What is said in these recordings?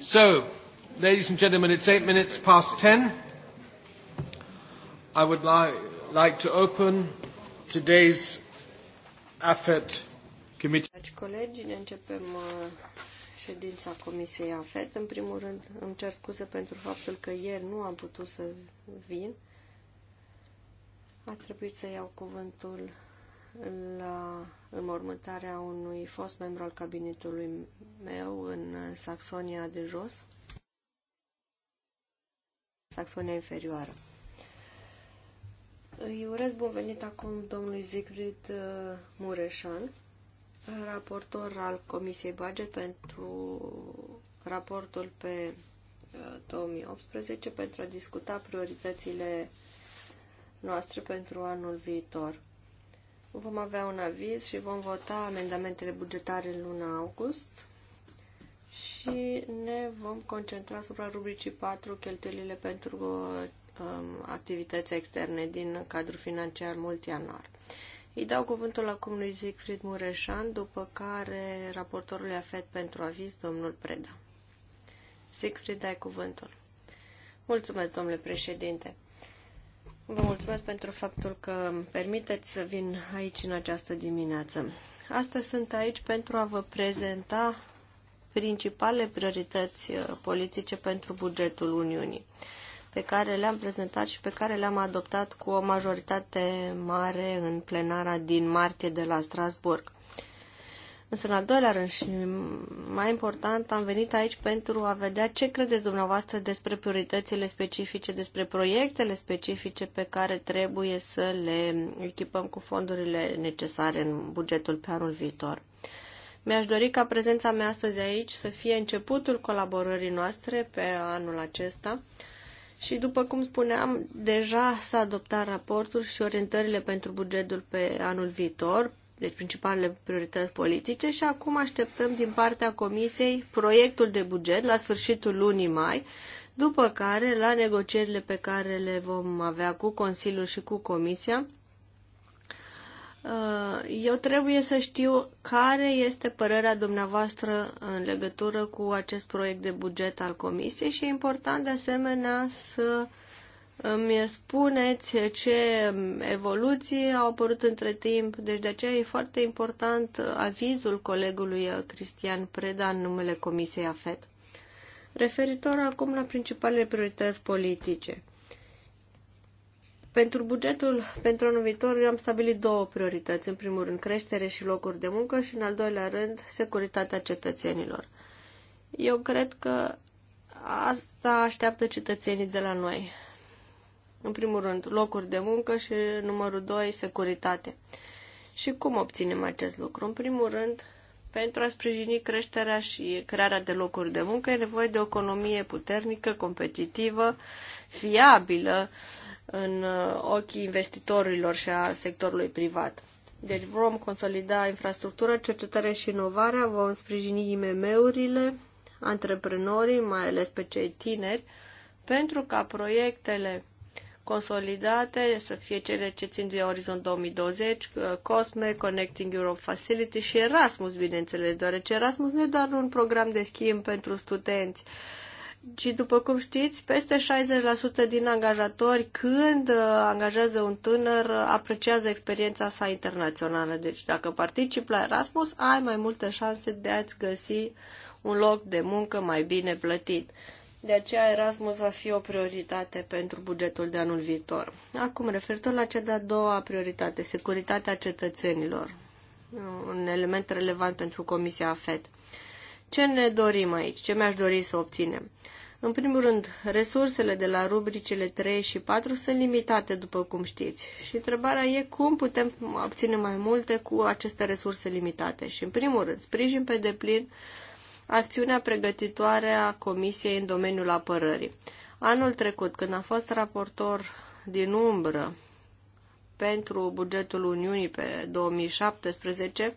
So, ladies and gentlemen, it's eight minutes past ten. I would li like to open today's AFET committee. Dragi colegi, ne începem uh, ședința Comisiei AFET. În primul rând, îmi cer scuze pentru faptul că ieri nu am putut să vin. A trebuit să iau cuvântul la înmormântarea unui fost membru al cabinetului meu în Saxonia de jos, Saxonia inferioară. Îi urez bun venit acum domnului Zigrid uh, Mureșan, raportor al Comisiei Budget pentru raportul pe 2018 uh, pentru a discuta prioritățile noastre pentru anul viitor. Vom avea un aviz și vom vota amendamentele bugetare în luna august și ne vom concentra asupra rubricii 4, cheltuielile pentru um, activități externe din cadrul financiar multianual. Îi dau cuvântul acum lui Siegfried Mureșan, după care raportorul afet pentru aviz, domnul Preda. Siegfried, ai cuvântul. Mulțumesc, domnule președinte. Vă mulțumesc pentru faptul că îmi permiteți să vin aici în această dimineață. Astăzi sunt aici pentru a vă prezenta principale priorități uh, politice pentru bugetul Uniunii, pe care le-am prezentat și pe care le-am adoptat cu o majoritate mare în plenara din martie de la Strasburg. Însă, în al doilea rând și mai important, am venit aici pentru a vedea ce credeți dumneavoastră despre prioritățile specifice, despre proiectele specifice pe care trebuie să le echipăm cu fondurile necesare în bugetul pe anul viitor. Mi-aș dori ca prezența mea astăzi aici să fie începutul colaborării noastre pe anul acesta și, după cum spuneam, deja s-a adoptat raportul și orientările pentru bugetul pe anul viitor, deci principalele priorități politice și acum așteptăm din partea Comisiei proiectul de buget la sfârșitul lunii mai, după care la negocierile pe care le vom avea cu Consiliul și cu Comisia, uh, eu trebuie să știu care este părerea dumneavoastră în legătură cu acest proiect de buget al Comisiei și e important de asemenea să uh, îmi spuneți ce evoluții au apărut între timp. Deci de aceea e foarte important avizul colegului Cristian Preda în numele Comisiei AFET. Referitor acum la principalele priorități politice. Pentru bugetul pentru anul viitor eu am stabilit două priorități. În primul rând creștere și locuri de muncă și în al doilea rând securitatea cetățenilor. Eu cred că asta așteaptă cetățenii de la noi în primul rând, locuri de muncă și numărul 2, securitate. Și cum obținem acest lucru? În primul rând, pentru a sprijini creșterea și crearea de locuri de muncă, e nevoie de o economie puternică, competitivă, fiabilă în uh, ochii investitorilor și a sectorului privat. Deci vom consolida infrastructura, cercetarea și inovarea, vom sprijini IMM-urile, antreprenorii, mai ales pe cei tineri, pentru ca proiectele consolidate, să fie cele ce țin de Orizont 2020, uh, COSME, Connecting Europe Facility și Erasmus, bineînțeles, deoarece Erasmus nu e doar un program de schimb pentru studenți, ci, după cum știți, peste 60% din angajatori, când uh, angajează un tânăr, uh, apreciază experiența sa internațională. Deci, dacă participi la Erasmus, ai mai multe șanse de a-ți găsi un loc de muncă mai bine plătit. De aceea Erasmus va fi o prioritate pentru bugetul de anul viitor. Acum, referitor la cea de-a doua prioritate, securitatea cetățenilor, un element relevant pentru Comisia Fed. Ce ne dorim aici? Ce mi-aș dori să obținem? În primul rând, resursele de la rubricele 3 și 4 sunt limitate, după cum știți. Și întrebarea e cum putem obține mai multe cu aceste resurse limitate. Și, în primul rând, sprijin pe deplin acțiunea pregătitoare a Comisiei în domeniul apărării. Anul trecut, când am fost raportor din umbră pentru bugetul Uniunii pe 2017,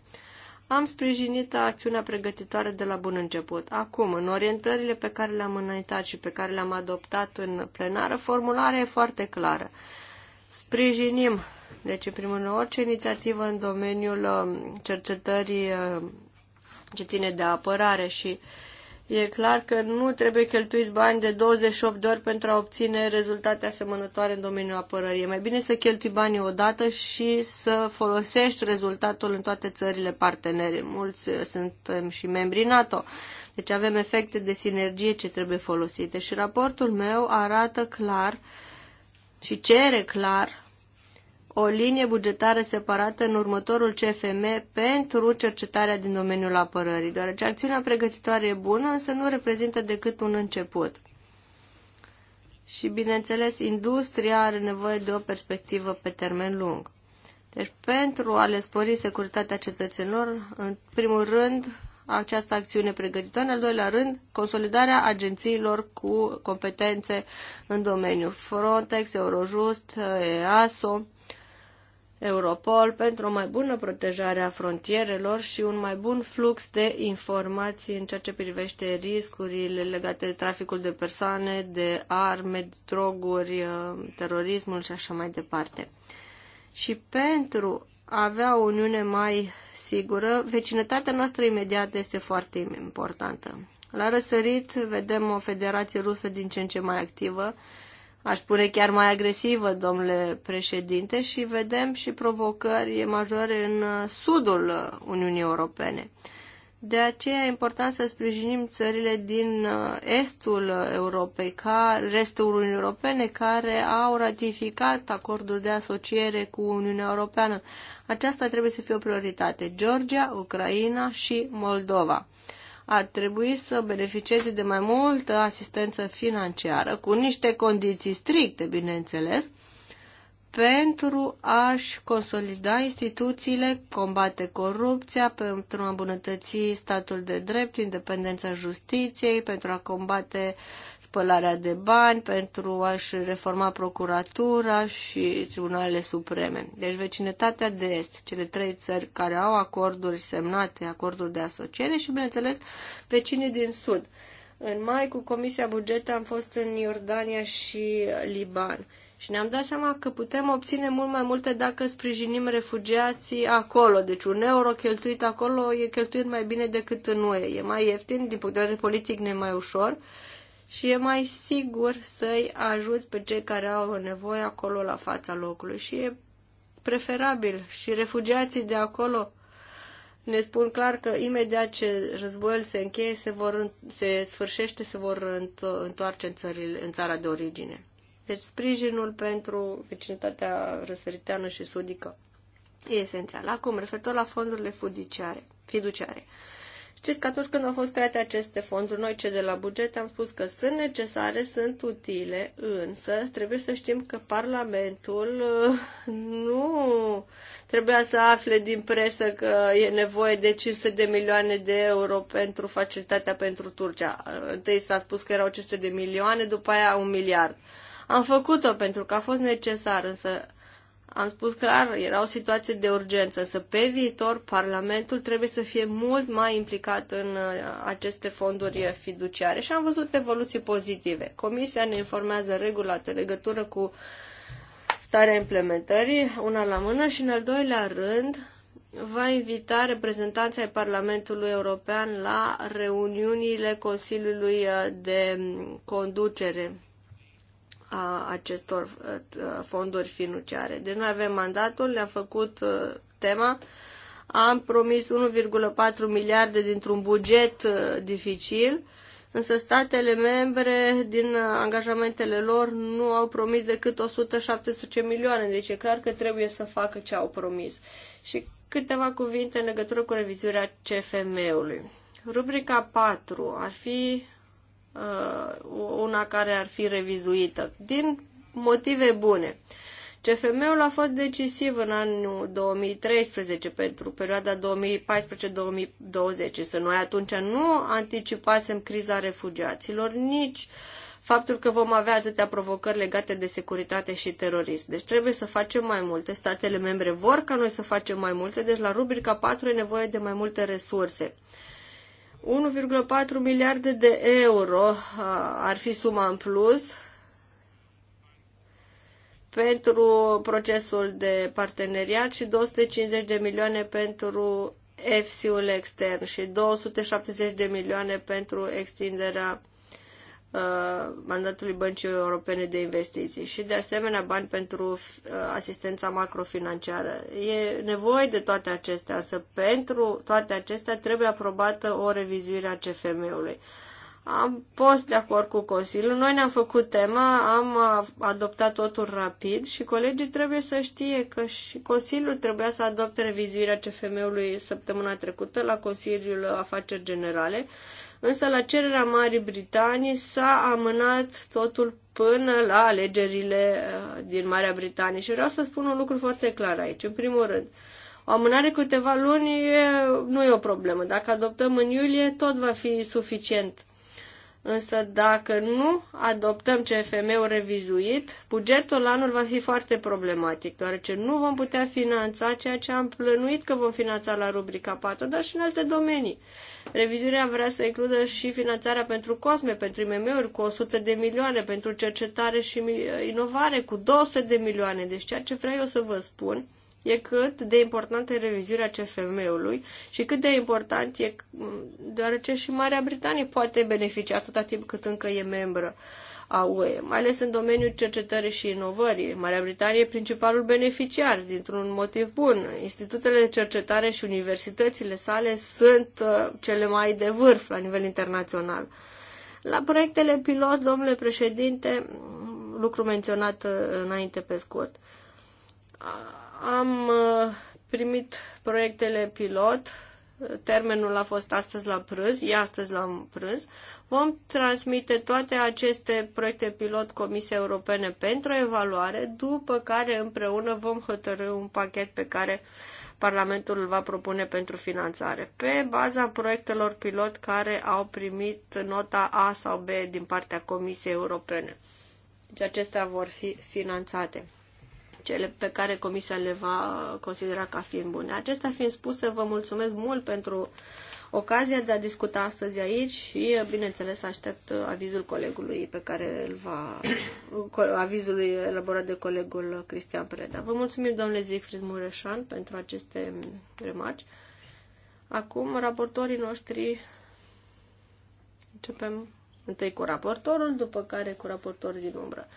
am sprijinit acțiunea pregătitoare de la bun început. Acum, în orientările pe care le-am înaintat și pe care le-am adoptat în plenară, formularea e foarte clară. Sprijinim, deci, în primul rând, orice inițiativă în domeniul um, cercetării um, ce ține de apărare și e clar că nu trebuie cheltuiți bani de 28 de ori pentru a obține rezultate asemănătoare în domeniul apărării. E mai bine să cheltui banii odată și să folosești rezultatul în toate țările partenere. Mulți uh, suntem și membri NATO. Deci avem efecte de sinergie ce trebuie folosite și raportul meu arată clar și cere clar o linie bugetară separată în următorul CFM pentru cercetarea din domeniul apărării, deoarece acțiunea pregătitoare e bună, însă nu reprezintă decât un început. Și, bineînțeles, industria are nevoie de o perspectivă pe termen lung. Deci, pentru a le spori securitatea cetățenilor, în primul rând, această acțiune pregătitoare, în al doilea rând, consolidarea agențiilor cu competențe în domeniu Frontex, Eurojust, EASO, Europol pentru o mai bună protejare a frontierelor și un mai bun flux de informații în ceea ce privește riscurile legate de traficul de persoane, de arme, de droguri, uh, terorismul și așa mai departe. Și pentru a avea o uniune mai sigură, vecinătatea noastră imediată este foarte importantă. La răsărit vedem o federație rusă din ce în ce mai activă, aș spune chiar mai agresivă, domnule președinte, și vedem și provocări majore în uh, sudul uh, Uniunii Europene. De aceea e important să sprijinim țările din uh, estul Europei, ca restul Uniunii Europene, care au ratificat acordul de asociere cu Uniunea Europeană. Aceasta trebuie să fie o prioritate. Georgia, Ucraina și Moldova ar trebui să beneficieze de mai multă asistență financiară, cu niște condiții stricte, bineînțeles, pentru a-și consolida instituțiile, combate corupția, pentru a îmbunătăți statul de drept, independența justiției, pentru a combate spălarea de bani, pentru a-și reforma procuratura și tribunalele supreme. Deci vecinătatea de est, cele trei țări care au acorduri semnate, acorduri de asociere și, bineînțeles, vecinii din sud. În mai, cu Comisia bugetă am fost în Iordania și Liban. Și ne-am dat seama că putem obține mult mai multe dacă sprijinim refugiații acolo. Deci un euro cheltuit acolo e cheltuit mai bine decât în UE. E mai ieftin, din punct de vedere politic ne mai ușor și e mai sigur să-i ajut pe cei care au nevoie acolo la fața locului. Și e preferabil. Și refugiații de acolo ne spun clar că imediat ce războiul se încheie, se, vor, se sfârșește, se vor întoarce în, țările, în țara de origine. Deci sprijinul pentru vecinătatea răsăriteană și sudică e esențial. Acum, referitor la fondurile fiduciare, fiduciare. Știți că atunci când au fost create aceste fonduri, noi ce de la buget am spus că sunt necesare, sunt utile, însă trebuie să știm că Parlamentul uh, nu trebuia să afle din presă că e nevoie de 500 de milioane de euro pentru facilitatea pentru Turcia. Uh, întâi s-a spus că erau 500 de milioane, după aia un miliard. Am făcut-o pentru că a fost necesar, însă am spus clar, era o situație de urgență, însă pe viitor Parlamentul trebuie să fie mult mai implicat în uh, aceste fonduri fiduciare și am văzut evoluții pozitive. Comisia ne informează regulat în legătură cu starea implementării, una la mână și în al doilea rând va invita reprezentanții ai Parlamentului European la reuniunile Consiliului uh, de Conducere a acestor uh, fonduri financiare. Deci noi avem mandatul, le-am făcut uh, tema, am promis 1,4 miliarde dintr-un buget uh, dificil, însă statele membre din angajamentele lor nu au promis decât 117 milioane, deci e clar că trebuie să facă ce au promis. Și câteva cuvinte în legătură cu revizuirea CFM-ului. Rubrica 4 ar fi Uh, una care ar fi revizuită, din motive bune. CFM-ul a fost decisiv în anul 2013 pentru perioada 2014-2020, să noi atunci nu anticipasem criza refugiaților, nici faptul că vom avea atâtea provocări legate de securitate și terorism. Deci trebuie să facem mai multe. Statele membre vor ca noi să facem mai multe, deci la rubrica 4 e nevoie de mai multe resurse. 1,4 miliarde de euro uh, ar fi suma în plus pentru procesul de parteneriat și 250 de milioane pentru EFSI-ul extern și 270 de milioane pentru extinderea Uh, mandatului Băncii Europene de Investiții și de asemenea bani pentru uh, asistența macrofinanciară. E nevoie de toate acestea, să pentru toate acestea trebuie aprobată o revizuire a CFM-ului. Am fost de acord cu Consiliul, noi ne-am făcut tema, am adoptat totul rapid și colegii trebuie să știe că și Consiliul trebuia să adopte revizuirea CFM-ului săptămâna trecută la Consiliul Afaceri Generale însă la cererea Marii Britanii s-a amânat totul până la alegerile uh, din Marea Britanie. Și vreau să spun un lucru foarte clar aici. În primul rând, o amânare câteva luni nu e o problemă. Dacă adoptăm în iulie, tot va fi suficient Însă dacă nu adoptăm CFM-ul revizuit, bugetul anul va fi foarte problematic, deoarece nu vom putea finanța ceea ce am plănuit că vom finanța la rubrica 4, dar și în alte domenii. Revizuirea vrea să includă și finanțarea pentru COSME, pentru IMM-uri cu 100 de milioane, pentru cercetare și inovare cu 200 de milioane. Deci ceea ce vreau eu să vă spun e cât de importantă e revizuirea CFM-ului și cât de important e, deoarece și Marea Britanie poate beneficia atâta timp cât încă e membră a UE, mai ales în domeniul cercetării și inovării. Marea Britanie e principalul beneficiar, dintr-un motiv bun. Institutele de cercetare și universitățile sale sunt uh, cele mai de vârf la nivel internațional. La proiectele pilot, domnule președinte, lucru menționat uh, înainte pe scurt am uh, primit proiectele pilot, termenul a fost astăzi la prânz, e astăzi la prânz. Vom transmite toate aceste proiecte pilot Comisiei Europene pentru evaluare, după care împreună vom hotărâi un pachet pe care Parlamentul îl va propune pentru finanțare, pe baza proiectelor pilot care au primit nota A sau B din partea Comisiei Europene. Deci acestea vor fi finanțate cele pe care Comisia le va considera ca fiind bune. Acestea fiind spuse, vă mulțumesc mult pentru ocazia de a discuta astăzi aici și, bineînțeles, aștept avizul colegului pe care îl va, avizul elaborat de colegul Cristian Preda. Vă mulțumim, domnule Zicfrid Mureșan, pentru aceste remarci. Acum, raportorii noștri, începem întâi cu raportorul, după care cu raportorul din umbră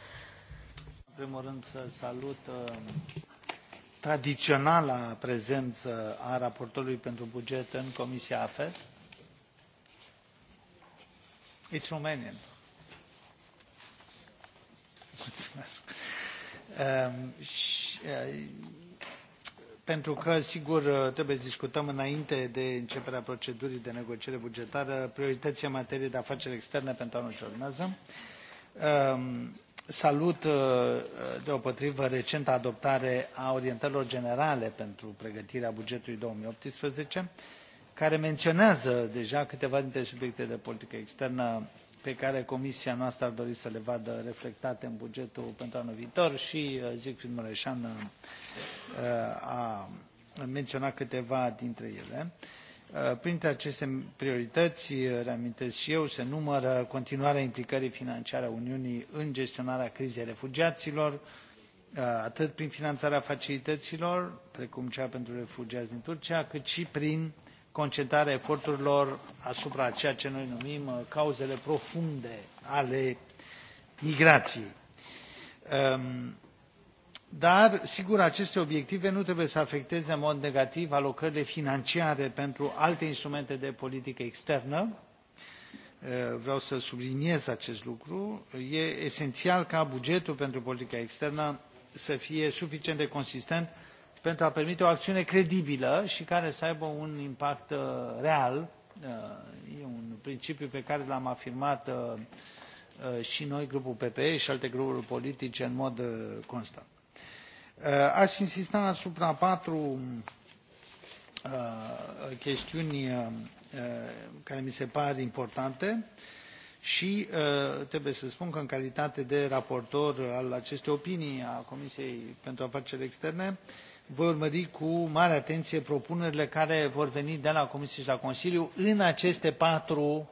primul rând să salut uh, tradiționala prezență a raportorului pentru buget în Comisia AFET. It's Romanian. Mulțumesc. Um, și, uh, pentru că, sigur, uh, trebuie să discutăm înainte de începerea procedurii de negociere bugetară prioritățile în materie de afaceri externe pentru anul ce urmează. Uh, salut uh, uh, deopotrivă recenta adoptare a orientărilor generale pentru pregătirea bugetului două mii optsprezece care menionează deja câteva dintre subiectele de politică externă pe care comisia noastră ar dori să le vadă reflectate în bugetul pentru anul viitor și siegfried uh, mureșan a menționat câteva dintre ele. Uh, printre aceste priorități, uh, reamintesc și eu, se numără continuarea implicării financiare a Uniunii în gestionarea crizei refugiaților, uh, atât prin finanțarea facilităților, precum cea pentru refugiați din Turcia, cât și prin concentrarea eforturilor asupra ceea ce noi numim cauzele profunde ale migrației. Um, dar sigur aceste obiective nu trebuie să afecteze în mod negativ alocările financiare pentru alte instrumente de politică externă uh, vreau să subliniez acest lucru e esențial ca bugetul pentru politica externă să fie suficient de consistent pentru a permite o acțiune credibilă și care să aibă un impact uh, real uh, e un principiu pe care l am afirmat și noi grupul ppe și alte grupuri politice în mod constant. Uh, aș insista asupra patru uh, chestiuni uh, care mi se par importante și trebuie să spun că în calitate de raportor al acestei opinii a Comisiei pentru Afaceri Externe voi urmări cu mare atenție propunerile care vor veni de la Comisie și la Consiliu în aceste patru,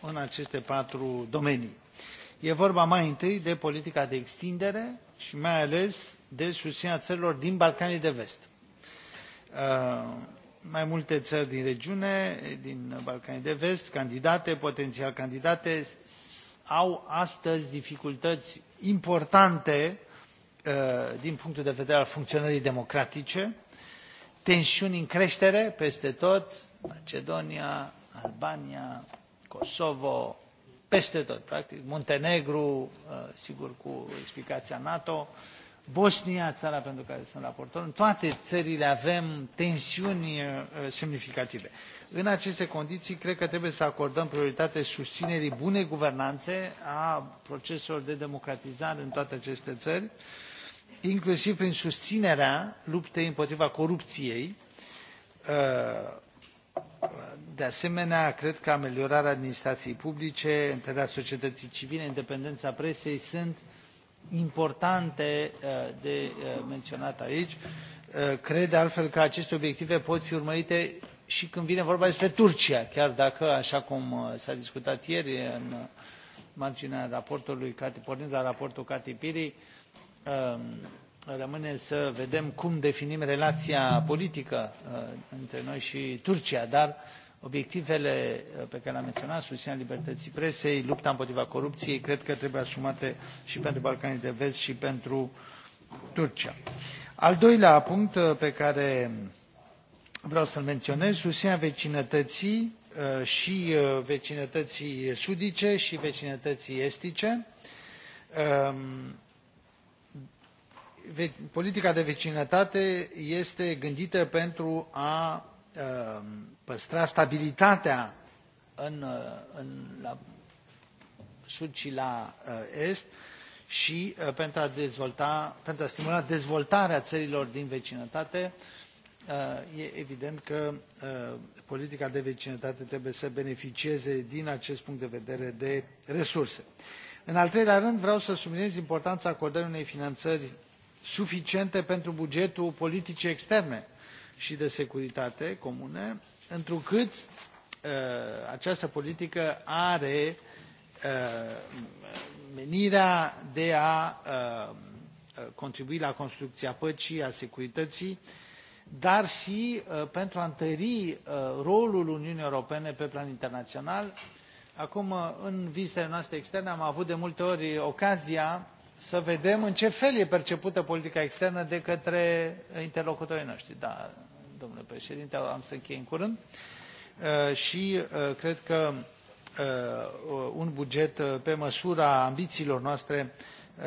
în aceste patru domenii. E vorba mai întâi de politica de extindere, și mai ales de susținerea țărilor din Balcanii de Vest. Uh, mai multe țări din regiune, din Balcanii de Vest, candidate, potențial candidate, au astăzi dificultăți importante uh, din punctul de vedere al funcționării democratice, tensiuni în creștere peste tot, Macedonia, Albania, Kosovo, peste tot, practic. Muntenegru, uh, sigur, cu explicația NATO, Bosnia, țara pentru care sunt raportor, în toate țările avem tensiuni uh, semnificative. În aceste condiții, cred că trebuie să acordăm prioritate susținerii bunei guvernanțe a proceselor de democratizare în toate aceste țări, inclusiv prin susținerea luptei împotriva corupției, uh, de asemenea cred că ameliorarea administrației publice întărirea societății civile independența presei sunt importante uh, de uh, menționat aici. Uh, cred de altfel că aceste obiective pot fi urmărite și când vine vorba despre turcia chiar dacă așa cum s a discutat ieri în marginea raportului pornind de la raportul kati piri um, rămâne să vedem cum definim relația politică uh, între noi și turcia dar obiectivele uh, pe care le am menționat susținerea libertății presei lupta împotriva corupției cred că trebuie asumate și pentru balcanii de vest și pentru turcia. al doilea punct uh, pe care vreau să l menționez susținerea vecinătății și vecinătății sudice și vecinătății estice um, politica de vecinătate este gândită pentru a um, păstra stabilitatea în, uh, în, la sud și la uh, est și uh, pentru a, dezvolta, pentru a stimula dezvoltarea țărilor din vecinătate e evident că politica de vecinătate trebuie să beneficieze din acest punct de vedere de resurse. în al treilea rând vreau să subliniez importanța acordării unei finanțări suficiente pentru bugetul politicii externe și de securitate comune întrucât uh, această politică are uh, menirea de a uh, contribui la construcția păcii a securității dar și pentru a întări rolul uniunii europene pe plan internațional. acum în vizitele noastre externe am avut de multe ori ocazia să vedem în ce fel e percepută politica externă de către interlocutorii noștri. Da, domnule președinte, am să închei în curând. Uh, și uh, cred că uh, un buget pe măsura ambițiilor noastre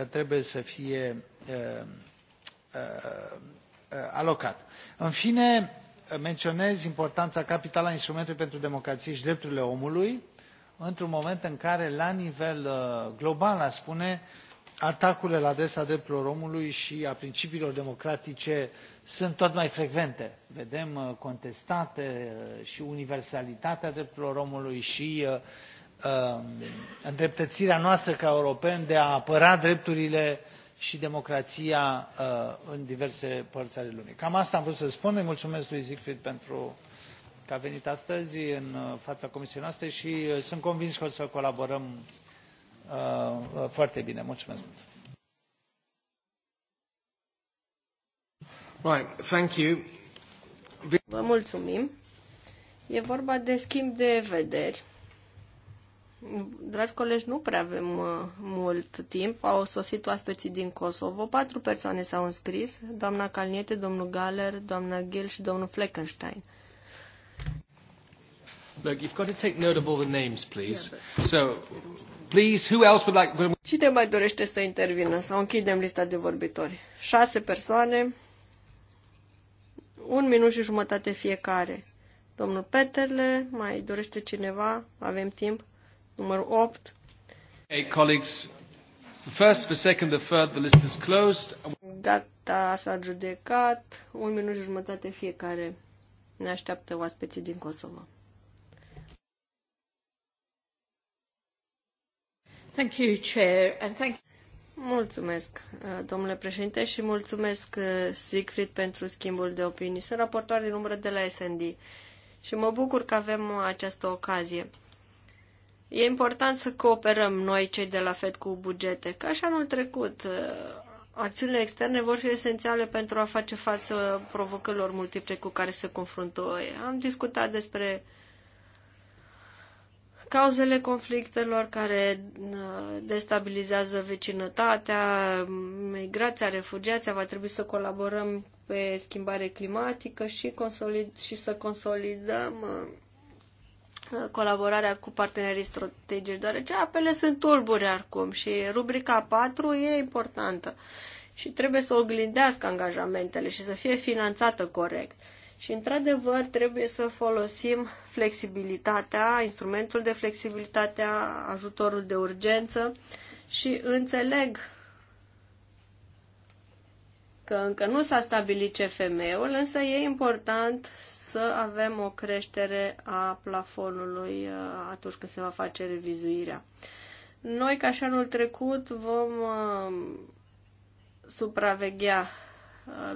trebuie să fie alocat. În fine, menționez importanța capitală a instrumentului pentru democrație și drepturile omului într un moment în care la nivel global aș spune atacurile la adresa drepturilor omului și a principiilor democratice sunt tot mai frecvente. Vedem uh, contestate uh, și universalitatea drepturilor omului și uh, îndreptățirea noastră ca europeni de a apăra drepturile și democrația în diverse părți ale lumii. Cam asta am vrut să spun. Îi mulțumesc lui Siegfried pentru că a venit astăzi în fața comisiei noastre și sunt convins că o să colaborăm Uh, uh, foarte bine. Mulțumesc mult! Right, thank you. Vă mulțumim. E vorba de schimb de vederi. Dragi colegi, nu prea avem uh, mult timp. Au sosit oaspeții din Kosovo. Patru persoane s-au înscris. Doamna Calniete, domnul Galer, doamna Gil și domnul Fleckenstein. Look, you've got to take note of all the names, please. So, Please, who else would like... Cine mai dorește să intervină? Să închidem lista de vorbitori. Șase persoane, un minut și jumătate fiecare. Domnul Peterle, mai dorește cineva? Avem timp. Numărul 8. Hey, colleagues, the first, the second, the third, the list is closed. Gata, s-a judecat. Un minut și jumătate fiecare. Ne așteaptă oaspeții din Kosovo. Thank you, Chair, and thank Mulțumesc, uh, domnule președinte, și mulțumesc, uh, Siegfried, pentru schimbul de opinii. Sunt raportoare din umbră de la SND și mă bucur că avem această ocazie. E important să cooperăm noi, cei de la FED, cu bugete. Ca și anul trecut, uh, acțiunile externe vor fi esențiale pentru a face față provocărilor multiple cu care se confruntă Am discutat despre cauzele conflictelor care uh, destabilizează vecinătatea, migrația, refugiația, va trebui să colaborăm pe schimbare climatică și, consolid, și să consolidăm uh, colaborarea cu partenerii strategici, deoarece apele sunt tulburi acum și rubrica 4 e importantă și trebuie să oglindească angajamentele și să fie finanțată corect. Și, într-adevăr, trebuie să folosim flexibilitatea, instrumentul de flexibilitate, ajutorul de urgență și înțeleg că încă nu s-a stabilit CFM-ul, însă e important să avem o creștere a plafonului uh, atunci când se va face revizuirea. Noi, ca și anul trecut, vom uh, supraveghea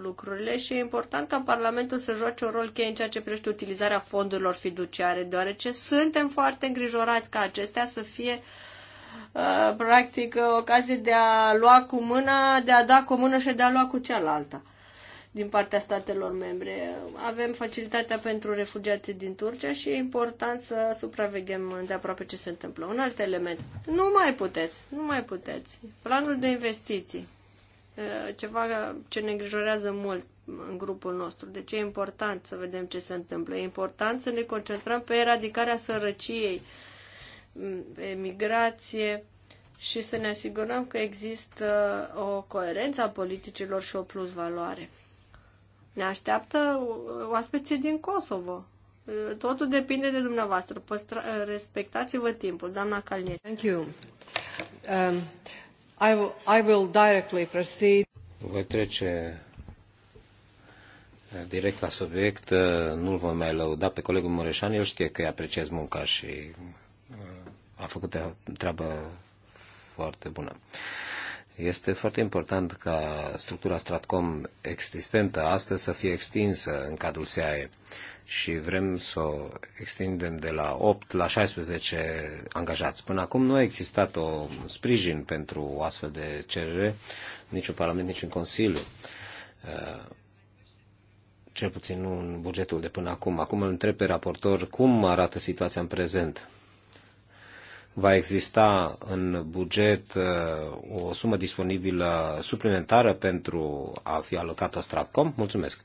lucrurile și e important ca Parlamentul să joace un rol cheie în ceea ce privește utilizarea fondurilor fiduciare, deoarece suntem foarte îngrijorați ca acestea să fie uh, practic ocazie de a lua cu mâna, de a da cu mână și de a lua cu cealaltă din partea statelor membre. Avem facilitatea pentru refugiații din Turcia și e important să supraveghem de aproape ce se întâmplă. Un alt element. Nu mai puteți, nu mai puteți. Planul de investiții. Eh, ceva ce ne îngrijorează mult în grupul nostru. Deci e important să vedem ce se întâmplă. E important să ne concentrăm pe eradicarea sărăciei, mm, pe migrație și să ne asigurăm că există o coerență a politicilor și o plus valoare. Ne așteaptă oaspeții din Kosovo. Eh, totul depinde de dumneavoastră. Păstra- respectați-vă timpul, doamna Calnier. Thank you. Um... I will, directly proceed. Voi trece eh, direct la subiect. Eh, nu-l voi mai lăuda pe colegul Mureșan. El știe că îi apreciez munca și eh, a făcut o treabă foarte bună. Este foarte important ca structura Stratcom existentă astăzi să fie extinsă în cadrul SEAE și vrem să o extindem de la 8 la 16 angajați. Până acum nu a existat o sprijin pentru o astfel de cerere, nici în Parlament, nici în Consiliu. Eh, cel puțin nu în bugetul de până acum. Acum îl întreb pe raportor cum arată situația în prezent va exista în buget uh, o sumă disponibilă suplimentară pentru a fi alocată Stratcom? Mulțumesc.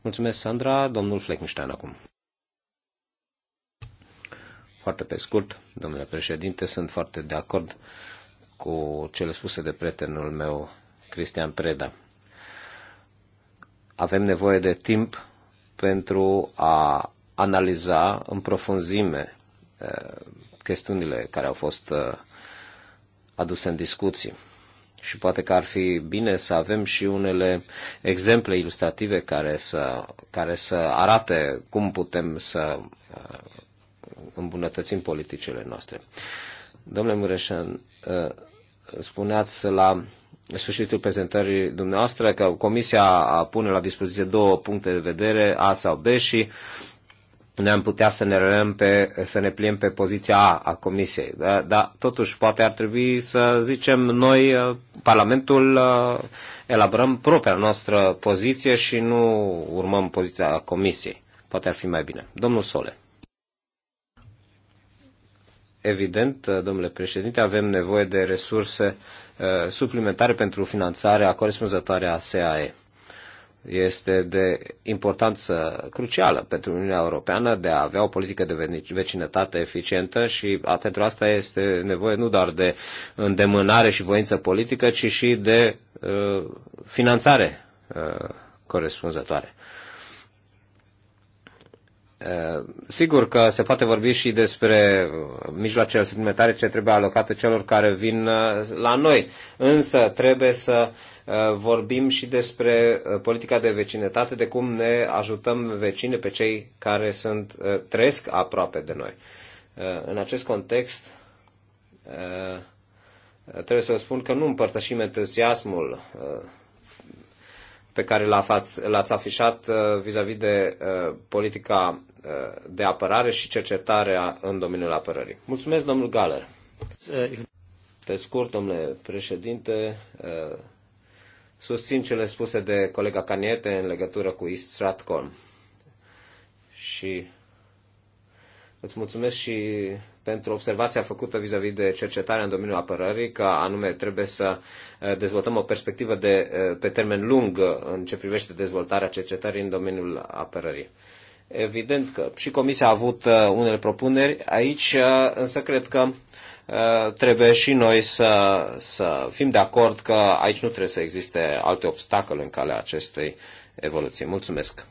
Mulțumesc, Sandra. Domnul Fleckenstein acum. Foarte pe scurt, domnule președinte, sunt foarte de acord cu cele spuse de prietenul meu, Cristian Preda. Avem nevoie de timp pentru a analiza în profunzime uh, chestiunile care au fost uh, aduse în discuții. Și poate că ar fi bine să avem și unele exemple ilustrative care să, care să arate cum putem să uh, îmbunătățim politicile noastre. Domnule Mureșan, uh, spuneați la sfârșitul prezentării dumneavoastră că Comisia pune la dispoziție două puncte de vedere, A sau B, și ne-am putea să ne, răm pe, să ne pliem pe poziția A a Comisiei. Da, dar, da, totuși, poate ar trebui să zicem noi, uh, Parlamentul, uh, elaborăm propria noastră poziție și nu urmăm poziția Comisiei. Poate ar fi mai bine. Domnul Sole. Evident, uh, domnule președinte, avem nevoie de resurse uh, suplimentare pentru finanțarea corespunzătoare a SAE este de importanță crucială pentru Uniunea Europeană de a avea o politică de vecinătate eficientă și a, pentru asta este nevoie nu doar de îndemânare și voință politică, ci și de uh, finanțare uh, corespunzătoare. Eh, sigur că se poate vorbi și despre mijloacele suplimentare ce trebuie alocate celor care vin eh, la noi, însă trebuie să eh, vorbim și despre politica de vecinătate, de cum ne ajutăm vecine pe cei care sunt, trăiesc aproape de noi. În acest context, trebuie să vă spun că nu împărtășim entuziasmul pe care l-ați afișat uh, vis-a-vis -vis de uh, politica uh, de apărare și cercetarea în domeniul apărării. Mulțumesc, domnul Galer. Pe scurt, domnule președinte, susțin cele spuse de colega Caniete în legătură cu East Stratcom și Îți mulțumesc și pentru observația făcută vis-a-vis -vis de cercetarea în domeniul apărării, că anume trebuie să eh, dezvoltăm o perspectivă de, eh, pe termen lung eh, în ce privește dezvoltarea cercetării în domeniul apărării. Evident că și Comisia a avut unele propuneri aici, însă cred că trebuie și noi să, să fim de acord că aici nu trebuie să existe alte obstacole în calea acestei evoluții. Mulțumesc!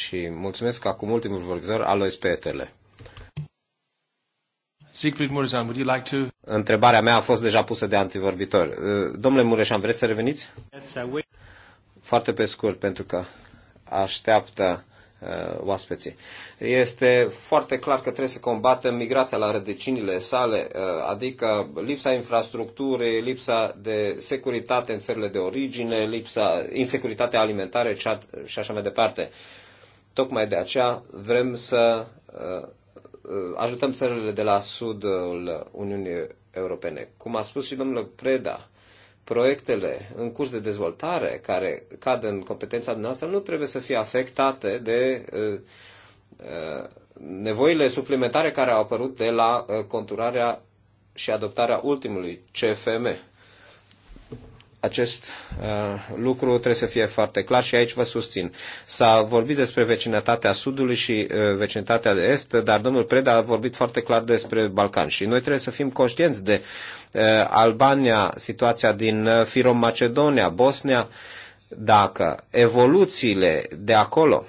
Și mulțumesc acum ultimul vorbitor, Alois Petele. Siegfried Mureșan, would you like to... Întrebarea mea a fost deja pusă de antivorbitor. Uh, domnule Mureșan, vreți să reveniți? Yes, Foarte pe scurt, pentru că așteaptă uh, oaspeții. Este foarte clar că trebuie să combatem migrația la rădăcinile sale, uh, adică lipsa infrastructurii, lipsa de securitate în țările de origine, lipsa insecuritatea alimentară și așa mai departe. Uh, Tocmai de aceea vrem să uh, uh, ajutăm țările de la sudul Uniunii Europene. Cum a spus și domnul Preda, proiectele în curs de dezvoltare care cad în competența noastră nu trebuie să fie afectate de uh, nevoile suplimentare care au apărut de la conturarea și adoptarea ultimului CFM acest uh, lucru trebuie să fie foarte clar și aici vă susțin. S-a vorbit despre vecinătatea Sudului și uh, vecinătatea de Est, dar domnul Preda a vorbit foarte clar despre Balcan și noi trebuie să fim conștienți de uh, Albania, situația din uh, Firom Macedonia, Bosnia, dacă evoluțiile de acolo uh,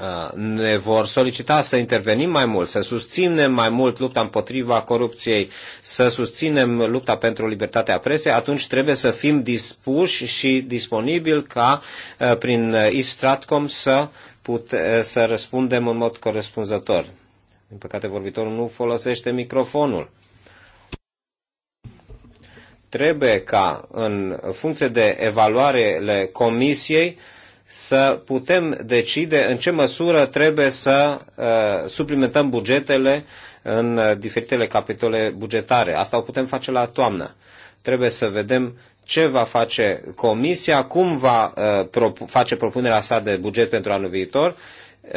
Uh, ne vor solicita să intervenim mai mult, să susținem mai mult lupta împotriva corupției, să susținem lupta pentru libertatea presei, atunci trebuie să fim dispuși și disponibili ca uh, prin Istratcom să, pute- uh, să răspundem în mod corespunzător. Din păcate, vorbitorul nu folosește microfonul trebuie ca în funcție de evaluarele comisiei să putem decide în ce măsură trebuie să uh, suplimentăm bugetele în uh, diferitele capitole bugetare. Asta o putem face la toamnă. Trebuie să vedem ce va face Comisia, cum va uh, prop- face propunerea sa de buget pentru anul viitor uh,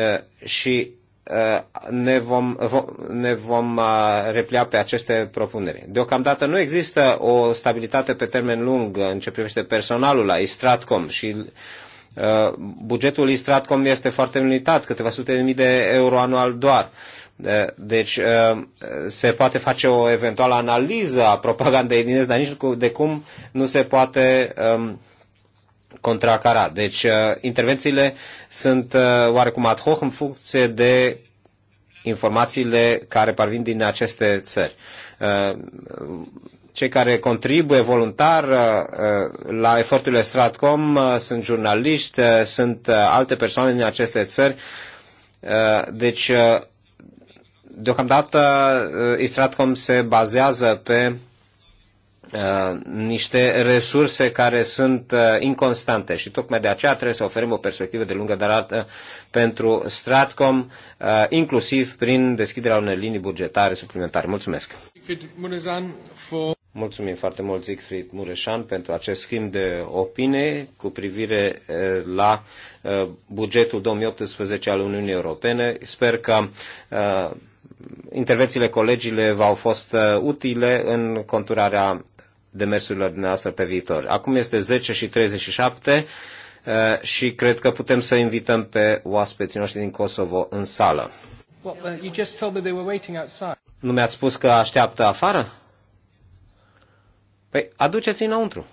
și uh, ne vom, vom, ne vom uh, replia pe aceste propuneri. Deocamdată nu există o stabilitate pe termen lung în ce privește personalul la Istratcom și Uh, bugetul Istratcom este foarte limitat, câteva sute de mii de euro anual doar. Uh, deci uh, se poate face o eventuală analiză a propagandei din dar nici de cum nu se poate um, contracara. Deci intervențiile sunt oarecum ad hoc în funcție de informațiile care parvin din aceste țări cei care contribuie voluntar uh, uh, la eforturile Stratcom uh, sunt jurnaliști, sunt alte persoane din aceste țări. Deci, deocamdată, Stratcom se bazează pe niște resurse care sunt inconstante și tocmai de aceea trebuie să oferim o perspectivă de lungă durată pentru Stratcom, inclusiv prin deschiderea unei linii bugetare suplimentare. Mulțumesc! Mulțumim foarte mult, Zigfried Mureșan, pentru acest schimb de opinie cu privire eh, la eh, bugetul 2018 al Uniunii Europene. Sper că eh, intervențiile colegile v-au fost utile în conturarea demersurilor dumneavoastră pe viitor. Acum este 10 și 37 și cred că putem să invităm pe oaspeții noștri din Kosovo în sală. Uh, nu mi-ați spus că așteaptă afară? Păi aduceți înăuntru.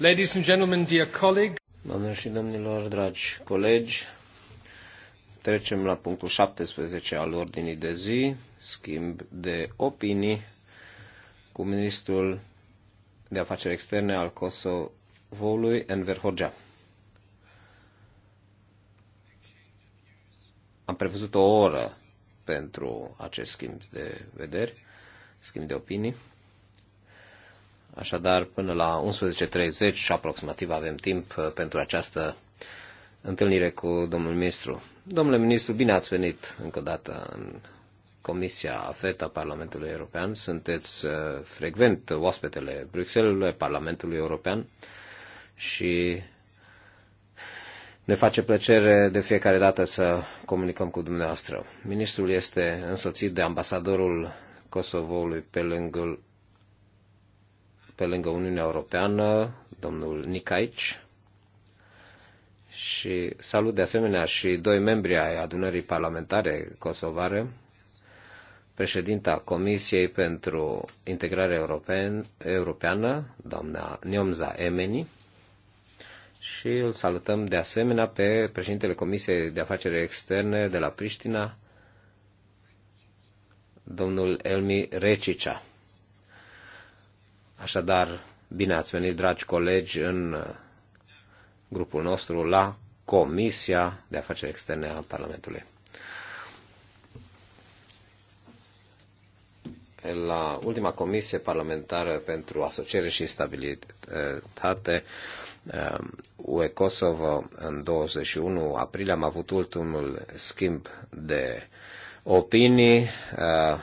Ladies and gentlemen, dear colleague. Doamne și domnilor, dragi colegi, trecem la punctul 17 al ordinii de zi, schimb de opinii cu ministrul de afaceri externe al Kosovoului, Enver Hoxha. Am prevăzut o oră pentru acest schimb de vederi, schimb de opinii. Așadar, până la 11.30 și aproximativ avem timp uh, pentru această întâlnire cu domnul ministru. Domnule ministru, bine ați venit încă o dată în Comisia AFET Parlamentului European. Sunteți uh, frecvent oaspetele Bruxelles, Parlamentului European și ne face plăcere de fiecare dată să comunicăm cu dumneavoastră. Ministrul este însoțit de ambasadorul Kosovoului pe lângă, pe lângă Uniunea Europeană, domnul Nicaici, și salut de asemenea și doi membri ai adunării parlamentare kosovare, președinta Comisiei pentru Integrare European, Europeană, doamna Niomza Emeni, și îl salutăm de asemenea pe președintele Comisiei de Afaceri Externe de la Priștina, domnul Elmi Recicea. Așadar, bine ați venit, dragi colegi, în uh, grupul nostru la Comisia de Afaceri Externe a Parlamentului. La ultima comisie parlamentară pentru asociere și stabilitate, uh, UE Kosovo, în 21 aprilie, am avut ultimul schimb de opinii uh,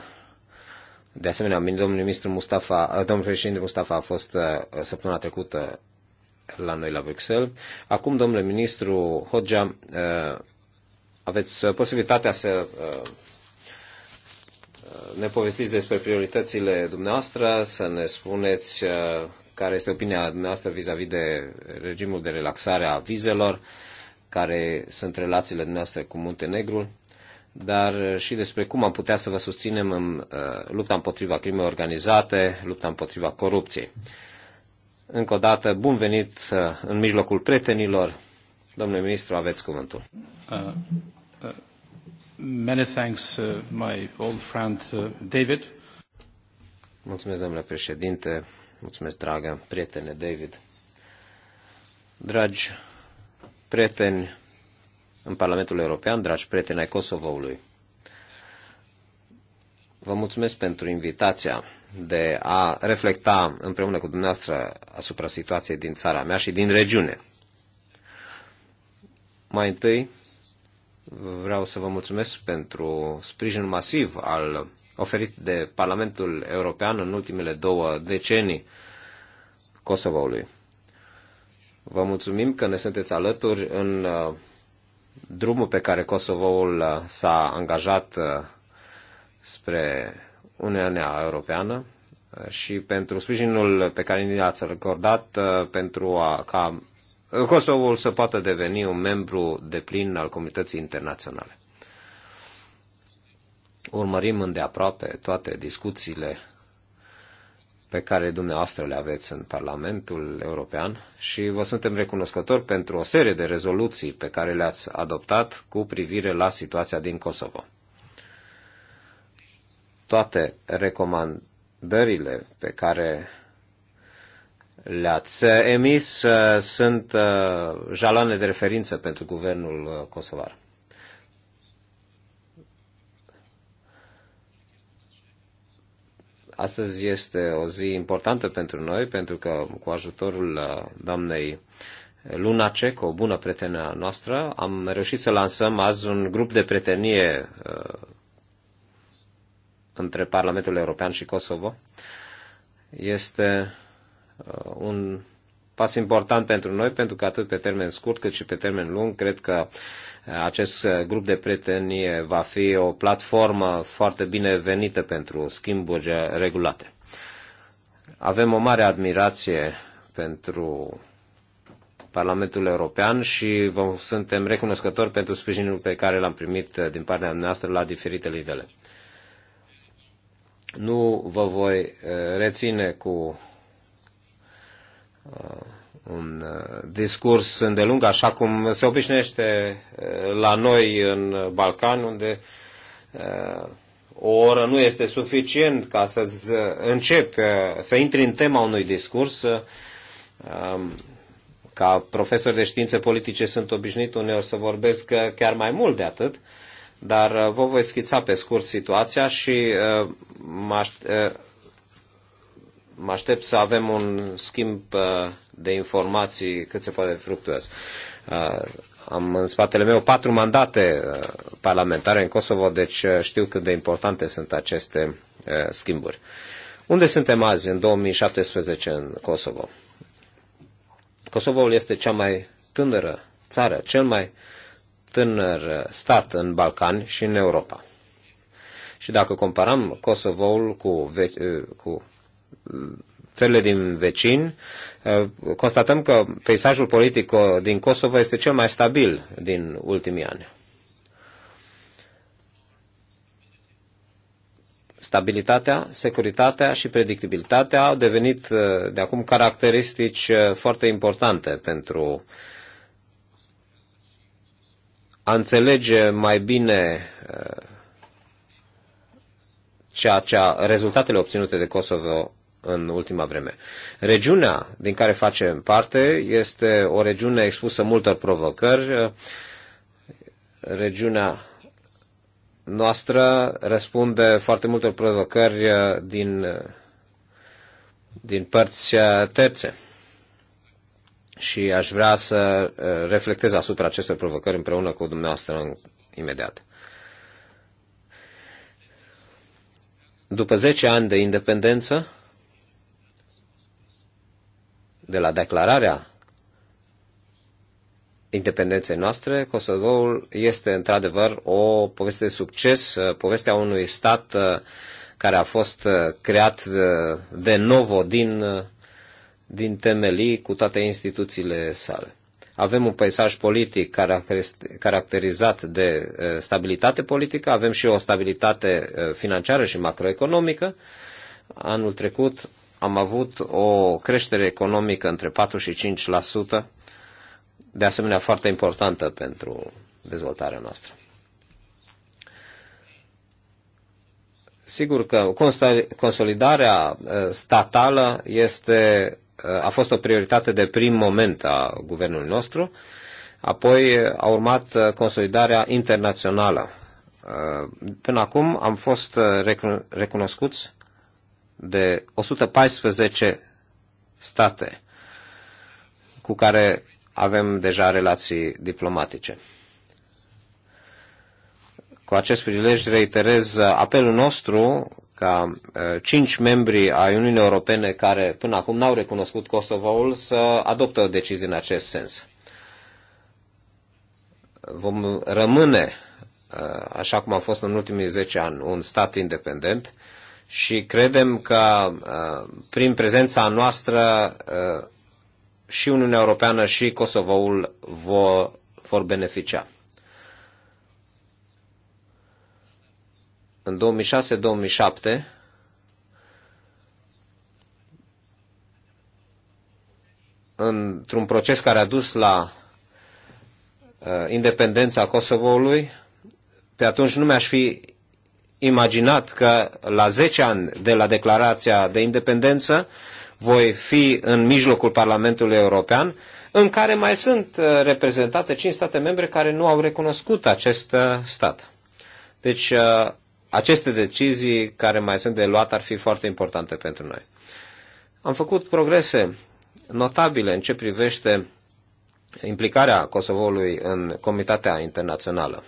de asemenea, domnul ministru Mustafa, uh, domnul președinte Mustafa a fost uh, săptămâna trecută la noi la Bruxelles. Acum, domnule ministru Hodja, uh, aveți posibilitatea să ne povestiți despre prioritățile dumneavoastră, să ne spuneți care este opinia dumneavoastră vis-a-vis -vis de regimul de relaxare a vizelor, care sunt relațiile dumneavoastră cu Muntenegrul dar uh, și despre cum am putea să vă susținem în uh, lupta împotriva crimei organizate, lupta împotriva corupției. Încă o dată, bun venit uh, în mijlocul prietenilor. Domnule ministru, aveți cuvântul. Uh, uh, many thanks, uh, my old friend uh, David. Mulțumesc, domnule președinte. Mulțumesc, dragă prietene David. Dragi prieteni, în Parlamentul European, dragi prieteni ai Kosovoului. Vă mulțumesc pentru invitația de a reflecta împreună cu dumneavoastră asupra situației din țara mea și din regiune. Mai întâi, vreau să vă mulțumesc pentru sprijinul masiv al oferit de Parlamentul European în ultimele două decenii Kosovoului. Vă mulțumim că ne sunteți alături în uh, drumul pe care Kosovoul uh, s-a angajat uh, spre Uniunea Europeană uh, și pentru sprijinul pe care ni l-ați recordat pentru a, ca Kosovoul să poată deveni un membru de plin al comunității internaționale. Urmărim îndeaproape toate discuțiile pe care dumneavoastră le aveți în Parlamentul European și vă suntem recunoscători pentru o serie de rezoluții pe care le-ați adoptat cu privire la situația din Kosovo. Toate recomandările pe care le-ați emis uh, sunt uh, jaloane de referință pentru guvernul uh, kosovar. Astăzi este o zi importantă pentru noi, pentru că cu ajutorul uh, doamnei Lunacek, o bună prietenă noastră, am reușit să lansăm azi un grup de prietenie uh, între Parlamentul European și Kosovo. Este uh, un pas important pentru noi, pentru că atât pe termen scurt cât și pe termen lung, cred că uh, acest uh, grup de prieteni va fi o platformă foarte binevenită pentru schimburi uh, regulate. Avem o mare admirație pentru Parlamentul European și vă suntem recunoscători pentru sprijinul pe care l-am primit din partea noastră la diferite nivele. Nu vă voi reține cu Uh, un uh, discurs îndelung, așa cum se obișnuiește uh, la noi în Balcan, unde o oră nu este suficient ca să începi, să intri în tema unui discurs. Um, ca profesor de științe politice sunt obișnuit uneori să vorbesc chiar mai mult de atât, dar vă voi schița pe scurt situația și mă aștept să avem un schimb uh, de informații cât se poate fructuos. Uh, am în spatele meu patru mandate uh, parlamentare în Kosovo, deci știu cât de importante sunt aceste schimburi. Unde suntem azi, în 2017, în Kosovo? Kosovoul este cea mai tânără țară, cel mai tânăr stat în Balcani și în Europa. Și dacă comparăm Kosovoul cu, ve- cu țările din vecin, uh, constatăm că peisajul politic uh, din Kosovo este cel mai stabil din ultimii ani. Stabilitatea, securitatea și predictibilitatea au devenit uh, de acum caracteristici foarte importante pentru a înțelege mai bine ceea ce a, rezultatele obținute de Kosovo în ultima vreme. Regiunea din care facem parte este o regiune expusă multor provocări. Regiunea noastră răspunde foarte multor provocări din, din părți terțe. Și aș vrea să reflectez asupra acestor provocări împreună cu dumneavoastră imediat. După 10 ani de independență, de la declararea independenței noastre, Kosovoul este într-adevăr o poveste de succes, povestea unui stat uh, care a fost uh, creat uh, de novo din, din temelii cu toate instituțiile sale avem un peisaj politic caracterizat de uh, stabilitate politică, avem și o stabilitate uh, financiară și macroeconomică. Anul trecut am avut o creștere economică între 4 și 5%, de asemenea foarte importantă pentru dezvoltarea noastră. Sigur că consolidarea uh, statală este a fost o prioritate de prim moment a guvernului nostru. Apoi a urmat uh, consolidarea internațională. Uh, până acum am fost uh, recunoscuți de 114 state cu care avem deja relații diplomatice. Cu acest prilej reiterez apelul nostru ca cinci membri ai Uniunii Europene care până acum n-au recunoscut Kosovoul să adoptă o decizie în acest sens. Vom rămâne, așa cum a fost în ultimii 10 ani, un stat independent și credem că prin prezența noastră și Uniunea Europeană și Kosovoul vor, vor beneficia. în 2006-2007 într-un proces care a dus la uh, independența Kosovoului, pe atunci nu mi-aș fi imaginat că la 10 ani de la declarația de independență voi fi în mijlocul Parlamentului European, în care mai sunt uh, reprezentate 5 state membre care nu au recunoscut acest uh, stat. Deci uh, aceste decizii care mai sunt de luat ar fi foarte importante pentru noi. Am făcut progrese notabile în ce privește implicarea Kosovoului în Comitatea Internațională.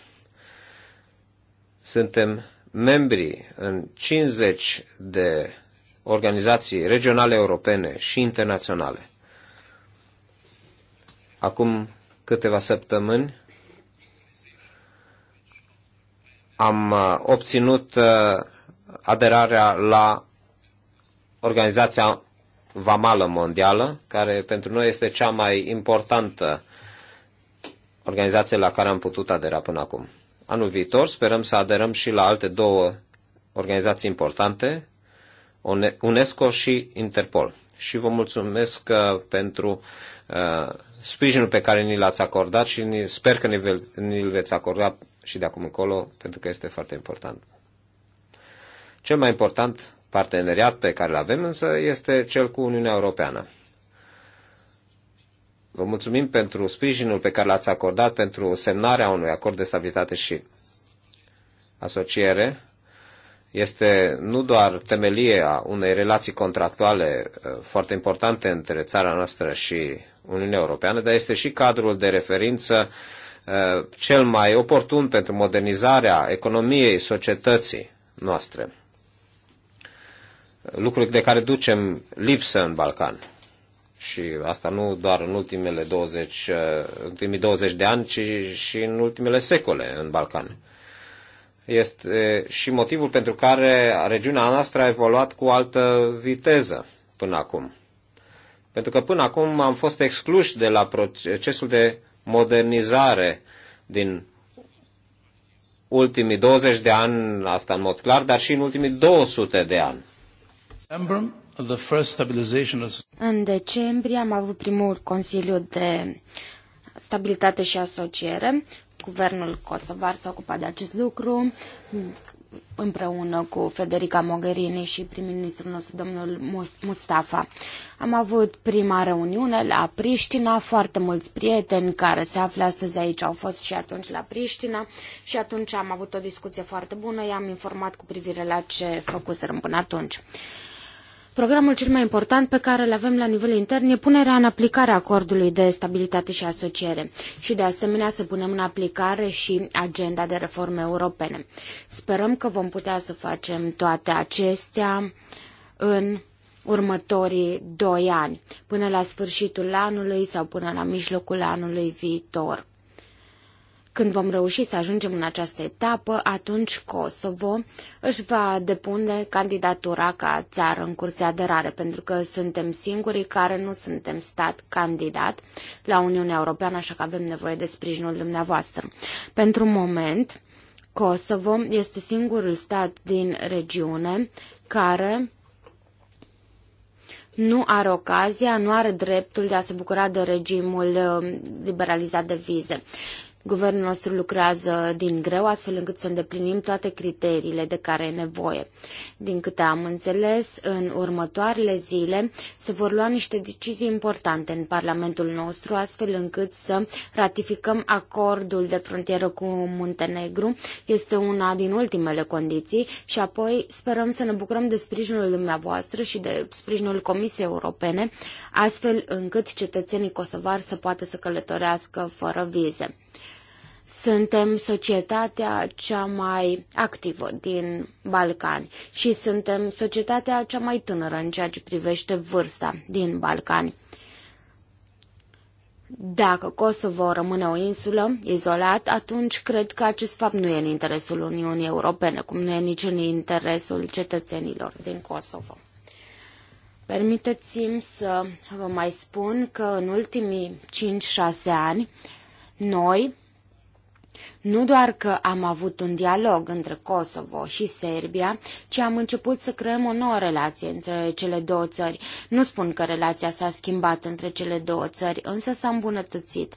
Suntem membri în 50 de organizații regionale europene și internaționale. Acum câteva săptămâni am uh, obținut uh, aderarea la Organizația Vamală Mondială, care pentru noi este cea mai importantă organizație la care am putut adera până acum. Anul viitor sperăm să aderăm și la alte două organizații importante, UNESCO și Interpol. Și vă mulțumesc uh, pentru sprijinul pe care ni l-ați acordat și sper că ni-l veți acorda și de acum încolo, pentru că este foarte important. Cel mai important parteneriat pe care îl avem însă este cel cu Uniunea Europeană. Vă mulțumim pentru sprijinul pe care l-ați acordat pentru semnarea unui acord de stabilitate și asociere. Este nu doar temelie a unei relații contractuale uh, foarte importante între țara noastră și Uniunea Europeană, dar este și cadrul de referință uh, Uh, cel mai oportun pentru modernizarea economiei societății noastre. Lucruri de care ducem lipsă în Balcan. Și asta nu doar în ultimele 20, uh, ultimii 20 de ani, ci și în ultimele secole în Balcan. Este și motivul pentru care regiunea noastră a evoluat cu altă viteză până acum. Pentru că până acum am fost excluși de la procesul de modernizare din ultimii 20 de ani, asta în mod clar, dar și în ultimii 200 de ani. În decembrie am avut primul Consiliu de Stabilitate și Asociere. Guvernul Kosovar s-a ocupat de acest lucru împreună cu Federica Mogherini și prim-ministrul nostru, domnul Mustafa. Am avut prima reuniune la Priștina, foarte mulți prieteni care se află astăzi aici au fost și atunci la Priștina și atunci am avut o discuție foarte bună, i-am informat cu privire la ce făcuserăm până atunci. Uh, Programul cel mai important pe care îl avem la nivel intern e punerea în aplicare a acordului de stabilitate și asociere și de asemenea să punem în aplicare și agenda de reforme europene. Sperăm că vom putea să facem toate acestea în următorii doi ani, până la sfârșitul anului sau până la mijlocul anului viitor. Când vom reuși să ajungem în această etapă, atunci Kosovo își va depune candidatura ca țară în curs de aderare, pentru că suntem singurii care nu suntem stat candidat la Uniunea Europeană, așa că avem nevoie de sprijinul dumneavoastră. Pentru moment, Kosovo este singurul stat din regiune care nu are ocazia, nu are dreptul de a se bucura de regimul um, liberalizat de vize. Guvernul nostru lucrează din greu, astfel încât să îndeplinim toate criteriile de care e nevoie. Din câte am înțeles, în următoarele zile se vor lua niște decizii importante în Parlamentul nostru, astfel încât să ratificăm acordul de frontieră cu Muntenegru. Este una din ultimele condiții și apoi sperăm să ne bucurăm de sprijinul dumneavoastră și de sprijinul Comisiei Europene, astfel încât cetățenii kosovari să poată să călătorească fără vize. Suntem societatea cea mai activă din Balcani și suntem societatea cea mai tânără în ceea ce privește vârsta din Balcani. Dacă Kosovo rămâne o insulă, izolat, atunci cred că acest fapt nu e în interesul Uniunii Europene, cum nu e nici în interesul cetățenilor din Kosovo. Permiteți-mi să vă mai spun că în ultimii 5-6 ani, noi, nu doar că am avut un dialog între Kosovo și Serbia, ci am început să creăm o nouă relație între cele două țări. Nu spun că relația s-a schimbat între cele două țări, însă s-a îmbunătățit.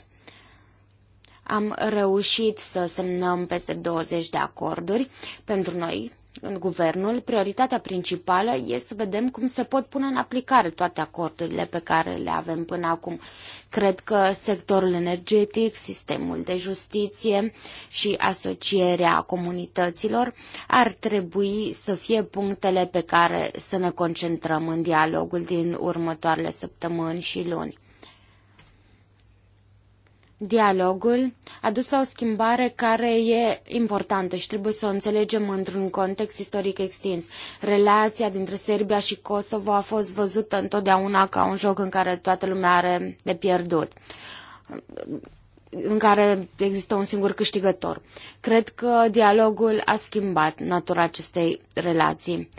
Am reușit să semnăm peste 20 de acorduri. Pentru noi, în guvernul, prioritatea principală este să vedem cum se pot pune în aplicare toate acordurile pe care le avem până acum. Cred că sectorul energetic, sistemul de justiție și asocierea comunităților ar trebui să fie punctele pe care să ne concentrăm în dialogul din următoarele săptămâni și luni. Dialogul a dus la o schimbare care e importantă și trebuie să o înțelegem într-un context istoric extins. Relația dintre Serbia și Kosovo a fost văzută întotdeauna ca un joc în care toată lumea are de pierdut în care există un singur câștigător. Cred că dialogul a schimbat natura acestei relații.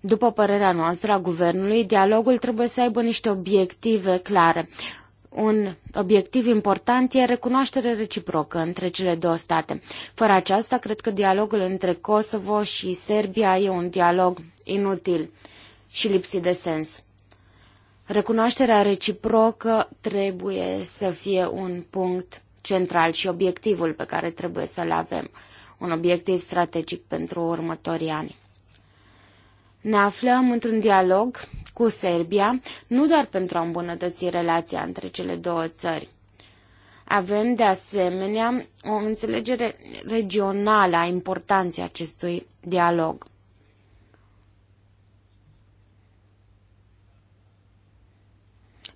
După părerea noastră a guvernului, dialogul trebuie să aibă niște obiective clare un obiectiv important e recunoașterea reciprocă între cele două state. Fără aceasta, cred că dialogul între Kosovo și Serbia e un dialog inutil și lipsit de sens. Recunoașterea reciprocă trebuie să fie un punct central și obiectivul pe care trebuie să-l avem, un obiectiv strategic pentru următorii ani. Ne aflăm într-un dialog cu Serbia, nu doar pentru a îmbunătăți relația între cele două țări. Avem, de asemenea, o înțelegere regională a importanței acestui dialog.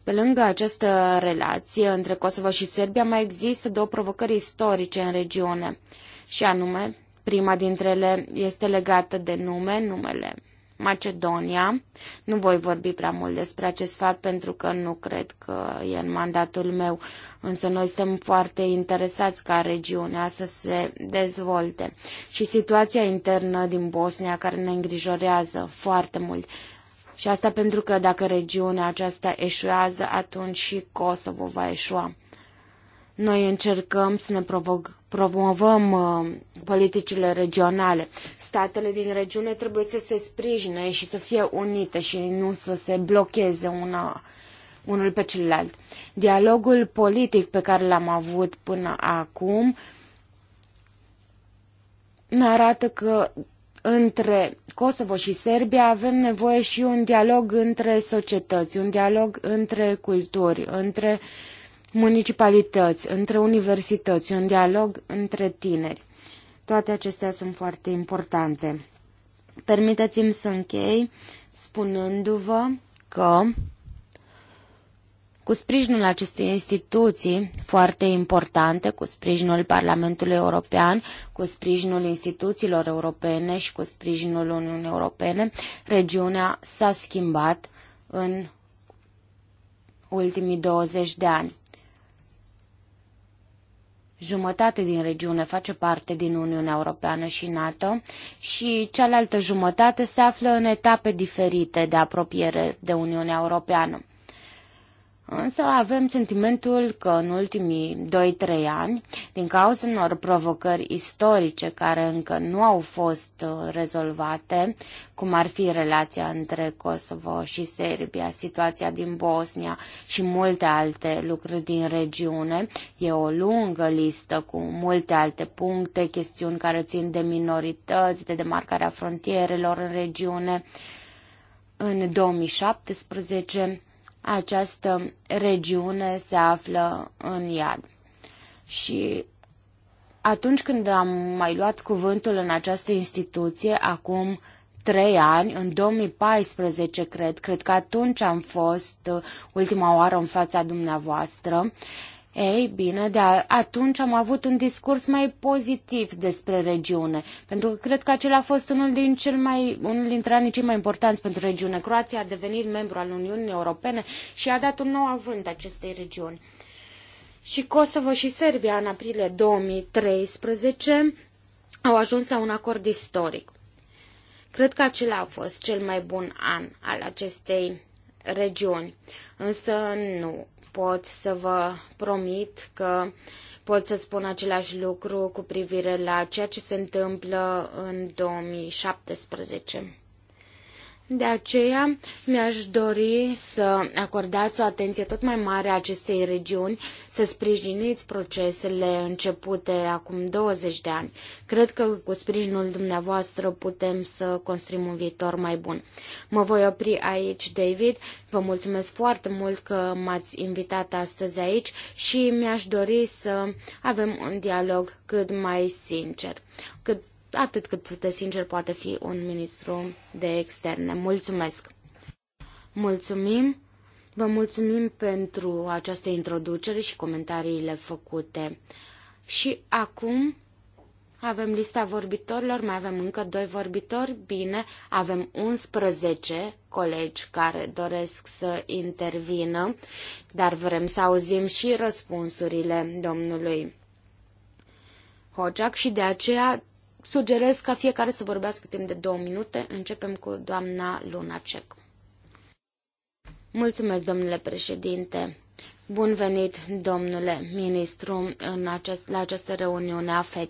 Pe lângă această relație între Kosovo și Serbia, mai există două provocări istorice în regiune, și anume, prima dintre ele este legată de nume, numele Macedonia. Nu voi vorbi prea mult despre acest fapt pentru că nu cred că e în mandatul meu, însă noi suntem foarte interesați ca regiunea să se dezvolte. Și situația internă din Bosnia care ne îngrijorează foarte mult. Și asta pentru că dacă regiunea aceasta eșuează, atunci și Kosovo va eșua. Noi încercăm să ne provoc, promovăm uh, politicile regionale. Statele din regiune trebuie să se sprijine și să fie unite și nu să se blocheze una, unul pe celălalt. Dialogul politic pe care l-am avut până acum ne arată că între Kosovo și Serbia avem nevoie și un dialog între societăți, un dialog între culturi, între uh, municipalități, între universități, un dialog între tineri. Toate acestea sunt foarte importante. Permiteți-mi să închei spunându-vă că cu sprijinul acestei instituții foarte importante, cu sprijinul Parlamentului European, cu sprijinul instituțiilor europene și cu sprijinul Uniunii Europene, regiunea s-a schimbat în ultimii 20 de ani jumătate din regiune face parte din Uniunea Europeană și NATO și cealaltă jumătate se află în etape diferite de apropiere de Uniunea Europeană. Însă avem sentimentul că în ultimii 2-3 ani, din cauza unor provocări istorice care încă nu au fost uh, rezolvate, cum ar fi relația între Kosovo și Serbia, situația din Bosnia și multe alte lucruri din regiune, e o lungă listă cu multe alte puncte, chestiuni care țin de minorități, de demarcarea frontierelor în regiune. În 2017, această regiune se află în iad. Și atunci când am mai luat cuvântul în această instituție, acum trei ani, în 2014, cred, cred că atunci am fost uh, ultima oară în fața dumneavoastră, uh, ei bine, dar atunci am avut un discurs mai pozitiv despre regiune, pentru că cred că acela a fost unul, din cel mai, unul dintre anii cei mai importanți pentru regiune. Croația a devenit membru al Uniunii Europene și a dat un nou avânt acestei regiuni. Și Kosovo și Serbia în aprilie 2013 au ajuns la un acord istoric. Cred că acela a fost cel mai bun an al acestei regiuni, însă nu pot să vă promit că pot să spun același lucru cu privire la ceea ce se întâmplă în 2017. De aceea mi-aș dori să acordați o atenție tot mai mare acestei regiuni, să sprijiniți procesele începute acum 20 de ani. Cred că cu sprijinul dumneavoastră putem să construim un viitor mai bun. Mă voi opri aici, David. Vă mulțumesc foarte mult că m-ați invitat astăzi aici și mi-aș dori să avem un dialog cât mai sincer, cât atât cât de sincer poate fi un ministru de externe. Mulțumesc! Mulțumim! Vă mulțumim pentru această introducere și comentariile făcute. Și acum avem lista vorbitorilor, mai avem încă doi vorbitori. Bine, avem 11 colegi care doresc să intervină, dar vrem să auzim și răspunsurile domnului Hojac și de aceea sugerez ca fiecare să vorbească timp de două minute. Începem cu doamna Lunacek. Mulțumesc, domnule președinte. Bun venit, domnule ministru, în acest, la această reuniune a FED.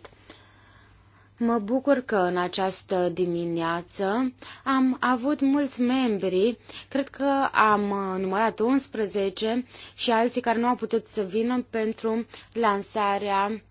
Mă bucur că în această dimineață am avut mulți membri, cred că am numărat 11 și alții care nu au putut să vină pentru lansarea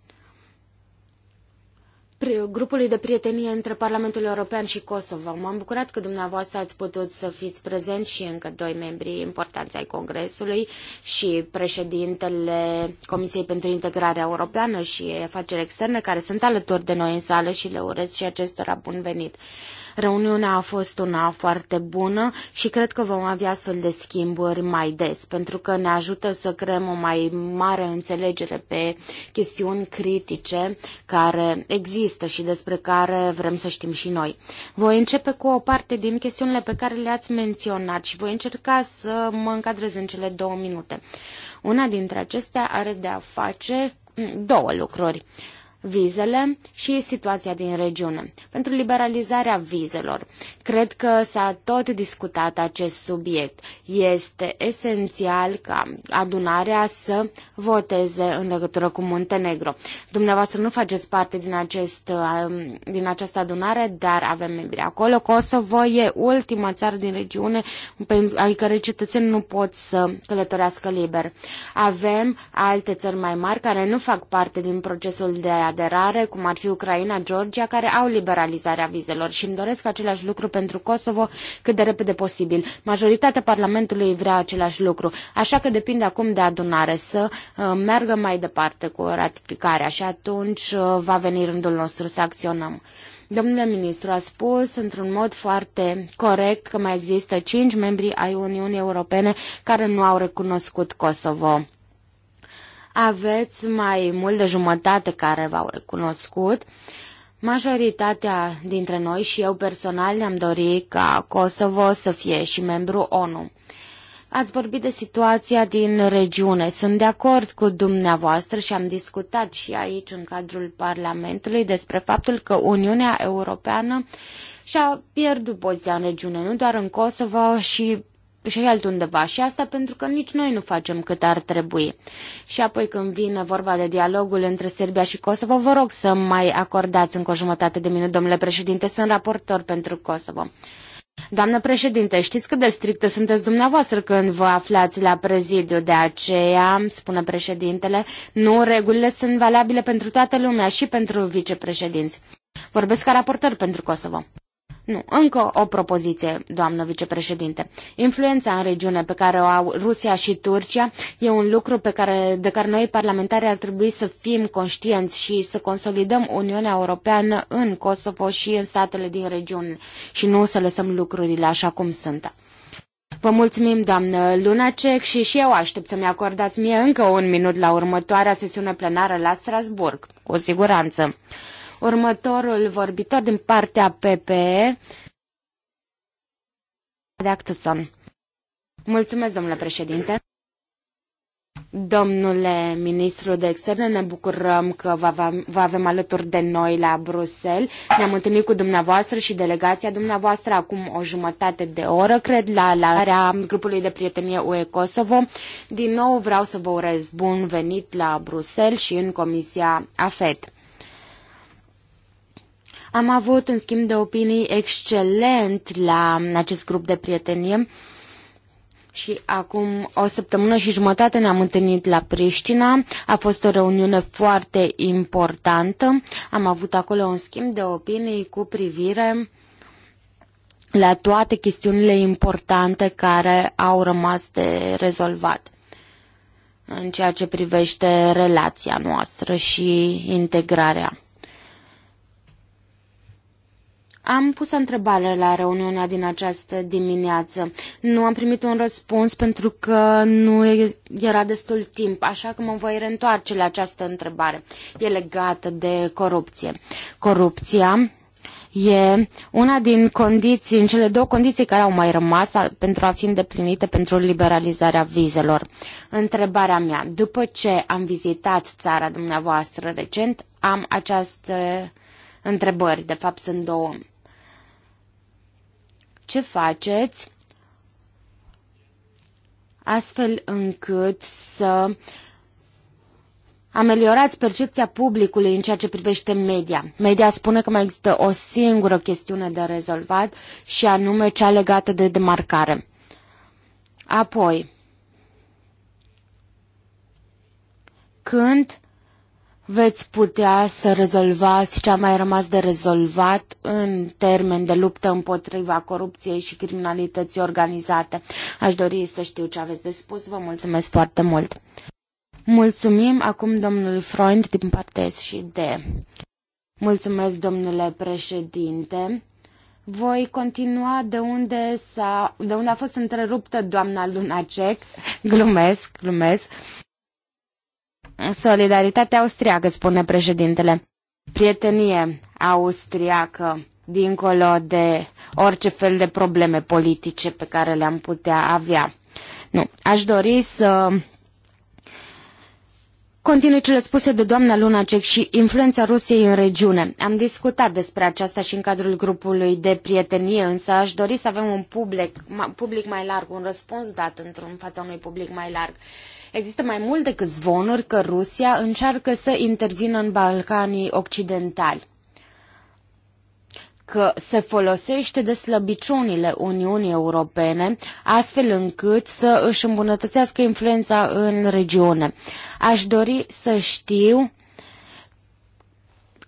grupului de prietenie între Parlamentul European și Kosovo. M-am bucurat că dumneavoastră ați putut să fiți prezenți și încă doi membri importanți ai Congresului și președintele Comisiei pentru Integrarea Europeană și Afaceri Externe, care sunt alături de noi în sală și le urez și acestora bun venit. Uh, Reuniunea a fost una foarte bună și cred că vom avea astfel de schimburi mai des, pentru că ne ajută să creăm o mai mare înțelegere pe chestiuni critice care există și despre care vrem să știm și noi. Voi începe cu o parte din chestiunile pe care le-ați menționat și voi încerca să mă încadrez în cele două minute. Una dintre acestea are de a face mm, două lucruri. Uh, vizele și situația din regiune. Pentru liberalizarea vizelor, cred că s-a tot discutat acest subiect. Este esențial ca adunarea să voteze în legătură cu Muntenegro. Dumneavoastră nu faceți parte din, acest, um, din această adunare, dar avem membri acolo. Kosovo e ultima țară din regiune ai care cetățenii nu pot să călătorească liber. Avem alte țări mai mari care nu fac parte din procesul de aderare, cum ar fi Ucraina, Georgia, care au liberalizarea vizelor și îmi doresc același lucru pentru Kosovo cât de repede posibil. Majoritatea Parlamentului vrea același lucru, așa că depinde acum de adunare să uh, meargă mai departe cu ratificarea și atunci uh, va veni rândul nostru să acționăm. Domnule ministru a spus într-un mod foarte corect că mai există cinci membri ai Uniunii Europene care nu au recunoscut Kosovo aveți mai mult de jumătate care v-au recunoscut. Majoritatea dintre noi și eu personal ne-am dorit ca Kosovo să fie și membru ONU. Ați vorbit de situația din regiune. Sunt de acord cu dumneavoastră și am discutat și aici în cadrul Parlamentului despre faptul că Uniunea Europeană și-a pierdut poziția în regiune, nu doar în Kosovo și și altundeva și asta pentru că nici noi nu facem cât ar trebui. Și apoi când vine vorba de dialogul între Serbia și Kosovo, vă rog să mai acordați încă o jumătate de minut, domnule președinte, sunt raportor pentru Kosovo. Doamnă președinte, știți cât de strictă sunteți dumneavoastră când vă aflați la prezidiu, de aceea, spune președintele, nu, regulile sunt valabile pentru toată lumea și pentru vicepreședinți. Vorbesc ca raportor pentru Kosovo. Nu, încă o propoziție, doamnă vicepreședinte. Influența în regiune pe care o au Rusia și Turcia e un lucru pe care, de care noi parlamentari ar trebui să fim conștienți și să consolidăm Uniunea Europeană în Kosovo și în statele din regiune și nu să lăsăm lucrurile așa cum sunt. Vă mulțumim, doamnă Lunacek, și și eu aștept să-mi acordați mie încă un minut la următoarea sesiune plenară la Strasburg, cu siguranță. Următorul vorbitor din partea PPE, de Actuson. Mulțumesc, domnule președinte. Domnule ministru de externe, ne bucurăm că vă avem alături de noi la Bruxelles. Ne-am întâlnit cu dumneavoastră și delegația dumneavoastră acum o jumătate de oră, cred, la alarea grupului de prietenie UE Kosovo. Din nou vreau să vă urez bun venit la Bruxelles și în Comisia AFET. Am avut un schimb de opinii excelent la acest grup de prietenie și acum o săptămână și jumătate ne-am întâlnit la Priștina. A fost o reuniune foarte importantă. Am avut acolo un schimb de opinii cu privire la toate chestiunile importante care au rămas de rezolvat în ceea ce privește relația noastră și integrarea. Am pus o întrebare la reuniunea din această dimineață. Nu am primit un răspuns pentru că nu era destul timp, așa că mă voi reîntoarce la această întrebare. E legată de corupție. Corupția e una din condiții, în cele două condiții care au mai rămas pentru a fi îndeplinite pentru liberalizarea vizelor. Întrebarea mea, după ce am vizitat țara dumneavoastră recent, am această întrebări, de fapt sunt două ce faceți astfel încât să ameliorați percepția publicului în ceea ce privește media. Media spune că mai există o singură chestiune de rezolvat și anume cea legată de demarcare. Apoi, când veți putea să rezolvați ce a mai rămas de rezolvat în termen de luptă împotriva corupției și criminalității organizate. Aș dori să știu ce aveți de spus. Vă mulțumesc foarte mult. Mulțumim acum domnul Freund din partea și de. Mulțumesc, domnule președinte. Voi continua de unde, s-a, de unde a fost întreruptă doamna Lunacek. Glumesc, glumesc. Solidaritate austriacă, spune președintele. Prietenie austriacă, dincolo de orice fel de probleme politice pe care le-am putea avea. Nu, aș dori să Continui cele spuse de doamna Lunacek și influența Rusiei în regiune. Am discutat despre aceasta și în cadrul grupului de prietenie, însă aș dori să avem un public, public mai larg, un răspuns dat într-un fața unui public mai larg. Există mai mult decât zvonuri că Rusia încearcă să intervină în Balcanii Occidentali că se folosește de slăbiciunile Uniunii Europene, astfel încât să își îmbunătățească influența în regiune. Aș dori să știu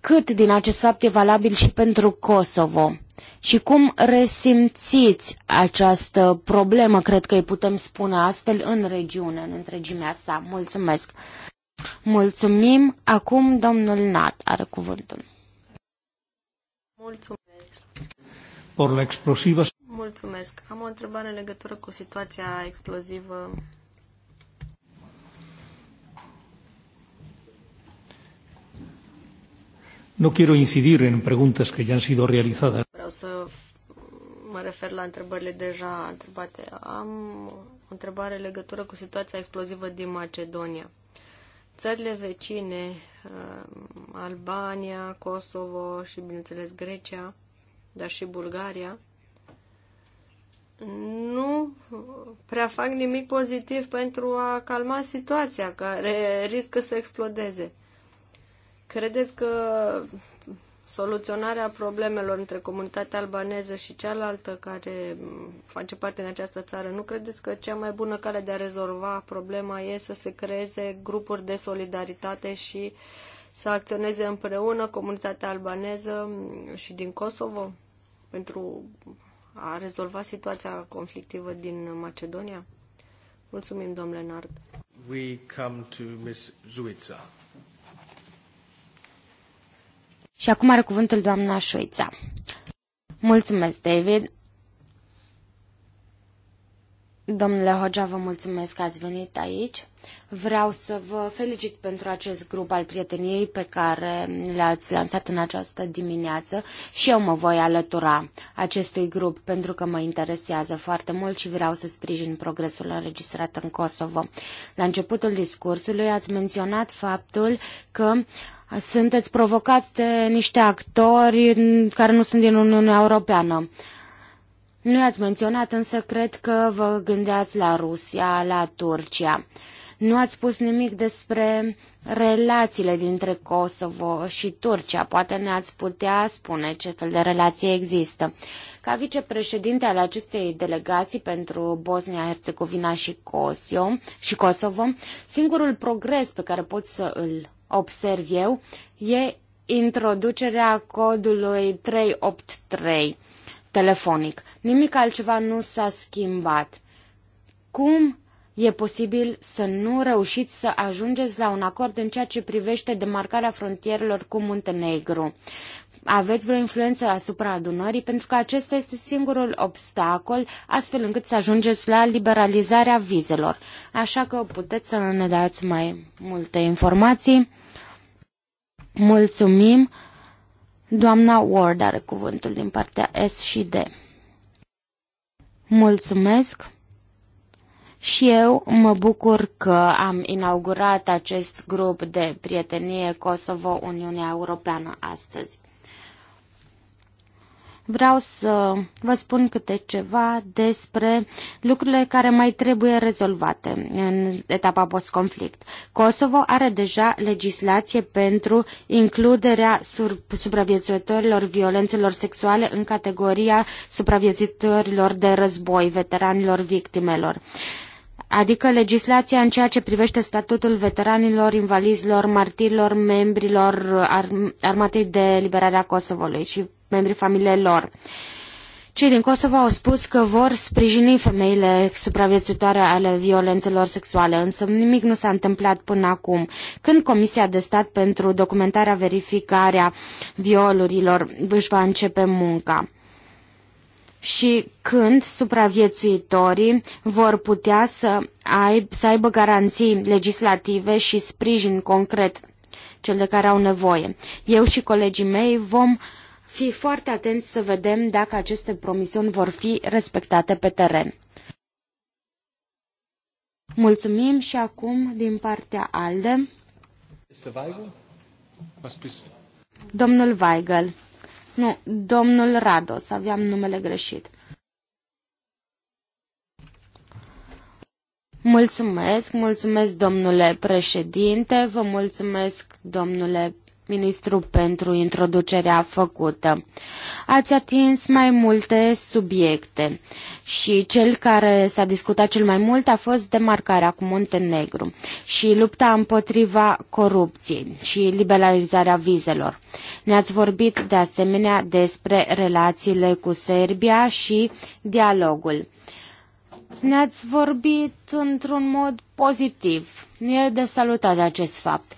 cât din acest fapt e valabil și pentru Kosovo? Și cum resimțiți această problemă, cred că îi putem spune astfel, în regiune, în întregimea sa? Mulțumesc! Mulțumim! Acum domnul Nat are cuvântul. Mulțumesc! Por la explosivă. Mulțumesc! Am o întrebare în legătură cu situația explozivă No quiero incidir en preguntas que ya han sido realizadas. Vreau să mă refer la întrebările deja întrebate. Am o întrebare în legătură cu situația explozivă din Macedonia. Țările vecine, uh, Albania, Kosovo și, bineînțeles, Grecia, dar și Bulgaria, nu prea fac nimic pozitiv pentru a calma situația care riscă să explodeze. Credeți că soluționarea problemelor între comunitatea albaneză și cealaltă care face parte din această țară, nu credeți că cea mai bună cale de a rezolva problema e să se creeze grupuri de solidaritate și să acționeze împreună comunitatea albaneză și din Kosovo pentru a rezolva situația conflictivă din Macedonia? Mulțumim, domnule Nard. We come to Ms. Și acum are cuvântul doamna Șuița. Mulțumesc, David. Domnule Hogea, vă mulțumesc că ați venit aici. Vreau să vă felicit pentru acest grup al prieteniei pe care l-ați lansat în această dimineață și eu mă voi alătura acestui grup pentru că mă interesează foarte mult și vreau să sprijin progresul înregistrat în Kosovo. La începutul discursului ați menționat faptul că uh, sunteți provocați de niște actori care nu sunt din Uniunea Europeană. Nu i-ați menționat, însă cred că vă gândeați la Rusia, la Turcia. Nu ați spus nimic despre relațiile dintre Kosovo și Turcia. Poate ne-ați putea spune ce fel de relație există. Ca vicepreședinte al acestei delegații pentru Bosnia-Herzegovina și, și Kosovo, singurul progres pe care pot să îl observ eu, e introducerea codului 383 telefonic. Nimic altceva nu s-a schimbat. Cum e posibil să nu reușiți să ajungeți la un acord în ceea ce privește demarcarea frontierelor cu Muntenegru? aveți vreo influență asupra adunării, pentru că acesta este singurul obstacol, astfel încât să ajungeți la liberalizarea vizelor. Așa că puteți să ne dați mai multe informații. Mulțumim! Doamna Ward are cuvântul din partea S și D. Mulțumesc! Și eu mă bucur că am inaugurat acest grup de prietenie Kosovo-Uniunea Europeană astăzi vreau să vă spun câte ceva despre lucrurile care mai trebuie rezolvate în etapa post-conflict. Kosovo are deja legislație pentru includerea supraviețuitorilor violențelor sexuale în categoria supraviețuitorilor de război, veteranilor victimelor adică legislația în ceea ce privește statutul veteranilor, invalizilor, martirilor, membrilor armatei de liberare a Kosovului și membrii familiei lor. Cei din Kosovo au spus că vor sprijini femeile supraviețuitoare ale violențelor sexuale, însă nimic nu s-a întâmplat până acum. Când Comisia de Stat pentru documentarea verificarea violurilor își va începe munca? și când supraviețuitorii vor putea să, aib, să aibă garanții legislative și sprijin concret, cel de care au nevoie. Eu și colegii mei vom fi foarte atenți să vedem dacă aceste promisiuni vor fi respectate pe teren. Mulțumim și acum din partea ALDE. Este Weigel? Domnul Weigel. Nu, domnul Rados, aveam numele greșit. Mulțumesc, mulțumesc domnule președinte, vă mulțumesc domnule ministru pentru introducerea făcută. Ați atins mai multe subiecte și cel care s-a discutat cel mai mult a fost demarcarea cu Montenegru și lupta împotriva corupției și liberalizarea vizelor. Ne-ați vorbit de asemenea despre relațiile cu Serbia și dialogul. Ne-ați vorbit într-un mod pozitiv. E de salutat acest fapt.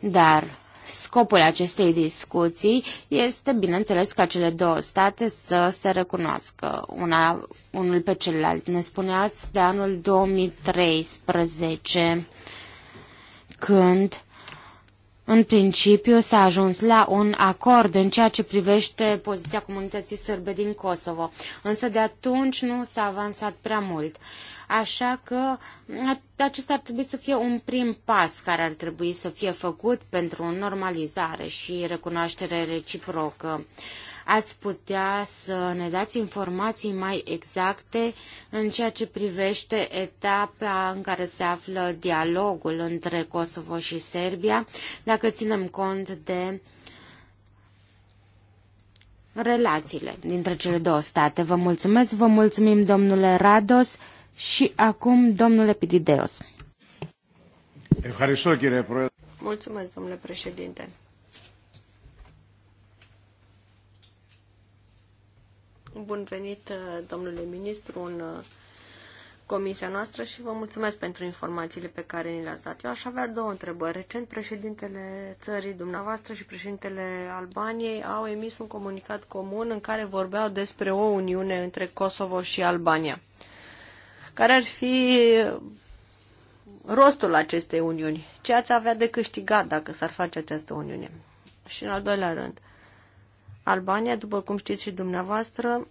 Dar Scopul acestei discuții este, bineînțeles, ca cele două state să se recunoască una, unul pe celălalt. Ne spuneați de anul 2013, când în principiu s-a ajuns la un acord în ceea ce privește poziția comunității sârbe din Kosovo, însă de atunci nu s-a avansat prea mult. Uh, Așa că acesta ar trebui să fie un prim pas care ar trebui să fie făcut pentru o normalizare și recunoaștere reciprocă. Ați putea să ne dați informații mai exacte în ceea ce privește etapa în care se află dialogul între Kosovo și Serbia, dacă ținem cont de relațiile dintre cele două state. Vă mulțumesc, vă mulțumim domnule Rados. Și acum, domnule Pitideos. Mulțumesc, domnule președinte. Bun venit, uh, domnule ministru, în uh, comisia noastră și vă mulțumesc pentru informațiile pe care ni le-ați dat. Eu aș avea două întrebări. Recent, președintele țării dumneavoastră și președintele Albaniei au emis un comunicat comun în care vorbeau despre o uniune între Kosovo și Albania. Care ar fi rostul acestei uniuni? Ce ați avea de câștigat dacă s-ar face această uniune? Și în al doilea rând, Albania, după cum știți și dumneavoastră,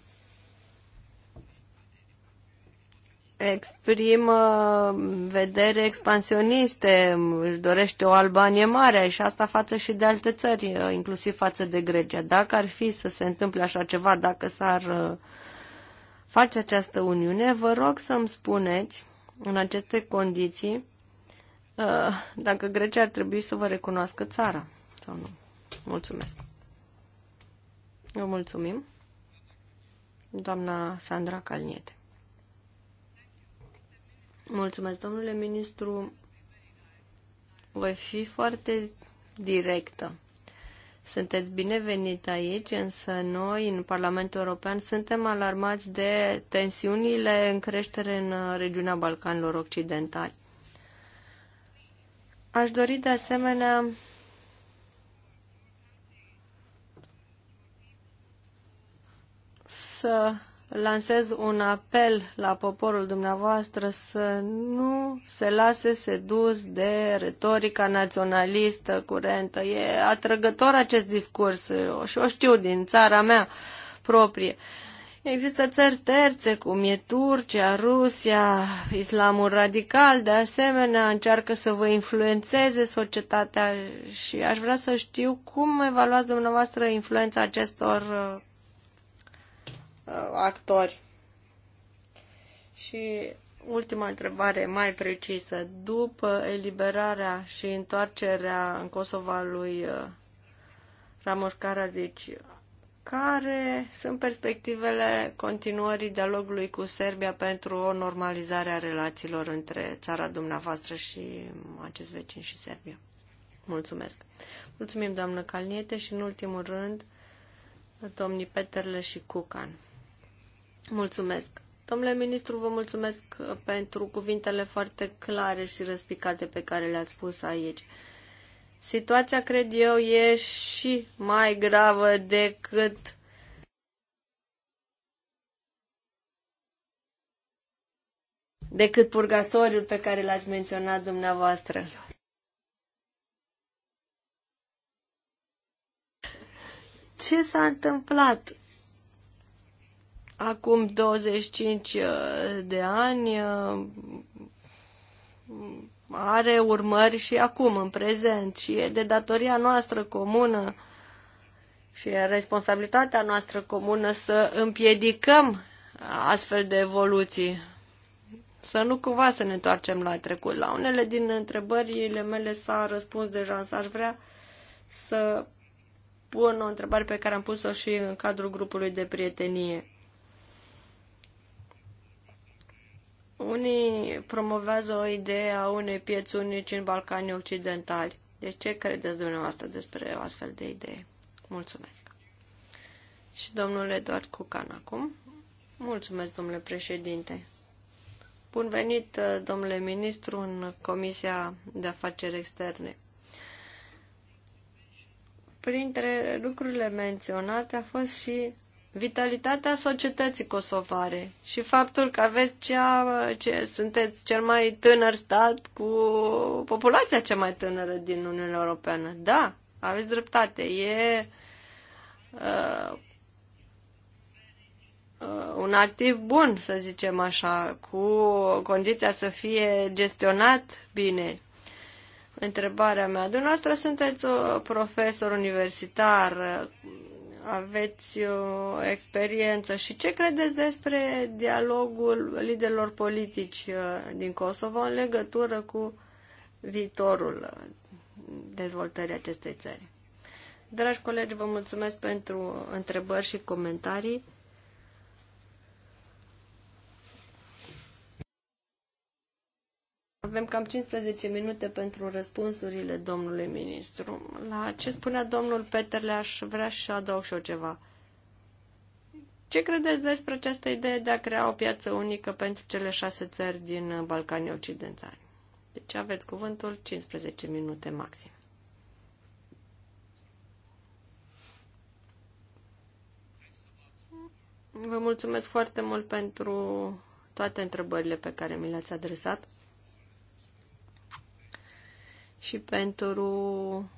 exprimă vedere expansioniste, își dorește o Albanie mare și asta față și de alte țări, inclusiv față de Grecia. Dacă ar fi să se întâmple așa ceva, dacă s-ar face această uniune, vă rog să-mi spuneți, în aceste condiții, uh, dacă Grecia ar trebui să vă recunoască țara sau nu. Mulțumesc. Vă mulțumim. Doamna Sandra Calniete. Mulțumesc, domnule ministru. Voi fi foarte directă. Sunteți binevenit aici, însă noi în Parlamentul European suntem alarmați de tensiunile în creștere în uh, regiunea Balcanilor Occidentali. Aș dori de asemenea să lansez un apel la poporul dumneavoastră să nu se lase sedus de retorica naționalistă curentă. E atrăgător acest discurs și o știu din țara mea proprie. Există țări terțe, cum e Turcia, Rusia, islamul radical, de asemenea încearcă să vă influențeze societatea și aș vrea să știu cum evaluați dumneavoastră influența acestor Uh, actori. Și ultima întrebare mai precisă. După eliberarea și întoarcerea în Kosova lui uh, Ramos Karadzic, care sunt perspectivele continuării dialogului cu Serbia pentru o normalizare a relațiilor între țara dumneavoastră și acest vecin și Serbia? Mulțumesc. Mulțumim, doamnă Calniete, și în ultimul rând, domnii Peterle și Cucan. Mulțumesc. Domnule ministru, vă mulțumesc uh, pentru cuvintele foarte clare și răspicate pe care le-ați spus aici. Situația, cred eu, e și mai gravă decât decât purgatoriul pe care l-ați menționat dumneavoastră. Ce s-a întâmplat? Acum 25 uh, de ani uh, are urmări și acum, în prezent, și e de datoria noastră comună și e responsabilitatea noastră comună să împiedicăm astfel de evoluții. Să nu cumva să ne întoarcem la trecut. La unele din întrebările mele s-a răspuns deja, însă aș vrea să pun o întrebare pe care am pus-o și în cadrul grupului de prietenie. Unii promovează o idee a unei pieți unici în Balcanii Occidentali. Deci ce credeți dumneavoastră despre o astfel de idee? Mulțumesc. Și domnul Eduard Cucan acum. Mulțumesc, domnule președinte. Bun venit, uh, domnule ministru, în Comisia de Afaceri Externe. Printre lucrurile menționate a fost și vitalitatea societății kosovare și faptul că aveți cea, ce, sunteți cel mai tânăr stat cu populația cea mai tânără din Uniunea Europeană. Da, aveți dreptate. E uh, uh un activ bun, să zicem așa, cu condiția să fie gestionat bine. Întrebarea mea, dumneavoastră sunteți uh, profesor universitar, aveți o uh, experiență și ce credeți despre dialogul liderilor politici uh, din Kosovo în legătură cu viitorul uh, dezvoltării acestei țări. Dragi colegi, vă mulțumesc pentru întrebări și comentarii. Avem cam 15 minute pentru răspunsurile domnului ministru. La ce spunea domnul Peterle, aș vrea și adaug și eu ceva. Ce credeți despre această idee de a crea o piață unică pentru cele șase țări din Balcanii Occidentali? Deci aveți cuvântul 15 minute maxim. Vă mulțumesc foarte mult pentru toate întrebările pe care mi le-ați adresat și pentru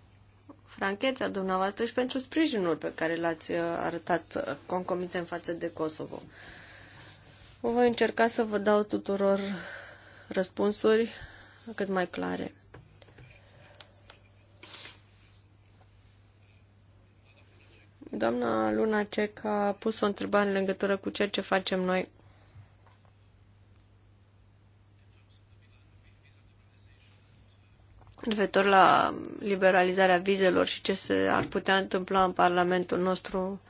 francheța dumneavoastră și pentru sprijinul pe care l-ați uh, arătat uh, concomitent față de Kosovo. Voi încerca să vă dau tuturor răspunsuri cât mai clare. Doamna Luna Cec a pus o întrebare în legătură cu ceea ce facem noi referitor la liberalizarea vizelor și ce se ar putea întâmpla în Parlamentul nostru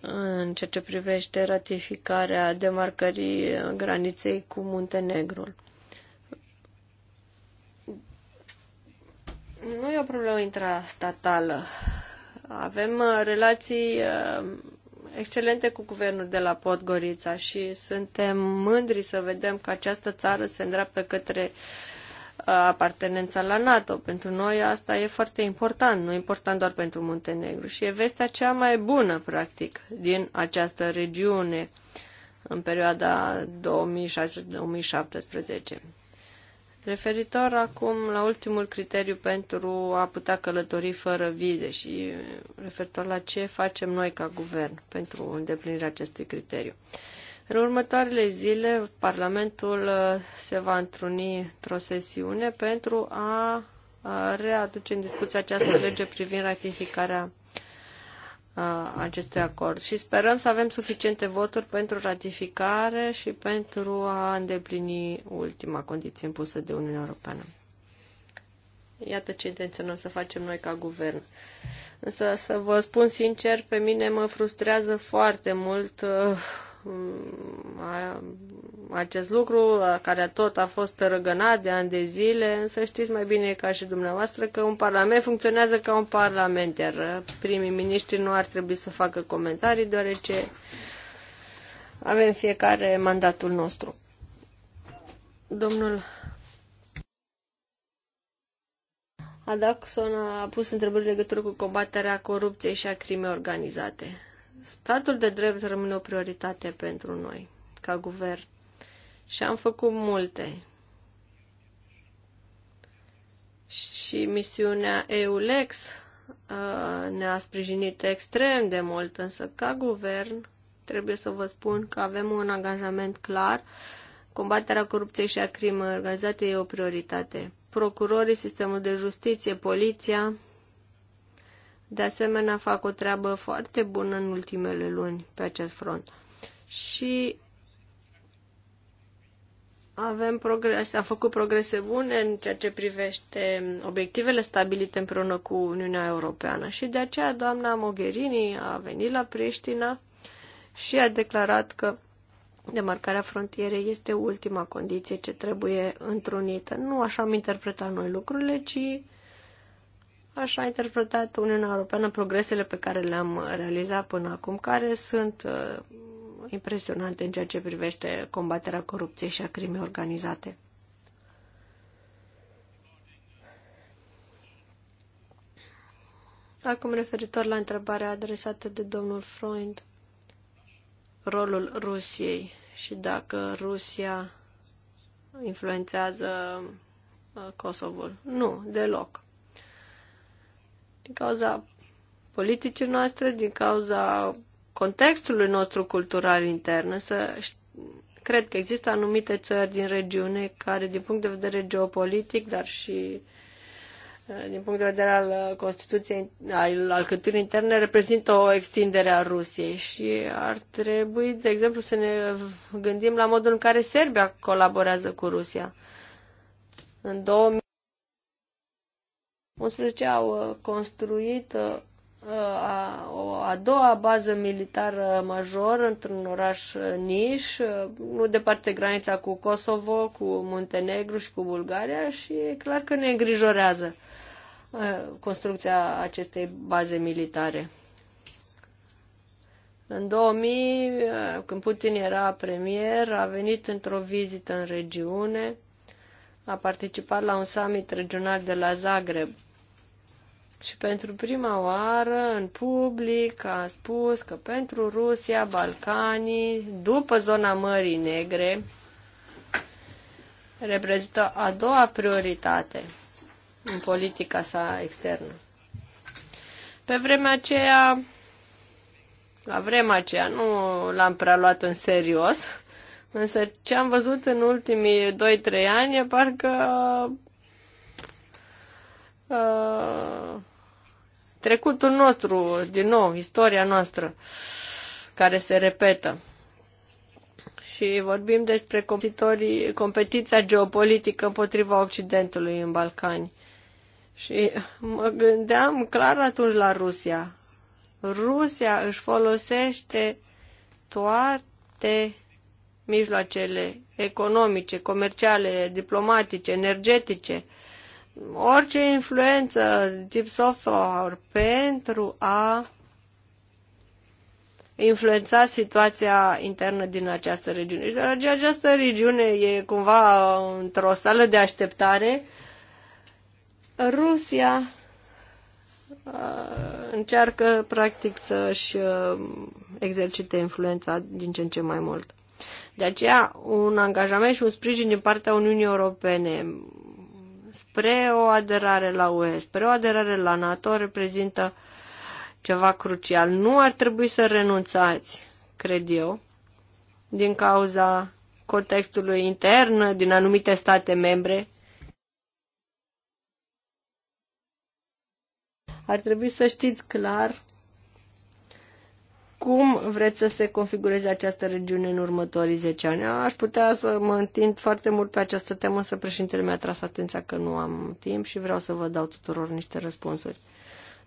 în ceea ce privește ratificarea demarcării graniței cu Muntenegrul. Nu e o problemă intrastatală. Avem uh, relații uh, excelente cu guvernul de la Podgorița și suntem mândri să vedem că această țară se îndreaptă către uh, apartenența la NATO. Pentru noi asta e foarte important, nu important doar pentru Muntenegru. Și e vestea cea mai bună, practic, din această regiune în perioada 2016-2017. Referitor acum la ultimul criteriu pentru a putea călători fără vize și referitor la ce facem noi ca guvern pentru îndeplinirea acestui criteriu. Uh, în următoarele zile, Parlamentul uh, se va întruni într-o sesiune pentru a readuce în discuție această lege privind ratificarea acestui acord și sperăm să avem suficiente voturi pentru ratificare și pentru a îndeplini ultima condiție impusă de Uniunea Europeană. Iată ce intenționăm să facem noi ca guvern. Însă, să vă spun sincer, pe mine mă frustrează foarte mult uh, acest lucru, care tot a fost răgănat de ani de zile, însă știți mai bine ca și dumneavoastră că un parlament funcționează ca un parlament, iar primii miniștri nu ar trebui să facă comentarii, deoarece avem fiecare mandatul nostru. Domnul Adaxon a pus întrebări legătură cu combaterea corupției și a crimei organizate statul de drept rămâne o prioritate pentru noi, ca guvern. Și am făcut multe. Și misiunea EULEX ne-a sprijinit extrem de mult, însă ca guvern trebuie să vă spun că avem un angajament clar. Combaterea corupției și a crimei organizate e o prioritate. Procurorii, sistemul de justiție, poliția, de asemenea fac o treabă foarte bună în ultimele luni pe acest front. Și avem progrese, am făcut progrese bune în ceea ce privește obiectivele stabilite împreună cu Uniunea Europeană și de aceea doamna Mogherini a venit la Priștina și a declarat că demarcarea frontierei este ultima condiție ce trebuie întrunită. Nu așa am interpretat noi lucrurile, ci Așa a interpretat Uniunea Europeană progresele pe care le-am realizat până acum, care sunt uh, impresionante în ceea ce privește combaterea corupției și a crimei organizate. Acum referitor la întrebarea adresată de domnul Freund, rolul Rusiei și dacă Rusia influențează uh, Kosovo. Nu, deloc din cauza politicii noastre, din cauza contextului nostru cultural intern, însă cred că există anumite țări din regiune care, din punct de vedere geopolitic, dar și uh, din punct de vedere al uh, Constituției, al alcătuirii interne, reprezintă o extindere a Rusiei și ar trebui, de exemplu, să ne gândim la modul în care Serbia colaborează cu Rusia. În 2000 11 au uh, construit uh, uh, a, o a doua bază militară majoră într-un oraș Niș, nu departe granița cu Kosovo, cu Muntenegru și cu Bulgaria și e clar că ne îngrijorează construcția acestei baze militare. În 2000, când Putin era premier, a venit într-o vizită în regiune, a participat la un summit regional de la Zagreb și pentru prima oară în public a spus că pentru Rusia, Balcanii, după zona Mării Negre, reprezintă a doua prioritate în politica sa externă. Pe vremea aceea, la vremea aceea, nu l-am prea luat în serios, însă ce am văzut în ultimii 2-3 ani e parcă uh, trecutul nostru, din nou, istoria noastră care se repetă. Și vorbim despre competiția geopolitică împotriva Occidentului în Balcani. Și mă gândeam clar atunci la Rusia. Rusia își folosește toate mijloacele economice, comerciale, diplomatice, energetice – orice influență tip software pentru a influența situația internă din această regiune. Și deoarece această regiune e cumva într-o sală de așteptare, Rusia încearcă practic să-și exercite influența din ce în ce mai mult. De aceea, un angajament și un sprijin din partea Uniunii Europene spre o aderare la UE, spre o aderare la NATO reprezintă ceva crucial. Nu ar trebui să renunțați, cred eu, din cauza contextului intern din anumite state membre. Ar trebui să știți clar cum vreți să se configureze această regiune în următorii 10 ani. Aș putea să mă întind foarte mult pe această temă, să președintele mi-a tras atenția că nu am timp și vreau să vă dau tuturor niște răspunsuri.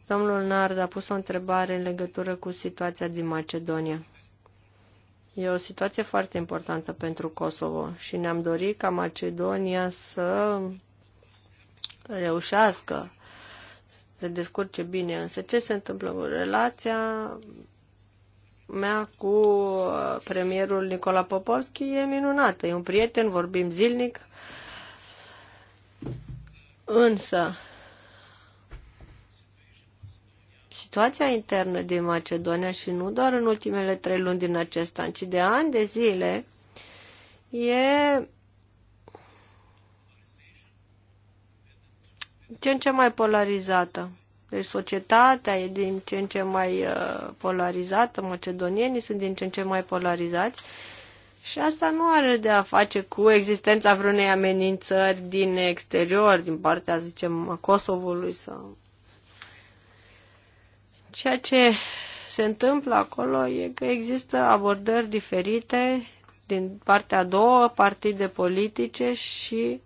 Domnul Nard a pus o întrebare în legătură cu situația din Macedonia. E o situație foarte importantă pentru Kosovo și ne-am dorit ca Macedonia să reușească să descurce bine. Însă ce se întâmplă? Relația mea cu uh, premierul Nicola Popovski e minunată. E un prieten, vorbim zilnic. Însă, situația internă din Macedonia și nu doar în ultimele trei luni din acest an, ci de ani de zile, e ce în ce mai polarizată. Deci societatea e din ce în ce mai uh, polarizată, macedonienii sunt din ce în ce mai polarizați și asta nu are de a face cu existența vreunei amenințări din exterior, din partea, zicem, a Kosovului sau... Ceea ce se întâmplă acolo e că există abordări diferite din partea a două partide politice și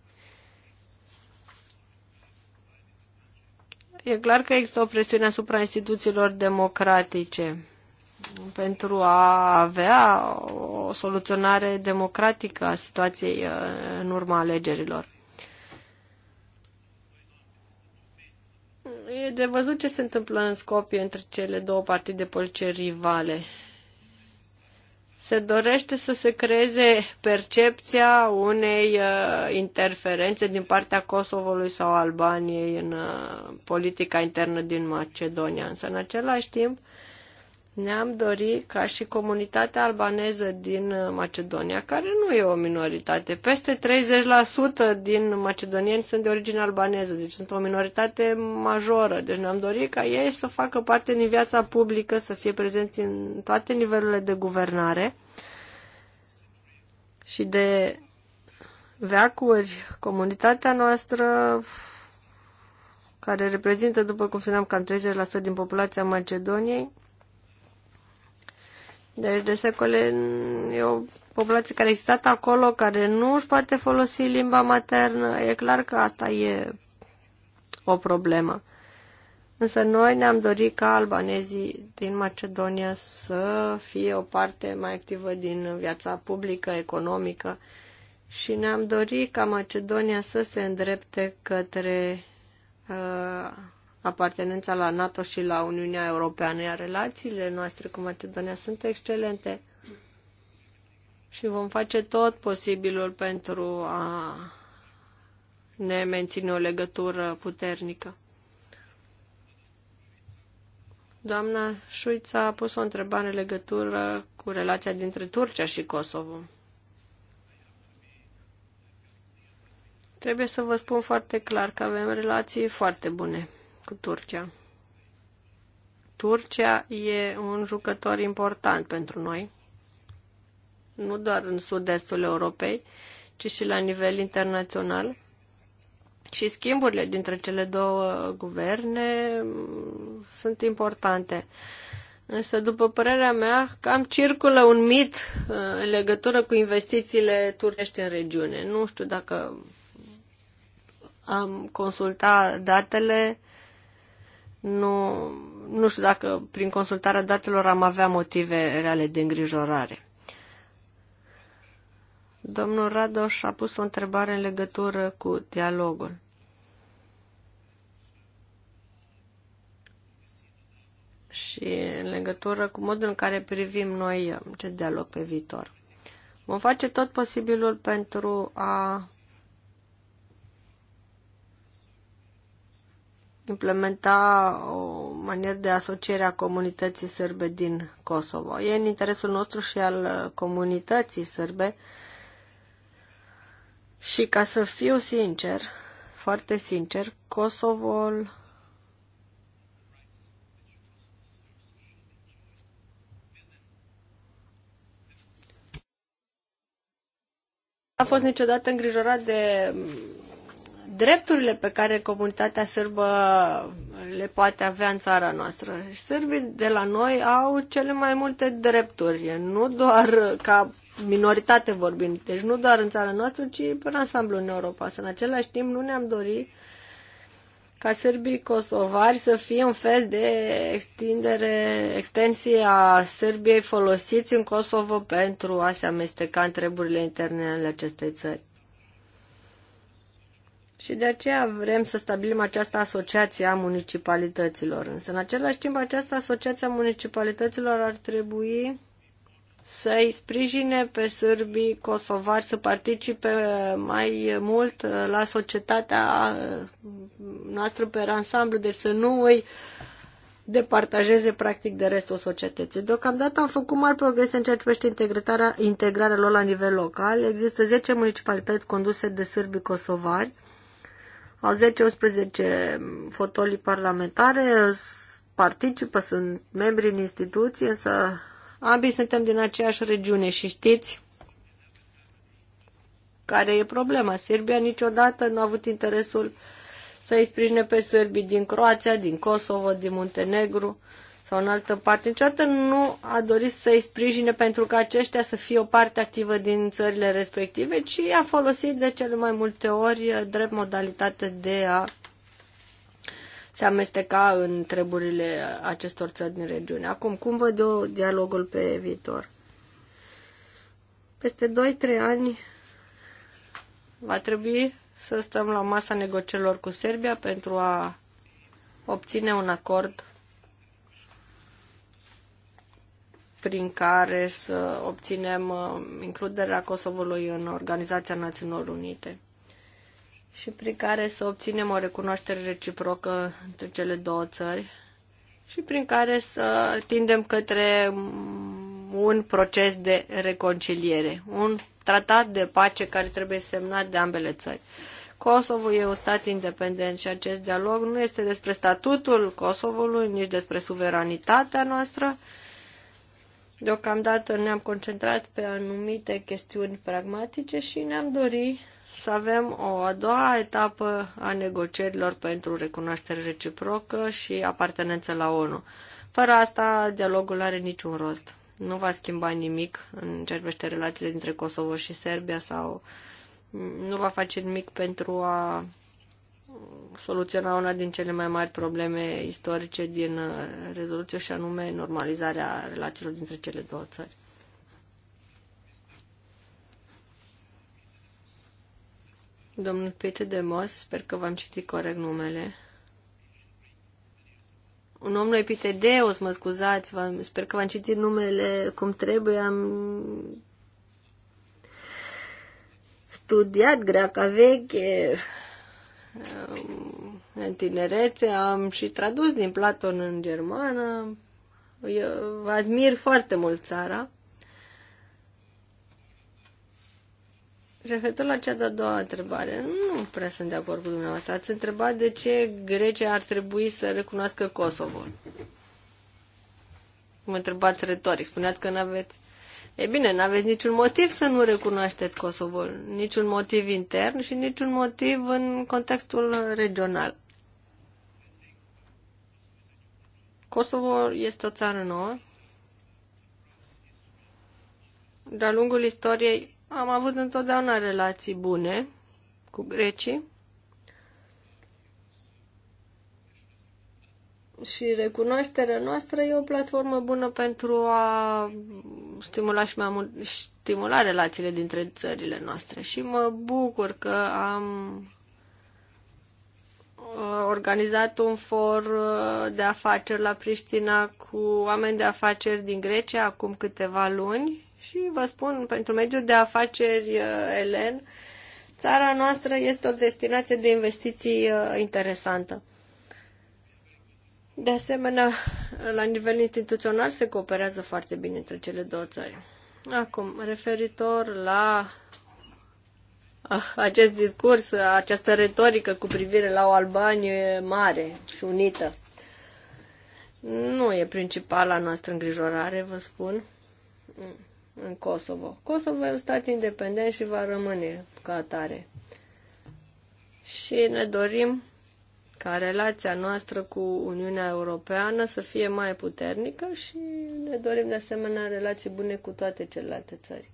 E clar că există o presiune asupra instituțiilor democratice pentru a avea o soluționare democratică a situației uh, în urma alegerilor. E de văzut ce se întâmplă în Scopie între cele două partide politice rivale se dorește să se creeze percepția unei uh, interferențe din partea Kosovului sau Albaniei în uh, politica internă din Macedonia. Însă, în același timp, uh, ne-am dorit ca și comunitatea albaneză din Macedonia, care nu e o minoritate, peste 30% din macedonieni sunt de origine albaneză, deci sunt o minoritate majoră. Deci ne-am dorit ca ei să facă parte din viața publică, să fie prezenți în toate nivelurile de guvernare și de veacuri. Comunitatea noastră care reprezintă, după cum spuneam, cam 30% din populația Macedoniei, deci de secole e o populație care a existat acolo, care nu își poate folosi limba maternă. E clar că asta e o problemă. Însă noi ne-am dorit ca albanezii din Macedonia să fie o parte mai activă din viața publică, economică și ne-am dorit ca Macedonia să se îndrepte către uh, apartenența la NATO și la Uniunea Europeană, iar relațiile noastre cu Macedonia sunt excelente și vom face tot posibilul pentru a ne menține o legătură puternică. Doamna Șuița a pus o întrebare în legătură cu relația dintre Turcia și Kosovo. Trebuie să vă spun foarte clar că avem relații foarte bune cu Turcia. Turcia e un jucător important pentru noi, nu doar în sud-estul Europei, ci și la nivel internațional. Și schimburile dintre cele două guverne sunt importante. Însă, după părerea mea, cam circulă un mit uh, în legătură cu investițiile turcești în regiune. Nu știu dacă am consultat datele nu, nu știu dacă prin consultarea datelor am avea motive reale de îngrijorare. Domnul Radoș a pus o întrebare în legătură cu dialogul. și în legătură cu modul în care privim noi acest dialog pe viitor. Vom face tot posibilul pentru a implementa o manieră de asociere a comunității sârbe din Kosovo. E în interesul nostru și al comunității sârbe și ca să fiu sincer, foarte sincer, Kosovo a fost niciodată îngrijorat de drepturile pe care comunitatea sârbă le poate avea în țara noastră. sârbii de la noi au cele mai multe drepturi, nu doar ca minoritate vorbind, deci nu doar în țara noastră, ci în ansamblu în Europa. Să în același timp nu ne-am dorit ca sârbii kosovari să fie un fel de extindere, extensie a Sârbiei folosiți în Kosovo pentru a se amesteca în treburile interne ale acestei țări. Și de aceea vrem să stabilim această asociație a municipalităților. Însă, în același timp, această asociație a municipalităților ar trebui să-i sprijine pe sârbii kosovari să participe mai mult uh, la societatea uh, noastră pe ansamblu, deci să nu îi departajeze practic de restul societății. Deocamdată am făcut mari progrese în ceea ce privește integrarea, lor la nivel local. Există 10 municipalități conduse de sârbii kosovari au 10-11 fotolii parlamentare, participă, sunt membri în instituție, însă ambii suntem din aceeași regiune și știți care e problema. Serbia niciodată nu a avut interesul să îi sprijine pe sârbii din Croația, din Kosovo, din Muntenegru sau în altă parte, niciodată nu a dorit să-i sprijine pentru că aceștia să fie o parte activă din țările respective, ci a folosit de cele mai multe ori drept modalitate de a se amesteca în treburile acestor țări din regiune. Acum, cum văd eu dialogul pe viitor? Peste 2-3 ani va trebui să stăm la masa negocierilor cu Serbia pentru a obține un acord prin care să obținem uh, includerea Kosovului în Organizația Națiunilor Unite și prin care să obținem o recunoaștere reciprocă între cele două țări și prin care să tindem către un proces de reconciliere, un tratat de pace care trebuie semnat de ambele țări. Kosovo e un stat independent și acest dialog nu este despre statutul Kosovului, nici despre suveranitatea noastră, Deocamdată ne-am concentrat pe anumite chestiuni pragmatice și ne-am dorit să avem o a doua etapă a negocierilor pentru recunoaștere reciprocă și apartenență la ONU. Fără asta, dialogul nu are niciun rost. Nu va schimba nimic în ce privește relațiile dintre Kosovo și Serbia sau nu va face nimic pentru a soluționa una din cele mai mari probleme istorice din uh, rezoluție și anume normalizarea relațiilor dintre cele două țări. Domnul Peter de Mos, sper că v-am citit corect numele. Un om noi Pitedeus, mă scuzați, sper că v-am citit numele cum trebuie, am studiat greaca veche, în tinerețe, am și tradus din Platon în germană. Eu admir foarte mult țara. Referitor la cea de-a doua întrebare, nu prea sunt de acord cu dumneavoastră. Ați întrebat de ce Grecia ar trebui să recunoască Kosovo. Mă întrebați retoric, spuneați că nu aveți E bine, n-aveți niciun motiv să nu recunoașteți Kosovo, niciun motiv intern și niciun motiv în contextul regional. Kosovo este o țară nouă. De-a lungul istoriei am avut întotdeauna relații bune cu grecii. și recunoașterea noastră e o platformă bună pentru a stimula și mai mult stimula relațiile dintre țările noastre. Și mă bucur că am uh, organizat un for uh, de afaceri la Priștina cu oameni de afaceri din Grecia acum câteva luni și vă spun, pentru mediul de afaceri uh, elen, țara noastră este o destinație de investiții interesantă. De asemenea, la nivel instituțional se cooperează foarte bine între cele două țări. Acum, referitor la ah, acest discurs, această retorică cu privire la o Albanie mare și unită, nu e principala noastră îngrijorare, vă spun, în Kosovo. Kosovo e un stat independent și va rămâne ca atare. Și ne dorim ca relația noastră cu Uniunea Europeană să fie mai puternică și ne dorim de asemenea relații bune cu toate celelalte țări.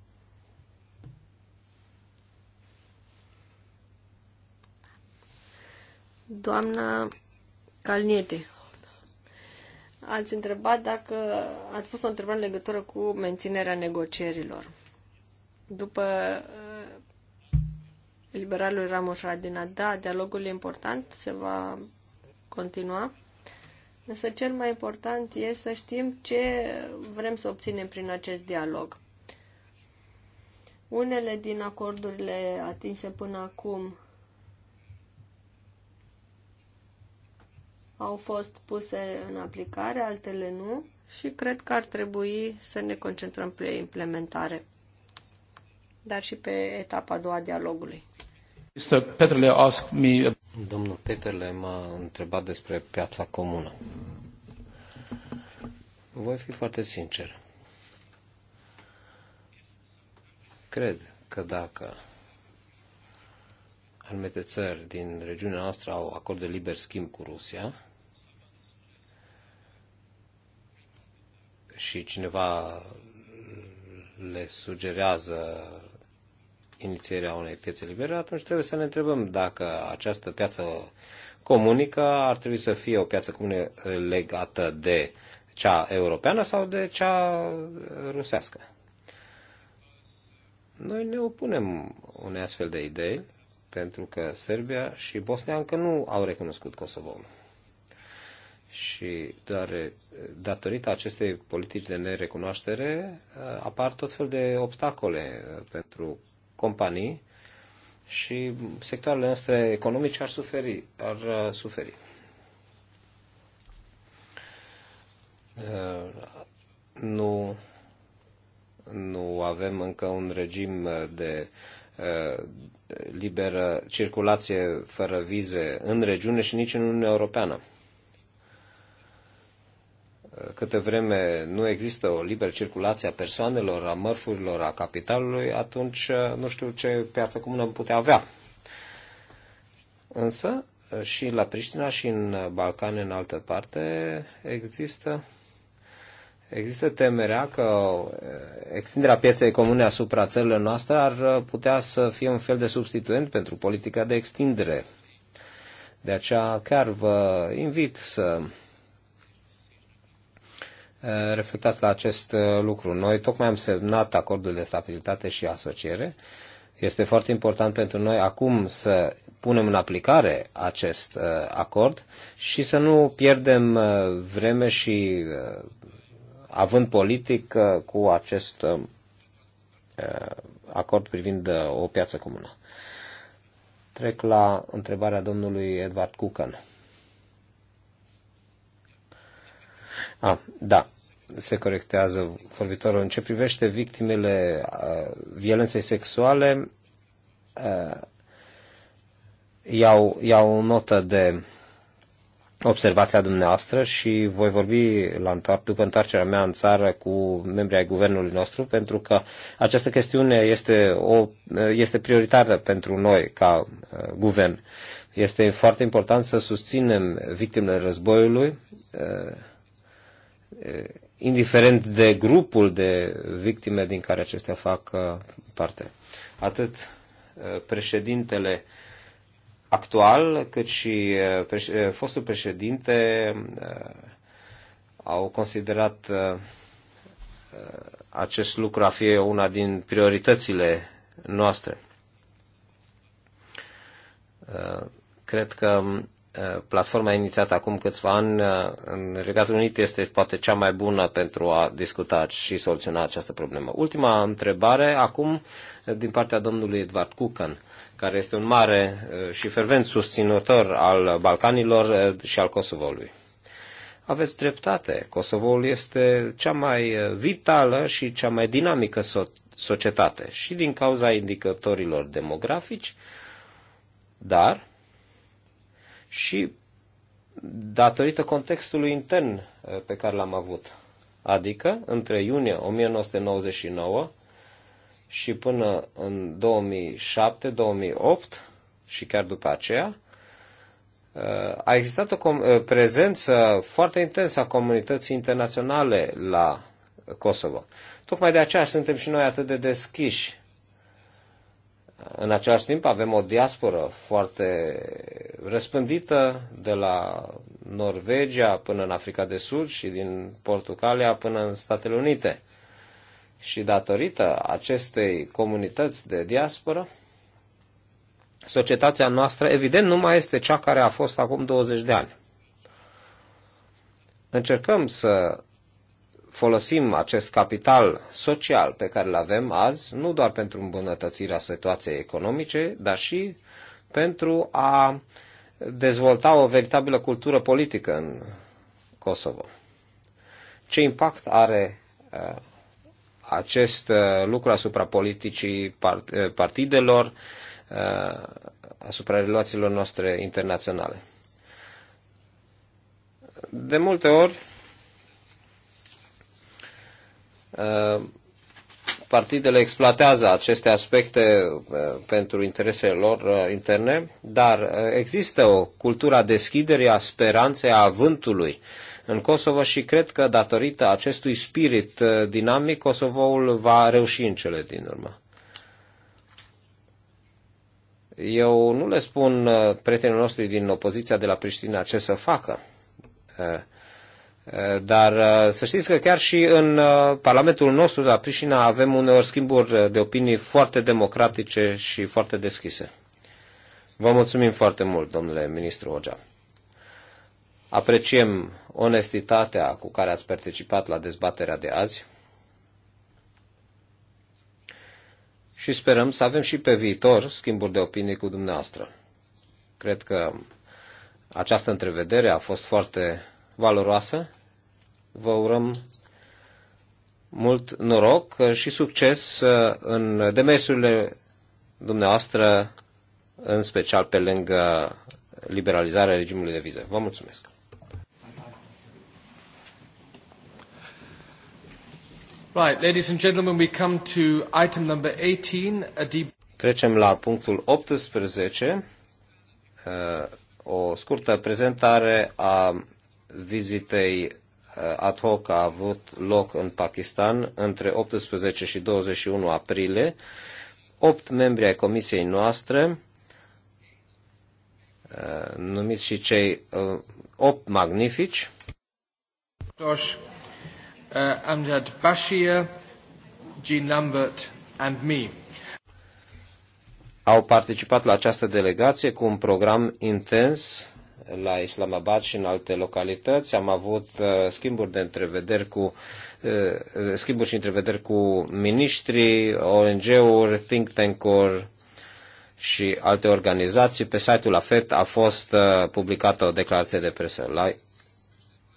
Doamna Calniete, ați întrebat dacă ați pus o întrebare în legătură cu menținerea negocierilor. După liberalul Ramos Radina. Da, dialogul e important, se va continua. Însă cel mai important e să știm ce vrem să obținem prin acest dialog. Unele din acordurile atinse până acum au fost puse în aplicare, altele nu și cred că ar trebui să ne concentrăm pe implementare dar și pe etapa a doua dialogului. Petrele me... Domnul Petrele m-a întrebat despre piața comună. Voi fi foarte sincer. Cred că dacă anumite țări din regiunea noastră au acord de liber schimb cu Rusia și cineva le sugerează inițierea unei piețe libere, atunci trebuie să ne întrebăm dacă această piață comunică ar trebui să fie o piață comună legată de cea europeană sau de cea rusească. Noi ne opunem unei astfel de idei pentru că Serbia și Bosnia încă nu au recunoscut Kosovo. Și doar datorită acestei politici de nerecunoaștere apar tot fel de obstacole uh, pentru companii și sectoarele noastre economice ar suferi. Ar uh, suferi. Uh, nu, nu avem încă un regim uh, de liberă circulație fără vize în regiune și nici în Uniunea Europeană câte vreme nu există o liberă circulație a persoanelor, a mărfurilor, a capitalului, atunci uh, nu știu ce piață comună am putea avea. Însă, uh, și la Priștina și în uh, Balcane, în altă parte, există, există temerea că extinderea pieței comune asupra țărilor noastre ar putea să fie un fel de substituent pentru politica de extindere. De aceea chiar vă invit să Eh, reflectați la acest eh, lucru. Noi tocmai am semnat acordul de stabilitate și asociere. Este foarte important pentru noi acum să punem în aplicare acest eh, acord și să nu pierdem vreme și având politic cu acest acord privind o piață comună. Trec la întrebarea domnului Edward Cucan. ah, da, se corectează vorbitorul. În ce privește victimele uh, violenței sexuale, uh, iau, iau notă de observația dumneavoastră și voi vorbi la întoar- după întoarcerea mea în țară cu membrii ai guvernului nostru, pentru că această chestiune este, o, este prioritară pentru noi ca uh, guvern. Este foarte important să susținem victimele războiului. Uh, Eh, indiferent de grupul de victime din care acestea fac eh, parte. Atât eh, președintele actual, cât și fostul președinte au considerat acest lucru a fi una din prioritățile noastre. Cred că Uh, platforma inițiată acum câțiva ani uh, în Regatul Unit este poate cea mai bună pentru a discuta și soluționa această problemă. Ultima întrebare acum uh, din partea domnului Edward Cucan, care este un mare și fervent susținător al Balcanilor și al Kosovoului. Aveți dreptate, Kosovoul este cea mai vitală și cea mai dinamică societate și din cauza indicatorilor demografici, dar și datorită contextului intern eh, pe care l-am avut. Adică, între iunie 1999 și până în 2007-2008 și chiar după aceea, eh, a existat o eh, prezență foarte intensă a comunității internaționale la Kosovo. Tocmai de aceea suntem și noi atât de deschiși în același timp avem o diasporă foarte răspândită de la Norvegia până în Africa de Sud și din Portugalia până în Statele Unite. Și datorită acestei comunități de diasporă, societatea noastră evident nu mai este cea care a fost acum 20 de ani. Încercăm să folosim acest capital social pe care îl avem azi, nu doar pentru îmbunătățirea situației economice, dar și pentru a dezvolta o veritabilă cultură politică în Kosovo. Ce impact are uh, acest uh, lucru asupra politicii uh, partidelor, asupra relațiilor noastre internaționale? De multe ori, Uh, partidele exploatează aceste aspecte uh, pentru interesele lor uh, interne, dar există o cultură a deschiderii, a speranței, a avântului în Kosovo și cred că datorită acestui spirit dinamic, Kosovoul va reuși în cele din urmă. Eu nu le spun prietenilor noștri din opoziția de la Priștina ce să facă. Eh, dar eh, să știți că chiar și în eh, Parlamentul nostru la Prișina avem uneori schimburi de opinii foarte democratice și foarte deschise. Vă mulțumim foarte mult, domnule ministru Ogea. Apreciem onestitatea cu care ați participat la dezbaterea de azi și sperăm să avem și pe viitor schimburi de opinii cu dumneavoastră. Cred că această întrevedere a fost foarte valoroasă vă urăm mult noroc și succes uh, în demersurile dumneavoastră, în special pe lângă liberalizarea regimului de vize. Vă mulțumesc! Right, ladies and gentlemen, we come to item number 18, a deep... Trecem la punctul 18, uh, o scurtă prezentare a vizitei Uh, ad hoc a avut loc în Pakistan între 18 și 21 aprilie. Opt membri ai comisiei noastre, uh, numiți și cei uh, opt magnifici, Dosh, uh, Amjad Bashir, Jean Lambert and me. Au participat la această delegație cu un program intens la Islamabad și în alte localități. Am avut uh, schimburi de întrevederi cu uh, uh, schimburi și întrevederi cu miniștri, ONG-uri, think tank-uri și alte organizații. Pe site-ul AFET a fost publicată o declarație de presă. La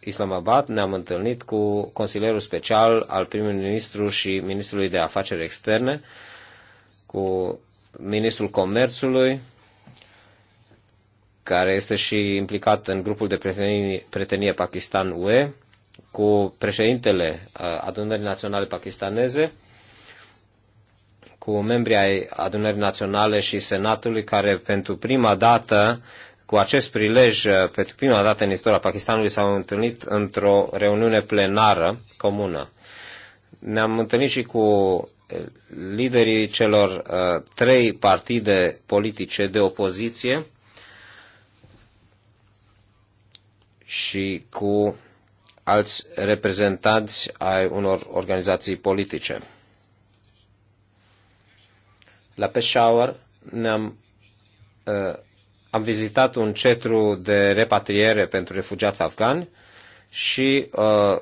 Islamabad ne-am întâlnit cu consilierul special al primului ministru și ministrului de afaceri externe, cu ministrul comerțului, care este și implicat în grupul de prietenie, Pakistan-UE, cu președintele uh, Adunării Naționale Pakistaneze, cu membrii ai Adunării Naționale și Senatului, care pentru prima dată, cu acest prilej, uh, pentru prima dată în istoria Pakistanului, s-au întâlnit într-o reuniune plenară comună. Ne-am întâlnit și cu uh, liderii celor uh, trei partide politice de opoziție, și cu alți reprezentanți ai unor organizații politice. La Peshawar ne-am uh, am vizitat un centru de repatriere pentru refugiați afgani și uh,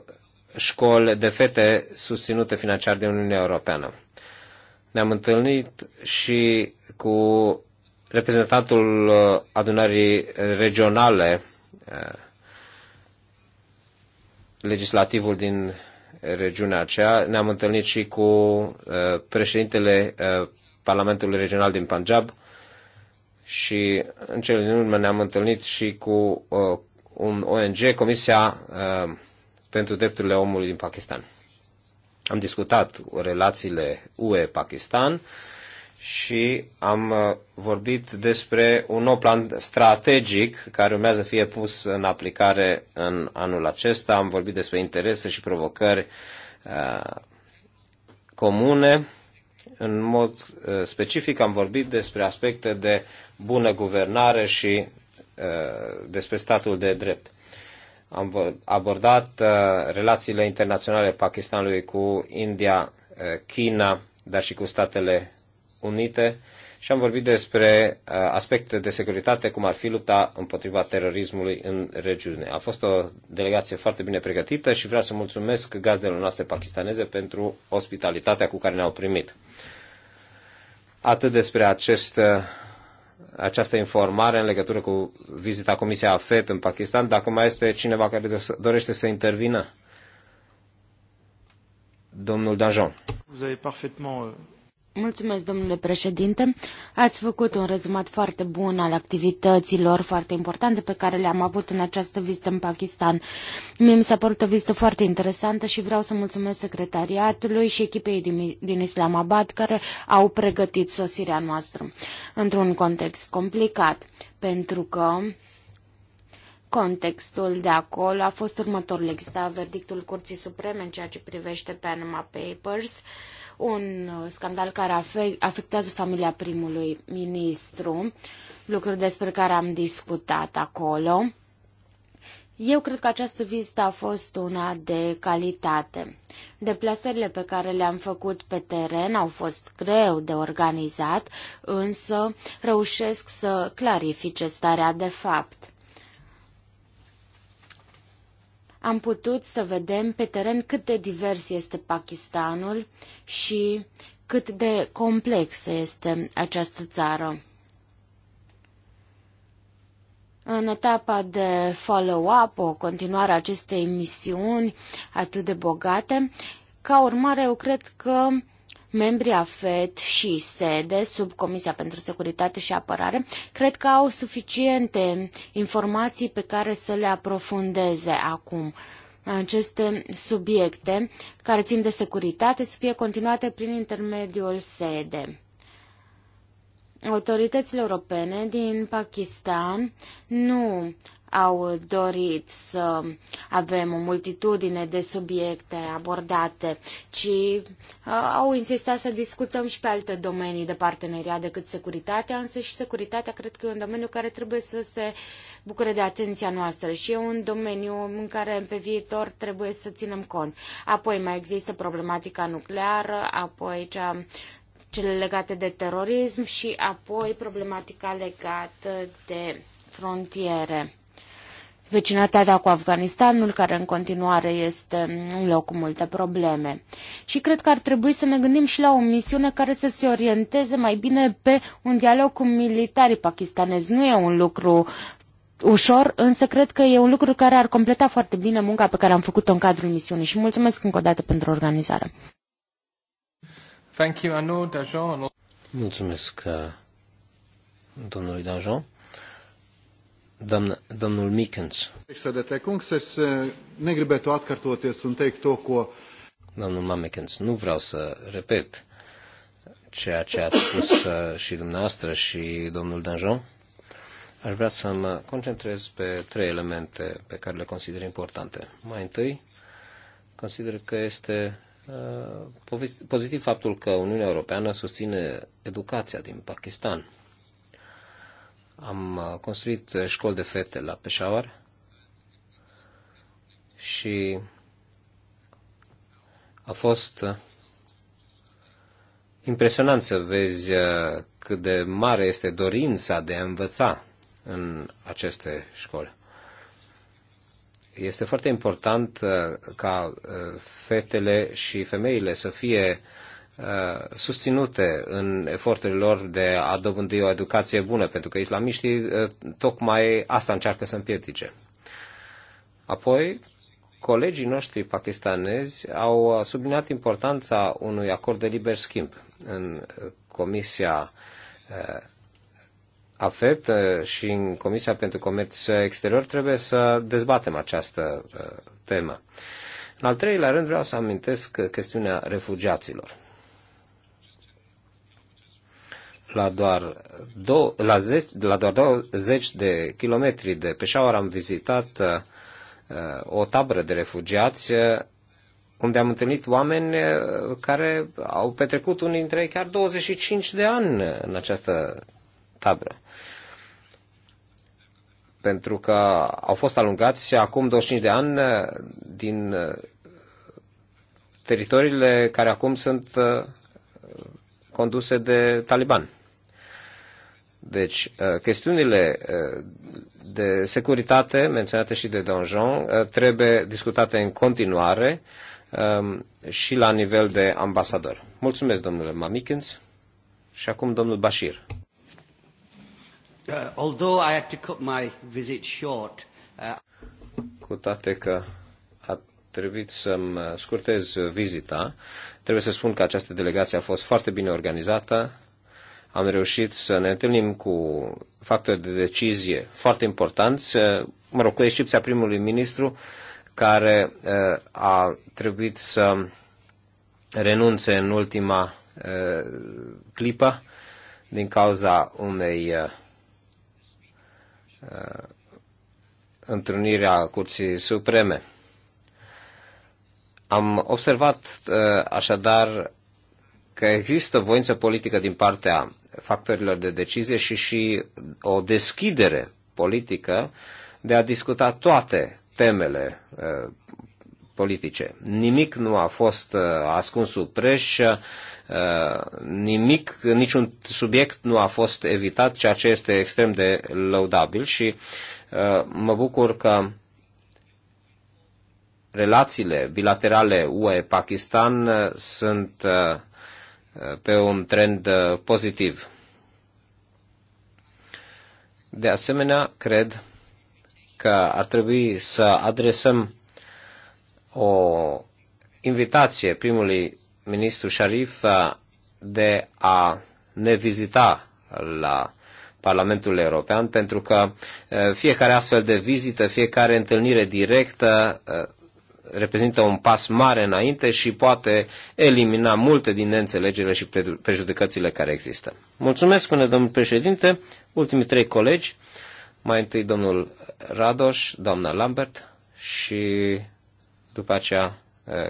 școli de fete susținute financiar de Uniunea Europeană. Ne-am întâlnit și cu reprezentantul uh, adunării regionale uh, legislativul din regiunea aceea. Ne-am întâlnit și cu uh, președintele uh, Parlamentului Regional din Punjab și în cele din urmă ne-am întâlnit și cu uh, un ONG, Comisia pentru Drepturile Omului din Pakistan. Am discutat relațiile UE-Pakistan și am uh, vorbit despre un nou plan strategic care urmează fie pus în aplicare în anul acesta. Am vorbit despre interese și provocări uh, comune. În mod uh, specific am vorbit despre aspecte de bună guvernare și despre statul de drept. Am abordat relațiile internaționale Pakistanului cu India, China, dar și cu statele Unite și am vorbit despre uh, aspecte de securitate, cum ar fi lupta împotriva terorismului în regiune. A fost o delegație foarte bine pregătită și vreau să mulțumesc gazdelor noastre pakistaneze pentru ospitalitatea cu care ne-au primit. Atât despre acest, uh, această informare în legătură cu vizita Comisiei AFET în Pakistan, dacă mai este cineva care dorește să intervină. Domnul Danjon. Vous avez parfaitement euh, Mulțumesc, domnule președinte. Ați făcut un rezumat foarte bun al activităților foarte importante pe care le-am avut în această vizită în Pakistan. Mie mi s-a părut o vizită foarte interesantă și vreau să mulțumesc secretariatului și echipei din, din Islamabad care au pregătit sosirea noastră într-un context complicat, pentru că Contextul de acolo a fost următorul. Exista verdictul Curții Supreme în ceea ce privește Panama Papers. Uh, un scandal care afectează familia primului ministru, lucruri despre care am discutat acolo. Eu cred că această vizită a fost una de calitate. Deplasările pe care le-am făcut pe teren au fost greu de organizat, însă reușesc să clarifice starea de fapt. am putut să vedem pe teren cât de divers este Pakistanul și cât de complexă este această țară. În etapa de follow-up, o continuare a acestei misiuni atât de bogate, ca urmare eu cred că membrii AFET și SEDE, sub Comisia pentru Securitate și Apărare, cred că au suficiente informații pe care să le aprofundeze acum aceste subiecte care țin de securitate să fie continuate prin intermediul SEDE. Autoritățile europene din Pakistan nu au dorit să avem o multitudine de subiecte abordate, ci uh, au insistat să discutăm și pe alte domenii de parteneriat decât securitatea, însă și securitatea cred că e un domeniu care trebuie să se bucure de atenția noastră și e un domeniu în care pe viitor trebuie să ținem cont. Apoi mai există problematica nucleară, apoi cea cele legate de terorism și apoi problematica legată de frontiere vecinătatea cu Afganistanul, care în continuare este un loc cu multe probleme. Și cred că ar trebui să ne gândim și la o misiune care să se orienteze mai bine pe un dialog cu militarii pakistanezi. Nu e un lucru ușor, însă cred că e un lucru care ar completa foarte bine munca pe care am făcut-o în cadrul misiunii și mulțumesc încă o dată pentru organizare. Thank you, Anu Dajon. Mulțumesc, uh, domnului Dajon domnul Mikens. Domnul Mamekens, nu vreau să repet ceea ce ați spus uh, și dumneavoastră și domnul Danjon. Aș vrea să mă concentrez pe trei elemente pe care le consider importante. Mai întâi, consider că este uh, pozitiv faptul că Uniunea Europeană susține educația din Pakistan am uh, construit uh, școli de fete la Peshawar și a fost uh, impresionant să vezi cât de mare este dorința de a învăța în aceste școli. Este foarte important ca fetele și femeile să fie Uh, susținute în eforturile lor de a dobândi o educație bună, pentru că islamiștii uh, tocmai asta încearcă să împiedice. Apoi, colegii noștri pakistanezi au subliniat importanța unui acord de liber schimb în uh, Comisia AFET și în Comisia pentru Comerț Exterior trebuie să dezbatem această temă. În al treilea rând vreau să amintesc chestiunea refugiaților la doar, do- la, zeci, la doar 20 de kilometri de Peșaur am vizitat uh, o tabără de refugiați uh, unde am întâlnit oameni uh, care au petrecut unii dintre ei chiar 25 de ani în această tabără. Pentru că au fost alungați și acum 25 de ani uh, din uh, teritoriile care acum sunt conduse de Taliban. Deci, uh, chestiunile uh, de securitate menționate și de Donjon uh, trebuie discutate în continuare um, și la nivel de ambasador. Mulțumesc, domnule Mamikins. Și acum domnul Bashir. Cu toate că a trebuit să-mi scurtez vizita, trebuie să spun că această delegație a fost foarte bine organizată, am reușit să ne întâlnim cu factori de decizie foarte importanți, uh, mă rog, cu excepția primului ministru, care uh, a trebuit să renunțe în ultima uh, clipă din cauza unei întâlniri a Curții Supreme. Am observat așadar că există voință politică din partea factorilor de decizie și și o deschidere politică de a discuta toate temele uh, politice. Nimic nu a fost uh, ascuns sub preș, uh, nimic, niciun subiect nu a fost evitat, ceea ce este extrem de lăudabil și uh, mă bucur că relațiile bilaterale UE-Pakistan uh, sunt uh, pe un trend uh, pozitiv. De asemenea, cred că ar trebui să adresăm o invitație primului ministru Sharif uh, de a ne vizita la Parlamentul European, pentru că uh, fiecare astfel de vizită, fiecare întâlnire directă reprezintă un pas mare înainte și poate elimina multe din neînțelegerile și prejudecățile care există. Mulțumesc, spune domnul președinte, ultimii trei colegi, mai întâi domnul Radoș, doamna Lambert și după aceea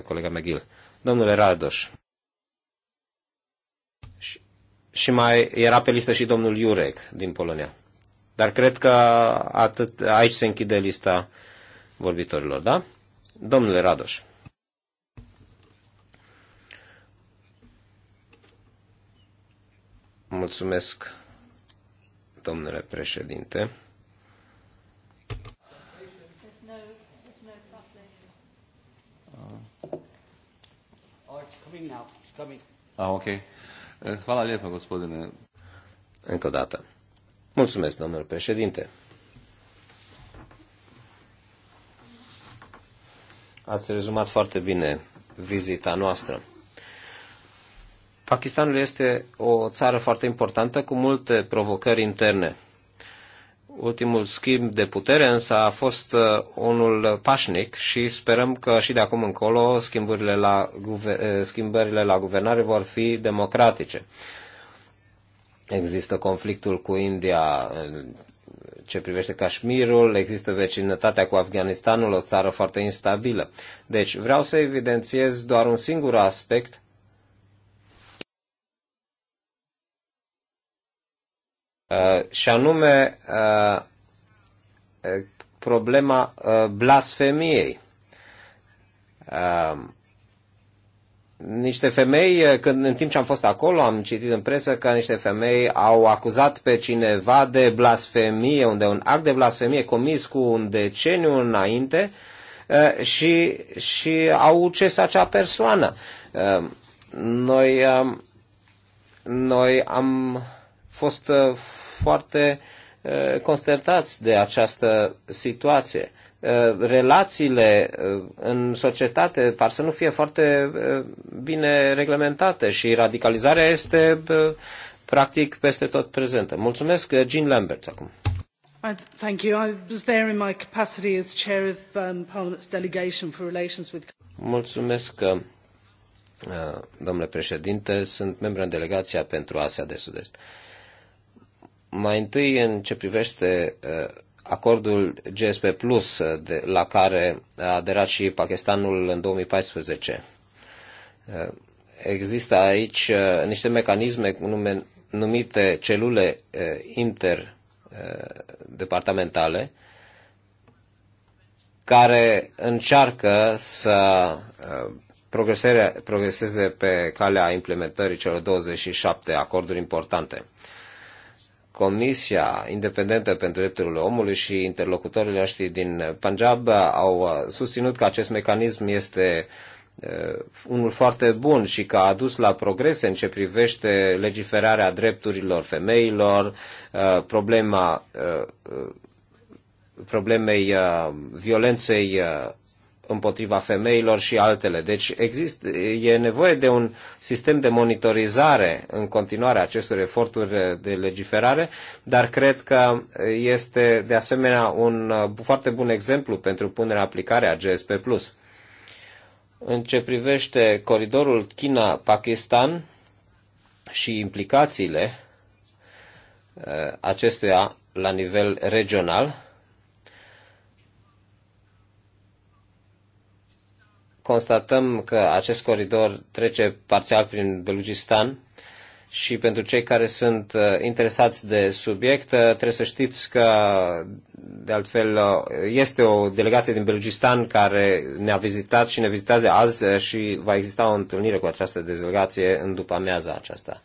colega McGill. Domnule Radoș. Și, și mai era pe listă și domnul Iurec din Polonia. Dar cred că atât, aici se închide lista vorbitorilor, da? Domnule Radoș. Mulțumesc, domnule președinte. Oh, ah, ok. Eh, hvala lijepa, gospodine. Încă o dată. Mulțumesc, domnule președinte. Ați rezumat foarte bine vizita noastră. Pakistanul este o țară foarte importantă cu multe provocări interne. Ultimul schimb de putere însă a fost uh, unul pașnic și sperăm că și de acum încolo schimbările la, uh, schimbările la guvernare vor fi democratice. Există conflictul cu India uh, ce privește Cașmirul, există vecinătatea cu Afganistanul, o țară foarte instabilă. Deci vreau să evidențiez doar un singur aspect uh, și anume uh, uh, problema blasfemiei niște femei, eh, când în timp ce am fost acolo, am citit în presă că niște femei au acuzat pe cineva de blasfemie, unde un act de blasfemie comis cu un deceniu înainte eh, și, și au ucis acea persoană. Eh, noi, noi am fost foarte consternați de această situație Uh, relațiile uh, în societate par să nu fie foarte uh, bine reglementate și radicalizarea este practic peste tot prezentă. Mulțumesc, Jean Lambert, acum. Thank you. I was there in my capacity as chair of um, Parliament's delegation for relations with. Mulțumesc, domnule președinte. Sunt membru în delegația pentru Asia de Sud-Est. Mai întâi, în ce privește uh, acordul GSP Plus uh, de, la care a aderat și Pakistanul în 2014. Uh, există aici uh, niște mecanisme nume, numite celule interdepartamentale care încearcă să progreseze pe calea implementării celor 27 acorduri importante. Comisia Independentă pentru Drepturile Omului și interlocutorii noștri din Punjab au uh, susținut că acest mecanism este uh, unul foarte bun și că a adus la progrese în ce privește legiferarea drepturilor femeilor, uh, problema problemei violenței împotriva femeilor și altele. Deci există, e nevoie de un sistem de monitorizare în continuare a acestor eforturi de legiferare, dar cred că este de asemenea un foarte bun exemplu pentru punerea aplicare a GSP+. În ce privește coridorul China-Pakistan și implicațiile uh, acestuia la nivel regional, constatăm că acest coridor trece parțial prin Belugistan și pentru cei care sunt uh, interesați de subiect, uh, trebuie să știți că, de altfel, uh, este o delegație din Belugistan care ne-a vizitat și ne vizitează azi și va exista o întâlnire cu această delegație în după amiaza aceasta.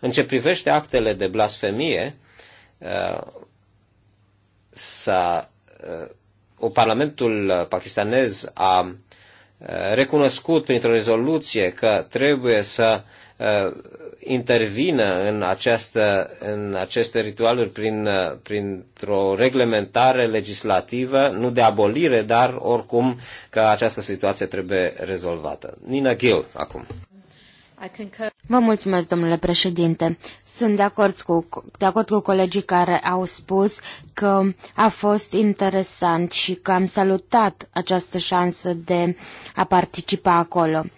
În ce privește actele de blasfemie, s-a, o Parlamentul pakistanez a recunoscut printr-o rezoluție că trebuie să uh, intervină în, această, în aceste ritualuri prin, uh, printr-o reglementare legislativă, nu de abolire, dar oricum că această situație trebuie rezolvată. Nina Gil, acum. Vă mulțumesc, domnule președinte. Sunt de acord, cu, de acord cu colegii care au spus că a fost interesant și că am salutat această șansă de a participa acolo. Uh,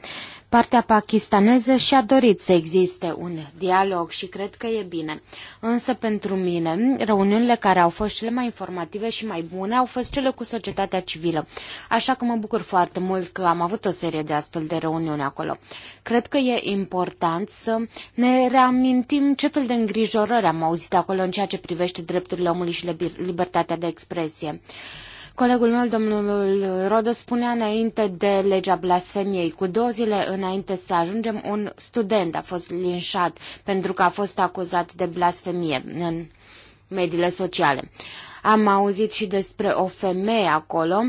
Partea pakistaneză și-a dorit să existe un dialog și cred că e bine. Însă pentru mine, reuniunile care au fost cele mai informative și mai bune au fost cele cu societatea civilă. Așa că mă bucur foarte mult că am avut o serie de astfel de reuniuni acolo. Cred că e important să ne reamintim ce fel de îngrijorări am auzit acolo în ceea ce privește drepturile omului și libertatea de expresie. Colegul meu, domnul Rodă, spunea înainte de legea blasfemiei, cu două zile înainte să ajungem, un student a fost linșat pentru că a fost acuzat de blasfemie în mediile sociale. Am auzit și despre o femeie acolo,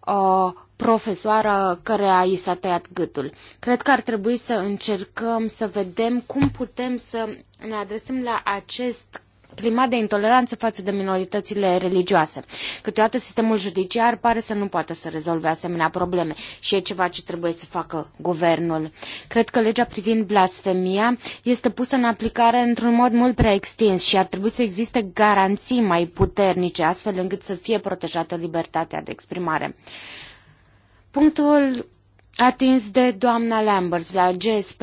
o profesoară care a i s-a tăiat gâtul. Cred că ar trebui să încercăm să vedem cum putem să ne adresăm la acest climat de intoleranță față de minoritățile religioase. Câteodată sistemul judiciar pare să nu poată să rezolve asemenea probleme și e ceva ce trebuie să facă guvernul. Cred că legea privind blasfemia este pusă în aplicare într-un mod mult prea extins și ar trebui să existe garanții mai puternice astfel încât să fie protejată libertatea de exprimare. Punctul atins de doamna Lambers la GSP+.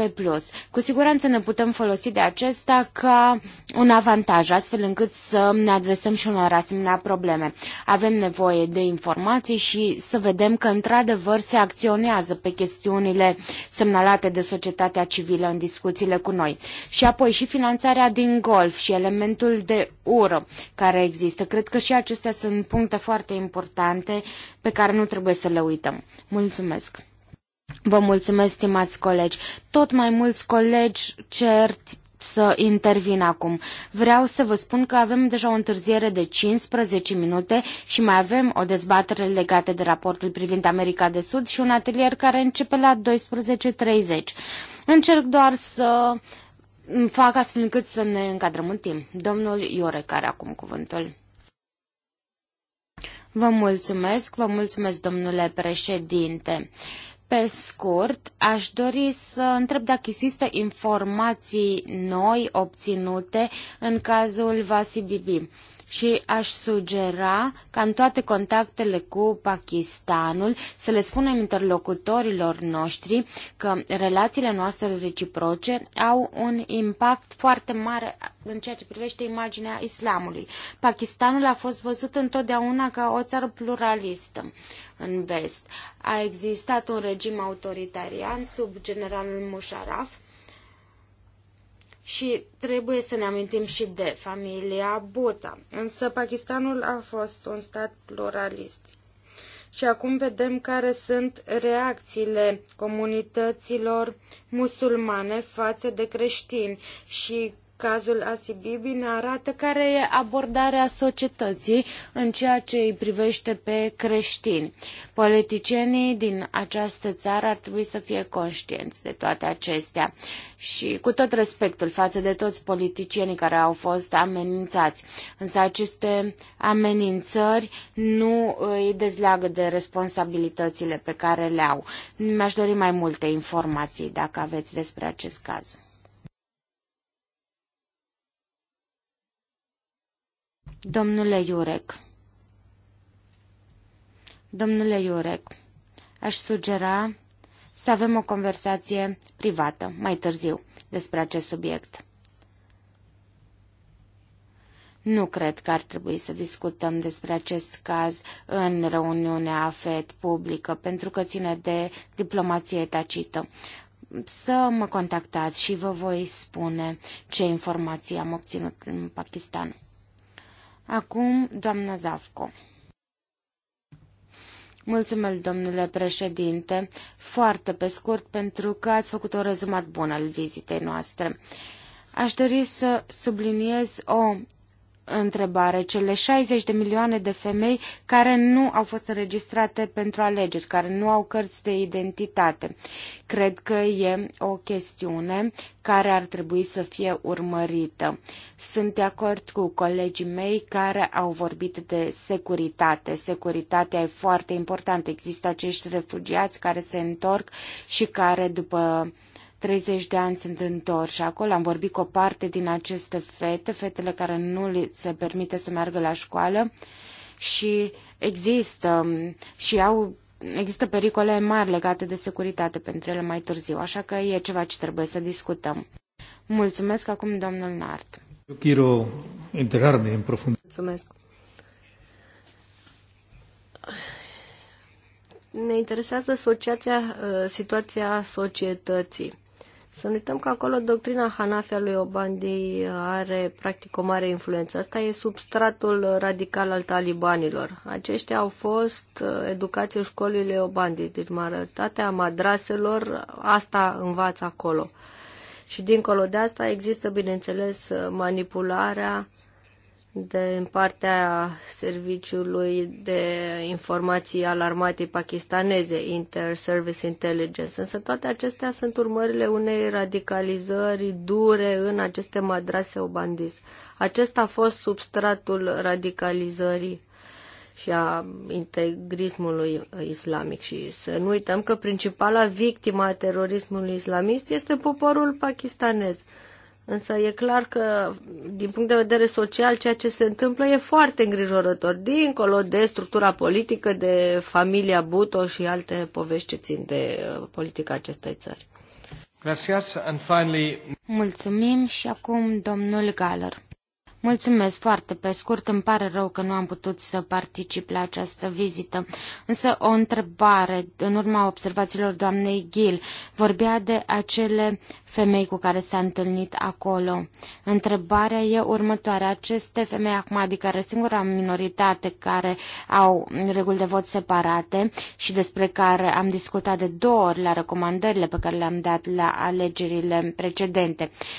Cu siguranță ne putem folosi de acesta ca un avantaj, astfel încât să ne adresăm și unor asemenea probleme. Avem nevoie de informații și să vedem că într-adevăr se acționează pe chestiunile semnalate de societatea civilă în discuțiile cu noi. Și apoi și finanțarea din golf și elementul de ură care există. Cred că și acestea sunt puncte foarte importante pe care nu trebuie să le uităm. Mulțumesc! Vă mulțumesc, stimați colegi. Tot mai mulți colegi cer să intervin acum. Vreau să vă spun că avem deja o întârziere de 15 minute și mai avem o dezbatere legată de raportul privind America de Sud și un atelier care începe la 12.30. Încerc doar să fac astfel încât să ne încadrăm în timp. Domnul Iore care acum cuvântul. Vă mulțumesc, vă mulțumesc, domnule președinte. Uh, pe scurt, aș dori să întreb dacă există informații noi obținute în cazul Vasibibi. și aș sugera ca în toate contactele cu Pakistanul să le spunem interlocutorilor noștri că relațiile noastre reciproce au un impact foarte mare în ceea ce privește imaginea islamului. Pakistanul a fost văzut întotdeauna ca o țară pluralistă în vest. A existat un regim autoritarian sub generalul Musharraf și trebuie să ne amintim și de familia Bhutta. Însă Pakistanul a fost un stat pluralist. Și acum vedem care sunt reacțiile comunităților musulmane față de creștini și Cazul Asibibi ne arată care e abordarea societății în ceea ce îi privește pe creștini. Politicienii din această țară ar trebui să fie conștienți de toate acestea și cu tot respectul față de toți politicienii care au fost amenințați. Însă aceste amenințări nu îi dezleagă de responsabilitățile pe care le au. Mi-aș dori mai multe informații dacă aveți despre acest caz. Domnule Iurec, domnule Iurec, aș sugera să avem o conversație privată mai târziu despre acest subiect. Nu cred că ar trebui să discutăm despre acest caz în reuniunea AFET publică, pentru că ține de diplomație tacită. Să mă contactați și vă voi spune ce informații am obținut în Pakistan. Acum, doamna Zavco. Mulțumesc, domnule președinte, foarte pe scurt pentru că ați făcut o rezumat bun al vizitei noastre. Aș dori să subliniez o întrebare. Cele 60 de milioane de femei care nu au fost înregistrate pentru alegeri, care nu au cărți de identitate. Cred că e o chestiune care ar trebui să fie urmărită. Sunt de acord cu colegii mei care au vorbit de securitate. Securitatea e foarte importantă. Există acești refugiați care se întorc și care după 30 de ani sunt și acolo. Am vorbit cu o parte din aceste fete, fetele care nu li se permite să meargă la școală și există și au există pericole mari legate de securitate pentru ele mai târziu, așa că e ceva ce trebuie să discutăm. Mulțumesc acum, domnul Nart. Eu quiero integrarme în profund. Mulțumesc. Ne interesează asociația, uh, situația societății. Să nu uităm că acolo doctrina Hanafi lui Obandi uh, are practic o mare influență. Asta e substratul radical al talibanilor. Aceștia au fost uh, educați în școlile Obandi, deci majoritatea madraselor asta învață acolo. Și dincolo de asta există, bineînțeles, uh, manipularea de în partea serviciului de informații al armatei pakistaneze, Inter-Service Intelligence. Însă toate acestea sunt urmările unei radicalizări dure în aceste madrase obandis. Acesta a fost substratul radicalizării și a integrismului islamic. Și să nu uităm că principala victima a terorismului islamist este poporul pakistanez. Însă e clar că, din punct de vedere social, ceea ce se întâmplă e foarte îngrijorător, dincolo de structura politică, de familia Buto și alte povești ce țin de uh, politica acestei țări. Mulțumim și acum domnul Galer. Mulțumesc foarte pe scurt, îmi pare rău că nu am putut să particip la această vizită. Însă o întrebare, în urma observațiilor doamnei Gil, vorbea de acele femei cu care s-a întâlnit acolo. Întrebarea e următoarea. Aceste femei acum, adică are singura minoritate care au reguli de vot separate și despre care am discutat de două ori la recomandările pe care le-am dat la alegerile precedente. Uh,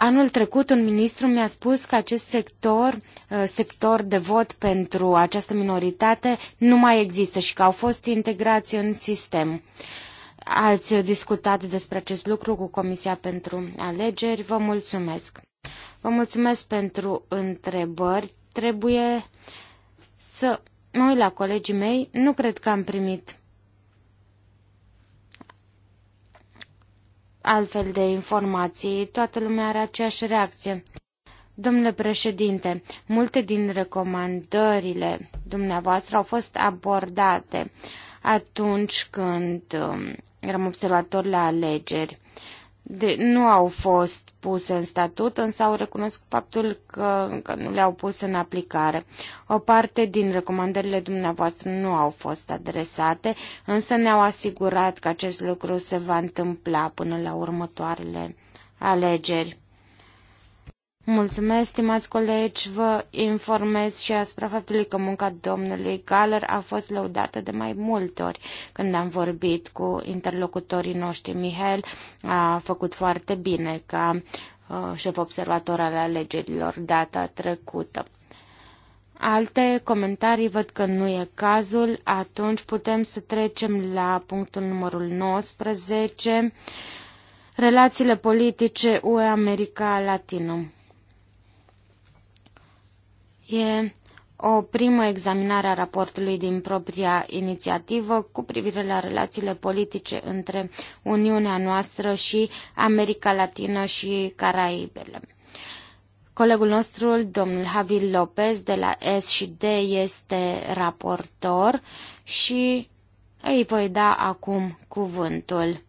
Anul trecut un ministru mi-a spus că acest sector, uh, sector de vot pentru această minoritate nu mai există și că au fost integrați în sistem. Ați discutat despre acest lucru cu Comisia pentru Alegeri. Vă mulțumesc. Vă mulțumesc pentru întrebări. Trebuie să mă uit la colegii mei. Nu cred că am primit altfel de informații, toată lumea are aceeași reacție. Domnule președinte, multe din recomandările dumneavoastră au fost abordate atunci când um, eram observator la alegeri de, nu au fost puse în statut, însă au recunoscut faptul că încă nu le-au pus în aplicare. O parte din recomandările dumneavoastră nu au fost adresate, însă ne-au asigurat că acest lucru se va întâmpla până la următoarele alegeri. Mulțumesc, stimați colegi, vă informez și asupra faptului că munca domnului Galler a fost lăudată de mai multe ori când am vorbit cu interlocutorii noștri. Mihail a făcut foarte bine ca uh, șef observator al alegerilor data trecută. Alte comentarii văd că nu e cazul, atunci putem să trecem la punctul numărul 19, relațiile politice UE-America Latină. E o primă examinare a raportului din propria inițiativă cu privire la relațiile politice între Uniunea noastră și America Latină și Caraibele. Colegul nostru, domnul Javier Lopez de la S&D, este raportor și îi voi da acum cuvântul.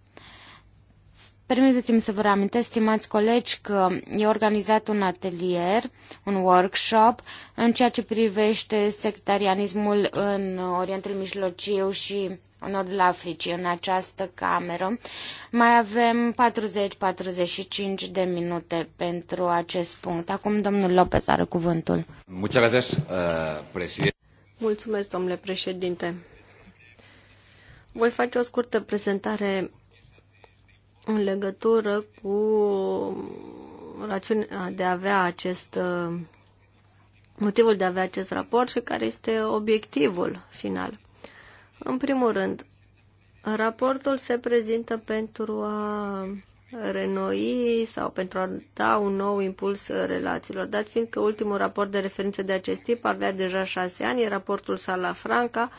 Permiteți-mi să vă reamintesc, stimați colegi, că e organizat un atelier, un workshop, în ceea ce privește sectarianismul în Orientul Mijlociu și în Nordul Africii, în această cameră. Mai avem 40-45 de minute pentru acest punct. Acum domnul Lopez are cuvântul. Uh, Mulțumesc, domnule președinte. Voi face o scurtă prezentare în legătură cu rațiunea de a avea acest uh, motivul de a avea acest raport și care este obiectivul final. În primul rând, raportul se prezintă pentru a renoi sau pentru a da un nou impuls relațiilor. Dat fiind că ultimul raport de referință de acest tip avea deja șase ani, e raportul Franca,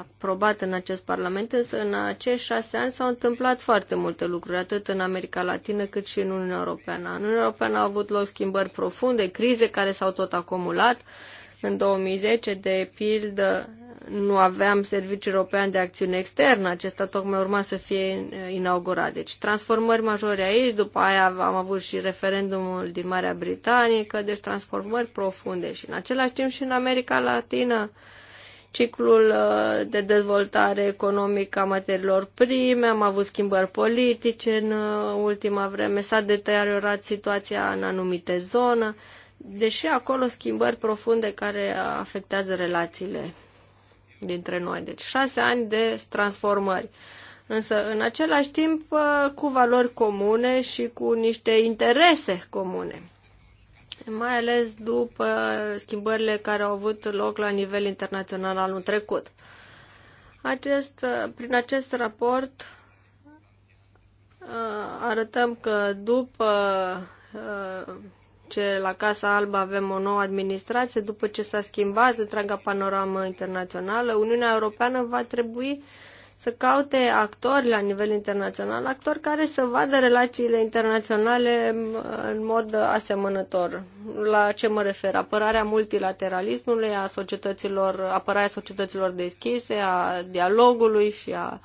aprobat în acest Parlament, însă în acești șase ani s-au întâmplat foarte multe lucruri, atât în America Latină cât și în Uniunea Europeană. În Uniunea Europeană au avut loc schimbări profunde, crize care s-au tot acumulat. În 2010, de pildă, nu aveam Serviciul European de Acțiune Externă, acesta tocmai urma să fie inaugurat. Deci transformări majore aici, după aia am avut și referendumul din Marea Britanică, deci transformări profunde și în același timp și în America Latină ciclul uh, de dezvoltare economică a materiilor prime, am avut schimbări politice în uh, ultima vreme, s-a deteriorat situația în anumite zone, deși acolo schimbări profunde care afectează relațiile dintre noi. Deci șase ani de transformări. Însă, în același timp, uh, cu valori comune și cu niște interese comune mai ales după schimbările care au avut loc la nivel internațional anul trecut. Acest, prin acest raport uh, arătăm că după uh, ce la Casa Albă avem o nouă administrație, după ce s-a schimbat întreaga panoramă internațională, Uniunea Europeană va trebui uh, să caute actori la nivel internațional, actori care să vadă relațiile internaționale în mod asemănător. La ce mă refer? Apărarea multilateralismului, a societăților, apărarea societăților deschise, a dialogului și a,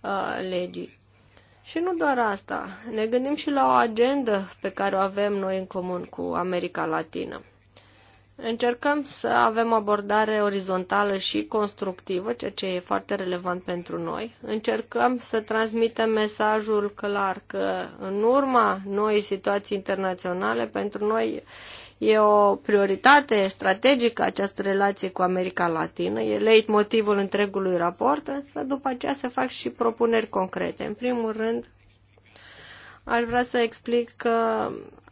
a legii. Și nu doar asta, ne gândim și la o agendă pe care o avem noi în comun cu America Latină. Încercăm să avem abordare orizontală și constructivă, ceea ce e foarte relevant pentru noi. Încercăm să transmitem mesajul clar că în urma noii situații internaționale, pentru noi e o prioritate strategică această relație cu America Latină, e leit motivul întregului raport, însă după aceea se fac și propuneri concrete. În primul rând, aș vrea să explic că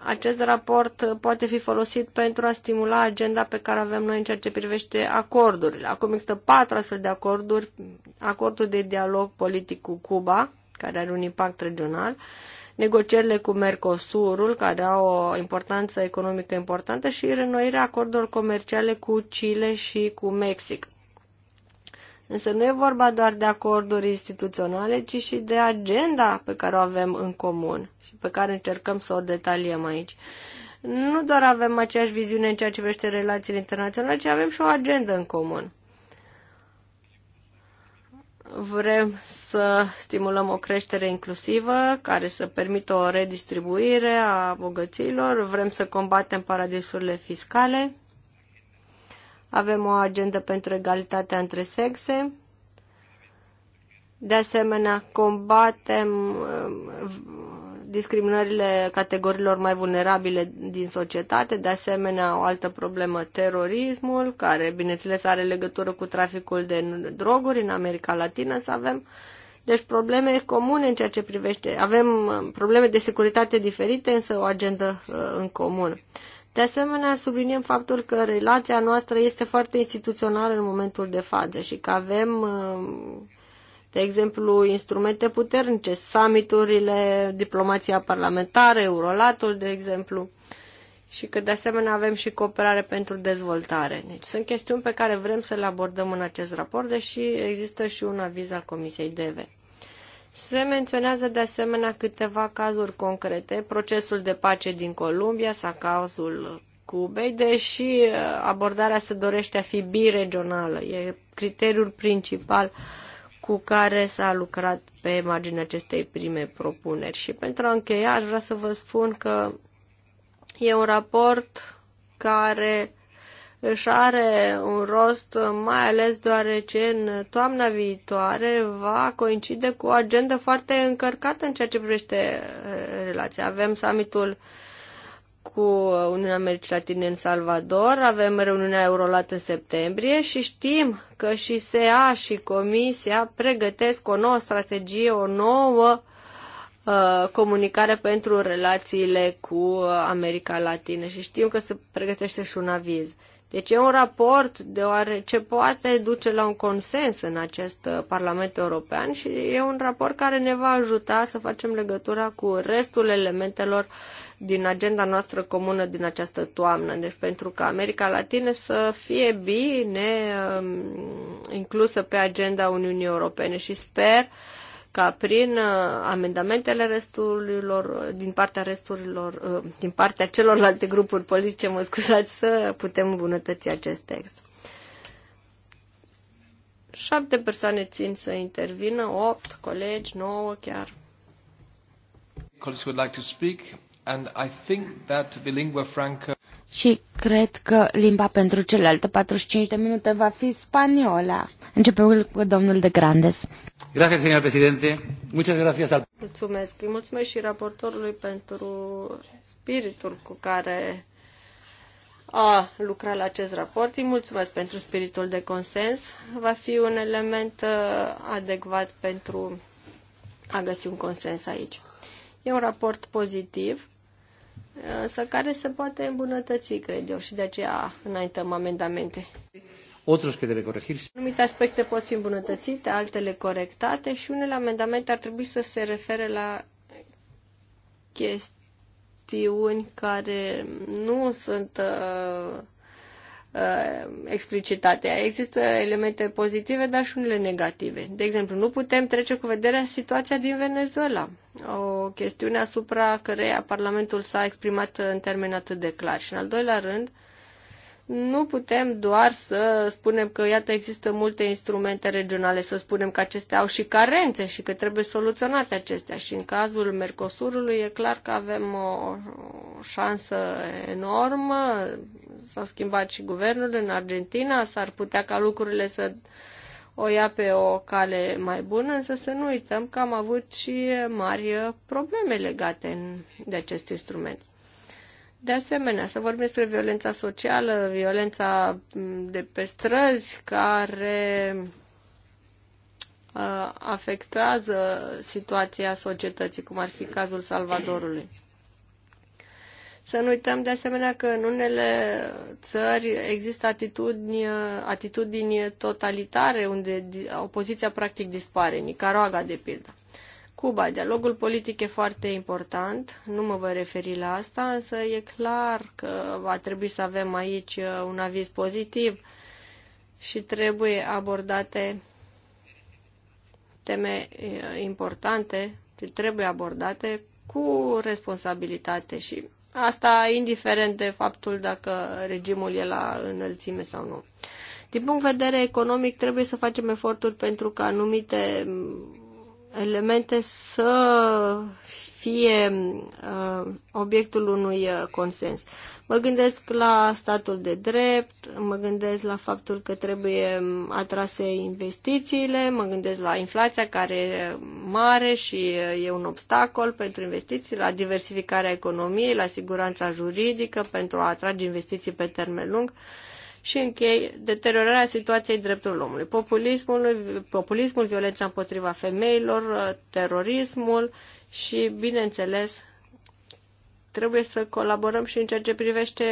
acest raport poate fi folosit pentru a stimula agenda pe care avem noi în ceea ce privește acordurile. Acum există patru astfel de acorduri, acordul de dialog politic cu Cuba, care are un impact regional, negocierile cu Mercosurul, care au o importanță economică importantă, și renoirea acordurilor comerciale cu Chile și cu Mexic. Însă nu e vorba doar de acorduri instituționale, ci și de agenda pe care o avem în comun și pe care încercăm să o detaliem aici. Nu doar avem aceeași viziune în ceea ce privește relațiile internaționale, ci avem și o agendă în comun. Vrem să stimulăm o creștere inclusivă care să permită o redistribuire a bogăților, vrem să combatem paradisurile fiscale, avem o agendă pentru egalitatea între sexe. De asemenea, combatem um, discriminările categoriilor mai vulnerabile din societate, de asemenea o altă problemă, terorismul, care bineînțeles are legătură cu traficul de droguri în America Latină, să avem deci probleme comune în ceea ce privește. Avem um, probleme de securitate diferite, însă o agendă uh, în comun. De asemenea, subliniem faptul că relația noastră este foarte instituțională în momentul de față și că avem, uh, de exemplu, instrumente puternice, summiturile, diplomația parlamentară, Eurolatul, de exemplu, și că de asemenea avem și cooperare pentru dezvoltare. Deci sunt chestiuni pe care vrem să le abordăm în acest raport, deși există și un aviz al Comisiei DEVE. Se menționează de asemenea câteva cazuri concrete, procesul de pace din Columbia sau cazul Cubei, deși uh, abordarea se dorește a fi biregională. E criteriul principal cu care s-a lucrat pe marginea acestei prime propuneri. Și pentru a încheia, aș vrea să vă spun că e un raport care își are un rost mai ales deoarece în toamna viitoare va coincide cu o agendă foarte încărcată în ceea ce privește uh, relația. Avem summitul cu Uniunea Americii Latine în Salvador, avem reuniunea Eurolat în septembrie și știm că și SEA și Comisia pregătesc o nouă strategie, o nouă uh, comunicare pentru relațiile cu America Latină și știm că se pregătește și un aviz. Uh, deci e un raport deoarece poate duce la un consens în acest uh, Parlament European și e un raport care ne va ajuta să facem legătura cu restul elementelor din agenda noastră comună din această toamnă. Deci pentru ca America Latină să fie bine um, inclusă pe agenda Uniunii Europene și sper ca prin uh, amendamentele resturilor, din partea resturilor, uh, din partea celorlalte grupuri politice, mă scuzați, să putem îmbunătăți acest text. Șapte persoane țin să intervină, opt colegi, nouă chiar. Colegi would like to speak, and I think that the lingua franca și cred că limba pentru celelalte 45 de minute va fi spaniola. Începem cu domnul de Grandes. Gracias, señor presidente. Muchas gracias al... Mulțumesc. Îi mulțumesc și raportorului pentru spiritul cu care a lucrat la acest raport. Îi mulțumesc pentru spiritul de consens. Va fi un element uh, adecvat pentru a găsi un consens aici. E un raport pozitiv însă care se poate îmbunătăți, cred eu, și de aceea înaintăm amendamente. Otros que debe corregirse. Anumite aspecte pot fi îmbunătățite, altele corectate și unele amendamente ar trebui să se refere la chestiuni care nu sunt uh, Uh, explicitate. Există elemente pozitive, dar și unele negative. De exemplu, nu putem trece cu vederea situația din Venezuela, o chestiune asupra căreia Parlamentul s-a exprimat în termeni atât de clar. Și în al doilea rând, nu putem doar să spunem că, iată, există multe instrumente regionale, să spunem că acestea au și carențe și că trebuie soluționate acestea. Și în cazul Mercosurului e clar că avem o, o șansă enormă. S-a schimbat și guvernul în Argentina, s-ar putea ca lucrurile să o ia pe o cale mai bună, însă să nu uităm că am avut și mari probleme legate de acest instrument. De asemenea, să vorbim despre violența socială, violența mm, de pe străzi care uh, afectează situația societății, cum ar fi cazul Salvadorului. Să nu uităm de asemenea că în unele țări există atitudini, atitudini totalitare unde opoziția practic dispare, Nicaragua de pildă. Cuba, dialogul politic e foarte important, nu mă voi referi la asta, însă e clar că va trebui să avem aici uh, un aviz pozitiv și trebuie abordate teme uh, importante, trebuie abordate cu responsabilitate și asta indiferent de faptul dacă regimul e la înălțime sau nu. Din punct de vedere economic, trebuie să facem eforturi pentru că anumite elemente să fie uh, obiectul unui uh, consens. Mă gândesc la statul de drept, mă gândesc la faptul că trebuie um, atrase investițiile, mă gândesc la inflația care e mare și uh, e un obstacol pentru investiții, la diversificarea economiei, la siguranța juridică pentru a atrage investiții pe termen lung. Uh, și închei deteriorarea situației drepturilor omului, populismul, populismul violența împotriva femeilor, terorismul și, bineînțeles, trebuie să colaborăm și în ceea ce privește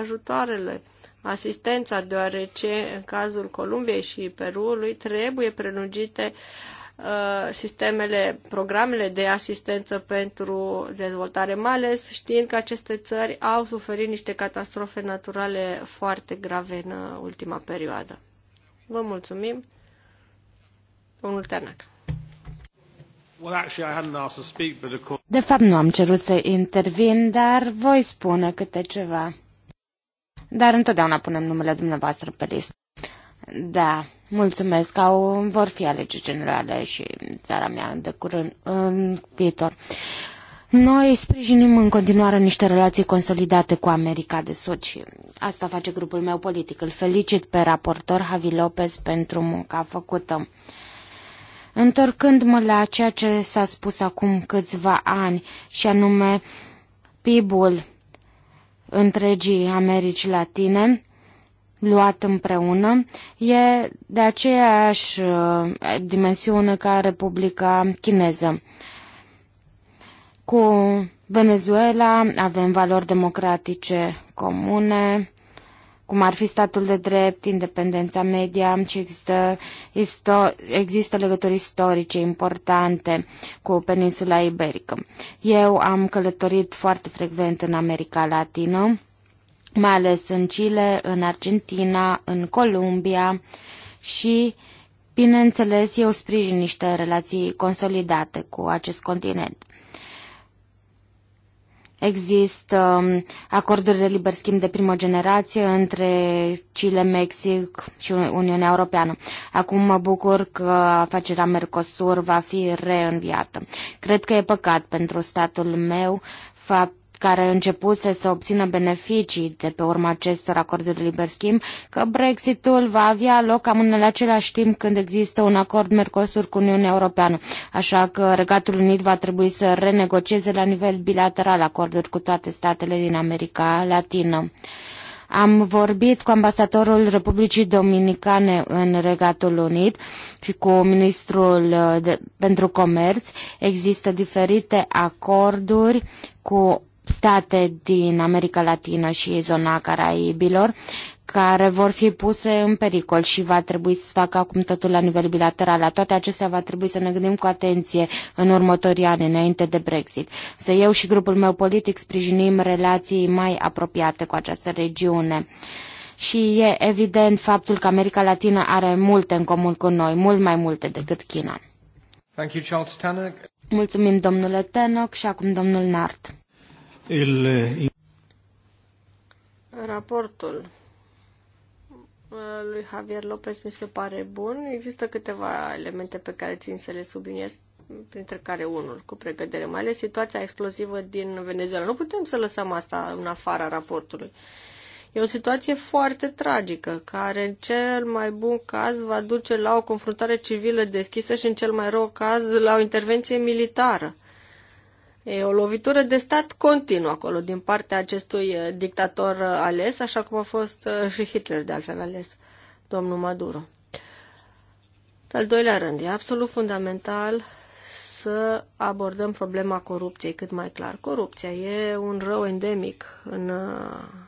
ajutoarele, asistența, deoarece în cazul Columbiei și Perului trebuie prelungite Uh, sistemele, programele de asistență pentru dezvoltare, mai ales știind că aceste țări au suferit niște catastrofe naturale foarte grave în uh, ultima perioadă. Vă mulțumim. Domnul Ternac. De fapt, nu am cerut să intervin, dar voi spune câte ceva. Dar întotdeauna punem numele dumneavoastră pe listă. Da, Mulțumesc, au, vor fi alegeri generale și țara mea de curând în viitor. Noi sprijinim în continuare niște relații consolidate cu America de Sud și asta face grupul meu politic. Îl felicit pe raportor Javi Lopez pentru munca făcută. Întorcându-mă la ceea ce s-a spus acum câțiva ani, și anume PIB-ul întregii Americi Latine, luat împreună. E de aceeași uh, dimensiune ca Republica Chineză. Cu Venezuela avem valori democratice comune, cum ar fi statul de drept, independența media, ci există, isto- există legături istorice importante cu peninsula iberică. Eu am călătorit foarte frecvent în America Latină mai ales în Chile, în Argentina, în Columbia și, bineînțeles, eu sprijin niște relații consolidate cu acest continent. Există um, acorduri de liber schimb de primă generație între Chile, Mexic și Uniunea Europeană. Acum mă bucur că afacerea Mercosur va fi reînviată. Cred că e păcat pentru statul meu fapt care începuse să obțină beneficii de pe urma acestor acorduri de liber schimb, că Brexitul va avea loc cam în același timp când există un acord Mercosur cu Uniunea Europeană. Așa că Regatul Unit va trebui să renegocieze la nivel bilateral acorduri cu toate statele din America Latină. Am vorbit cu ambasadorul Republicii Dominicane în Regatul Unit și cu ministrul eh, de, pentru comerț. Există diferite acorduri cu state din America Latină și zona Caraibilor care vor fi puse în pericol și va trebui să facă acum totul la nivel bilateral. La toate acestea va trebui să ne gândim cu atenție în următorii ani, înainte de Brexit. Să eu și grupul meu politic sprijinim relații mai apropiate cu această regiune și e evident faptul că America Latină are multe în comun cu noi, mult mai multe decât China. Thank you, Charles Mulțumim, domnule Tannock, și acum domnul Nart. El... Eh, Raportul eh, lui Javier Lopez mi se pare bun. Există câteva elemente pe care țin să le subliniez, printre care unul cu pregădere, mai ales situația explozivă din Venezuela. Nu putem să lăsăm asta în afara raportului. E o situație foarte tragică, care în cel mai bun caz va duce la o confruntare civilă deschisă și în cel mai rău caz la o intervenție militară. E o lovitură de stat continuă acolo din partea acestui uh, dictator uh, ales, așa cum a fost uh, și Hitler de altfel ales, domnul Maduro. Al doilea rând, e absolut fundamental să abordăm problema corupției cât mai clar. Corupția e un rău endemic în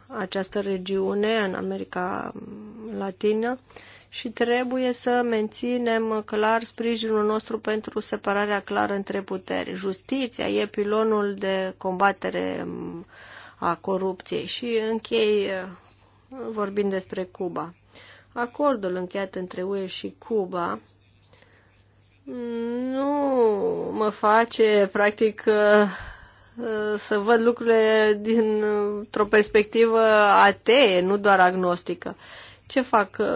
această regiune, în America Latină și trebuie să menținem clar sprijinul nostru pentru separarea clară între puteri. Justiția e pilonul de combatere a corupției și închei uh, vorbind despre Cuba. Acordul încheiat între UE și Cuba nu mă face, practic, uh, uh, să văd lucrurile dintr-o perspectivă atee, nu doar agnostică. Uh, ce fac uh,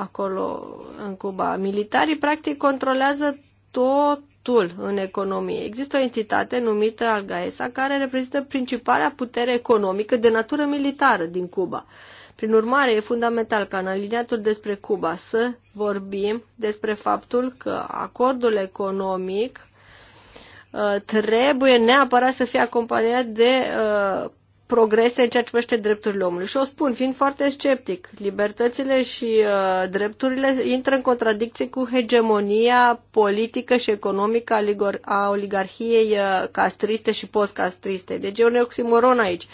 acolo în Cuba? Militarii practic controlează totul în economie. Există o entitate numită Algaesa care reprezintă principala putere economică de natură militară din Cuba. Prin urmare, e fundamental ca în aliniatul despre Cuba să vorbim despre faptul că acordul economic uh, trebuie neapărat să fie acompaniat de uh, progrese în ceea ce privește drepturile omului. Și o spun, fiind foarte sceptic, libertățile și uh, drepturile intră în contradicție cu hegemonia politică și economică a, ligor- a oligarhiei uh, castriste și postcastriste. Deci e un oximoron aici.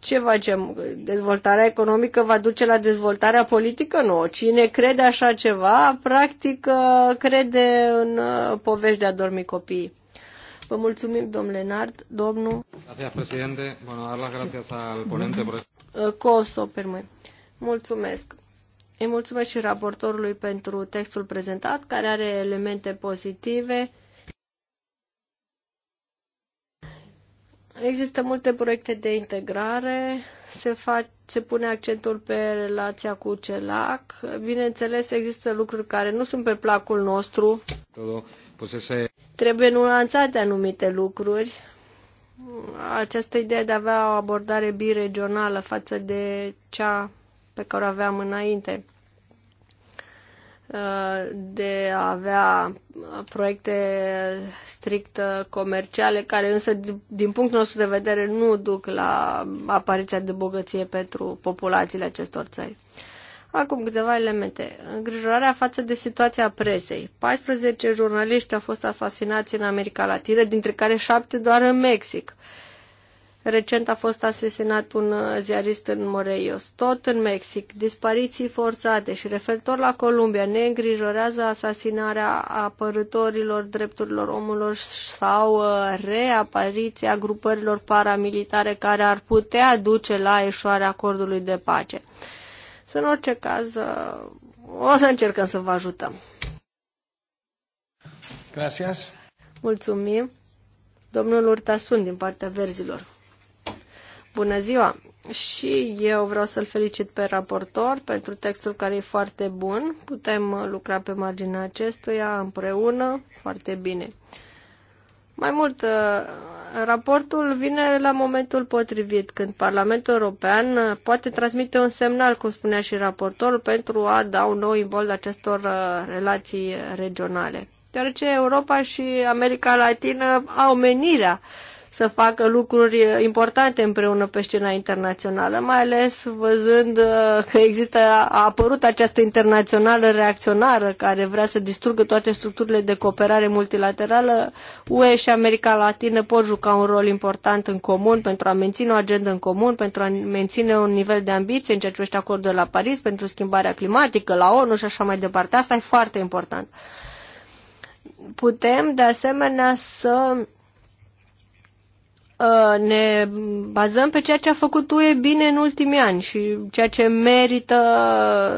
Ce facem? Dezvoltarea economică va duce la dezvoltarea politică? Nu. Cine crede așa ceva, practic uh, crede în uh, povești de a dormi copiii. Vă mulțumim, domnule Nard, domnul... Gracias, președinte. Bueno, dar las gracias al ponente por... Uh, Coso, permă. Mulțumesc. Îi mulțumesc și raportorului pentru textul prezentat, care are elemente pozitive. Există multe proiecte de integrare, se, fac, se pune accentul pe relația cu CELAC. Bineînțeles, există lucruri care nu sunt pe placul nostru. Todo Trebuie nuanțate anumite lucruri. Această idee de a avea o abordare biregională față de cea pe care o aveam înainte, de a avea proiecte strict comerciale, care însă, din punctul nostru de vedere, nu duc la apariția de bogăție pentru populațiile acestor țări. Acum câteva elemente. Îngrijorarea față de situația presei. 14 jurnaliști au fost asasinați în America Latină, dintre care 7 doar în Mexic. Recent a fost asesinat un uh, ziarist în Morelos, tot în Mexic. Dispariții forțate și referitor la Columbia ne îngrijorează asasinarea apărătorilor drepturilor omului sau uh, reapariția grupărilor paramilitare care ar putea duce la eșoarea acordului de pace. Și în orice caz, uh, o să încercăm să vă ajutăm. Gracias. Mulțumim. Domnul Urtasun, din partea verzilor. Bună ziua! Și eu vreau să-l felicit pe raportor pentru textul care e foarte bun. Putem uh, lucra pe marginea acestuia împreună foarte bine. Mai mult, uh, raportul vine la momentul potrivit, când Parlamentul European poate transmite un semnal, cum spunea și raportorul, pentru a da un nou imbold acestor uh, relații regionale. Deoarece Europa și America Latină au menirea uh, să facă lucruri uh, importante împreună pe scena internațională, mai ales văzând uh, că există, a apărut această internațională reacționară care vrea să distrugă toate structurile de cooperare multilaterală, UE și America Latină pot juca un rol important în comun pentru a menține o agendă în comun, pentru a menține un nivel de ambiție în ceea ce privește acordul la Paris, pentru schimbarea climatică, la ONU și așa mai departe. Asta e foarte important. Putem, de asemenea, să Uh, ne bazăm pe ceea ce a făcut UE bine în ultimii ani și ceea ce merită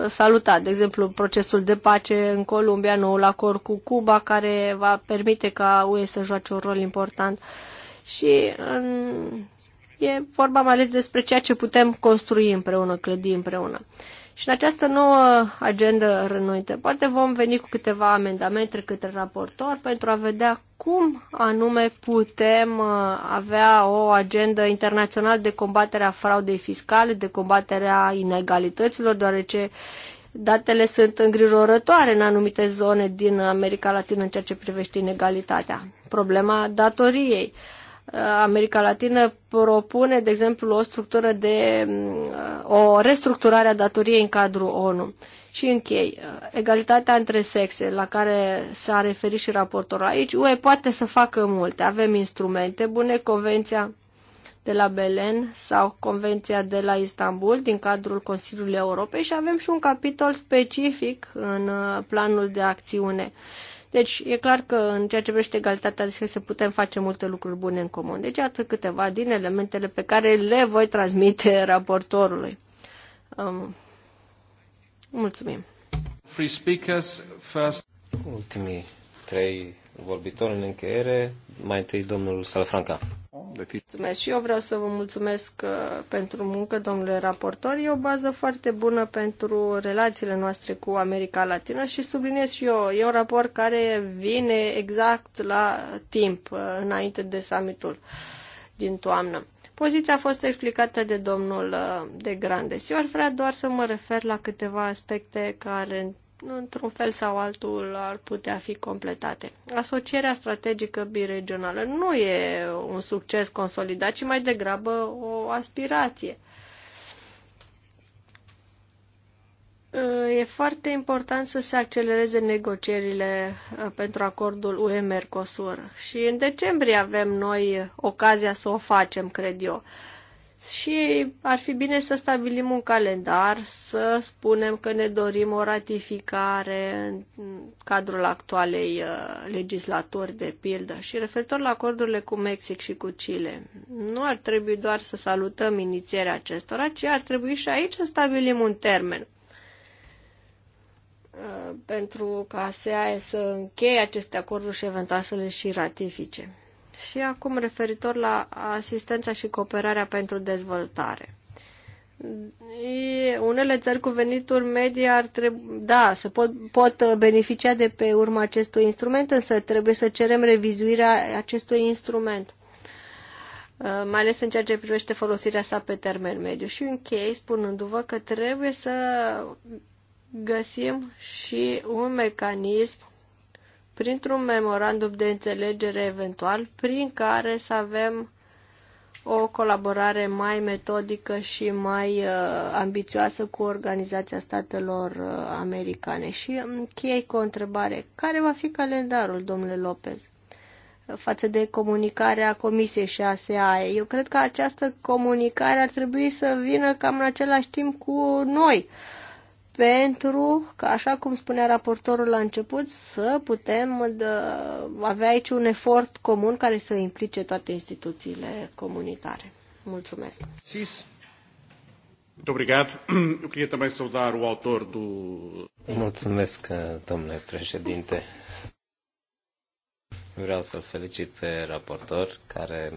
uh, salutat. De exemplu, procesul de pace în Columbia, noul acord cu Cuba, care va permite ca UE să joace un rol important. Și în... e vorba mai ales despre ceea ce putem construi împreună, clădi împreună. Și în această nouă agendă rănuită, poate vom veni cu câteva amendamente către raportor pentru a vedea cum anume putem uh, avea o agendă internațională de combatere a fraudei fiscale, de combatere a inegalităților, deoarece datele sunt îngrijorătoare în anumite zone din America Latină în ceea ce privește inegalitatea. Problema datoriei. Uh, America Latină propune, de exemplu, o structură de mm, uh, o restructurare a datoriei în cadrul ONU. Și închei. Uh, egalitatea între sexe, la care s-a referit și raportorul aici, UE poate să facă multe. Avem instrumente bune, Convenția de la Belen sau Convenția de la Istanbul din cadrul Consiliului Europei și avem și un capitol specific în uh, planul de acțiune. Deci e clar că în ceea ce privește egalitatea de sexe putem face multe lucruri bune în comun. Deci atât câteva din elementele pe care le voi transmite raportorului. Um, Mulțumim. Free speakers first. Ultimii trei vorbitori în încheiere. Mai întâi domnul Salfranca. Mulțumesc și eu vreau să vă mulțumesc uh, pentru muncă, domnule raportor. E o bază foarte bună pentru relațiile noastre cu America Latină și subliniez și eu, e un raport care vine exact la timp, uh, înainte de summitul din toamnă. Poziția a fost explicată de domnul uh, de Grandes. Eu ar vrea doar să mă refer la câteva aspecte care într-un fel sau altul ar putea fi completate. Asocierea strategică biregională nu e un succes consolidat, ci mai degrabă o aspirație. Uh, e foarte important să se accelereze negocierile uh, pentru acordul UE-Mercosur și în decembrie avem noi ocazia să o facem, cred eu. Și ar fi bine să stabilim un calendar, să spunem că ne dorim o ratificare în cadrul actualei uh, legislaturi, de pildă. Și referitor la acordurile cu Mexic și cu Chile, nu ar trebui doar să salutăm inițierea acestora, ci ar trebui și aici să stabilim un termen Uh, pentru ca SEAE să încheie aceste acorduri și eventual să le și ratifice. Și acum referitor la asistența și cooperarea pentru dezvoltare. Unele țări cu venituri medii ar trebui, da, se pot, pot beneficia de pe urma acestui instrument, însă trebuie să cerem revizuirea acestui instrument uh, mai ales în ceea ce privește folosirea sa pe termen mediu. Și închei spunându-vă că trebuie să găsim și un mecanism printr-un memorandum de înțelegere eventual, prin care să avem o colaborare mai metodică și mai uh, ambițioasă cu Organizația Statelor uh, Americane. Și închei cu o întrebare. Care va fi calendarul, domnule Lopez, față de comunicarea Comisiei și ASEAE? Eu cred că această comunicare ar trebui să vină cam în același timp cu noi. Uh, pentru că, așa cum spunea raportorul la început, să putem avea aici un efort comun care să implice toate instituțiile comunitare. Mulțumesc. Sis. Obrigado. Eu queria também saudar o autor do... Mulțumesc, domnule președinte. Vreau să-l felicit pe raportor, care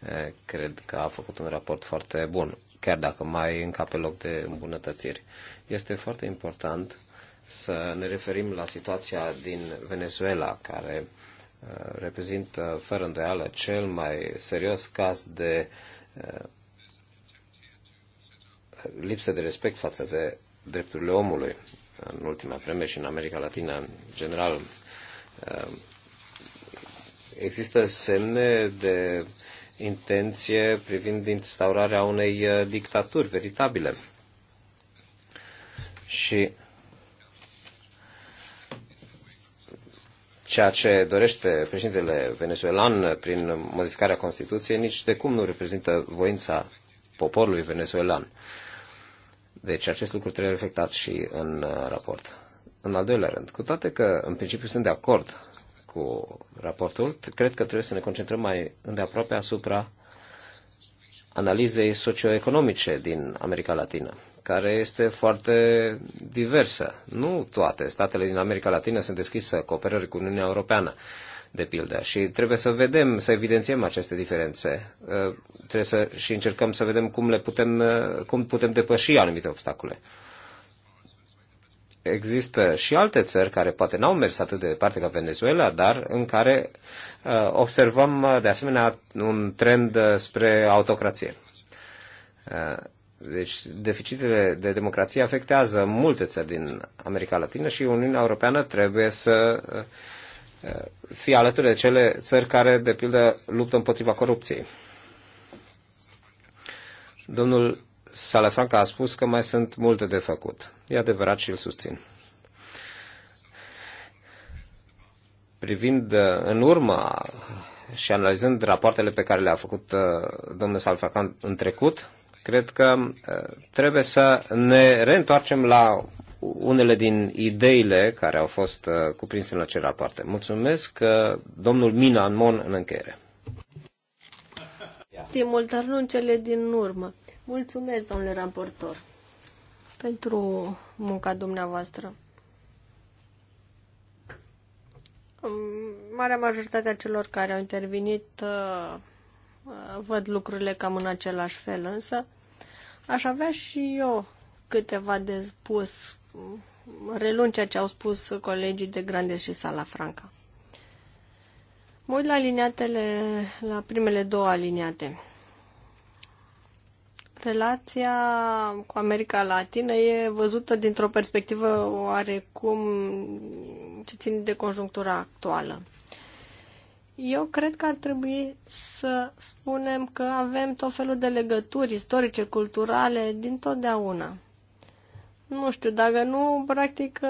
eh, cred că a făcut un raport foarte bun chiar dacă mai încă pe loc de îmbunătățiri. Este foarte important să ne referim la situația din Venezuela, care uh, reprezintă fără îndoială cel mai serios caz de uh, lipsă de respect față de drepturile omului în ultima vreme și în America Latina în general. Uh, există semne de intenție privind instaurarea unei uh, dictaturi veritabile. Și ceea ce dorește președintele venezuelan prin modificarea Constituției nici de cum nu reprezintă voința poporului venezuelan. Deci acest lucru trebuie reflectat și în uh, raport. În al doilea rând, cu toate că în principiu sunt de acord cu raportul, cred că trebuie să ne concentrăm mai îndeaproape asupra analizei socioeconomice din America Latină, care este foarte diversă. Nu toate statele din America Latină sunt deschise cooperării cu Uniunea Europeană, de pildă, și trebuie să vedem, să evidențiem aceste diferențe. Uh, trebuie să și încercăm să vedem cum le putem, uh, cum putem depăși anumite obstacole există și alte țări care poate n-au mers atât de departe ca Venezuela, dar în care uh, observăm uh, de asemenea un trend uh, spre autocrație. Deci deficitele de democrație afectează multe țări din America Latină și Uniunea Europeană trebuie să fie alături de cele țări care, de pildă, luptă împotriva corupției. Domnul Salafranca a spus că mai sunt multe de făcut. E adevărat și îl susțin. Privind uh, în urmă și analizând rapoartele pe care le-a făcut uh, domnul Salafranca în trecut, cred că uh, trebuie să ne reîntoarcem la unele din ideile care au fost cuprinse în acele rapoarte. Mulțumesc, domnul Mina Anmon, în încheiere. Timul, dar nu în cele din urmă. Mulțumesc, domnule raportor, pentru munca dumneavoastră. Marea majoritate a celor care au intervenit uh, uh, văd lucrurile cam în același fel, însă aș avea și eu câteva de spus, relun ceea ce au spus colegii de Grandes și Sala Franca. Mă uit la aliniatele, la primele două aliniate. Relația cu America Latină e văzută dintr-o perspectivă oarecum ce ține de conjunctura actuală. Eu cred că ar trebui să spunem că avem tot felul de legături istorice, culturale, din totdeauna. Nu știu, dacă nu, practic,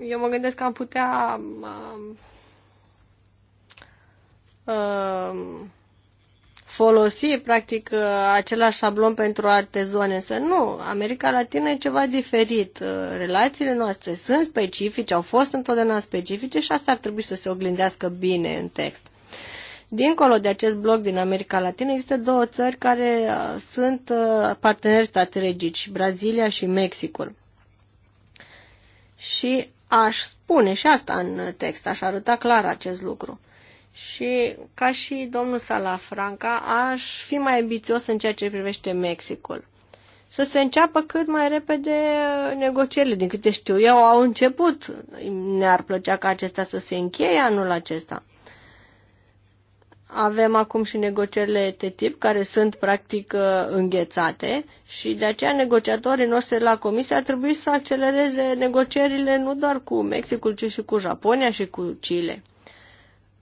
eu mă gândesc că am putea uh, uh, folosi, practic, uh, același șablon pentru alte zone, să nu. America Latină e ceva diferit. Uh, relațiile noastre sunt specifice, au fost întotdeauna specifice și asta ar trebui să se oglindească bine în text. Dincolo de acest bloc din America Latină, există două țări care uh, sunt parteneri strategici, Brazilia și Mexicul. Și aș spune și asta în text, aș arăta clar acest lucru și ca și domnul Salafranca, aș fi mai ambițios în ceea ce privește Mexicul. Să se înceapă cât mai repede negocierile, din câte știu eu, au început. Ne-ar plăcea ca acestea să se încheie anul acesta. Avem acum și negocierile TTIP care sunt practic înghețate și de aceea negociatorii noștri la comisie ar trebui să accelereze negocierile nu doar cu Mexicul, ci și cu Japonia și cu Chile.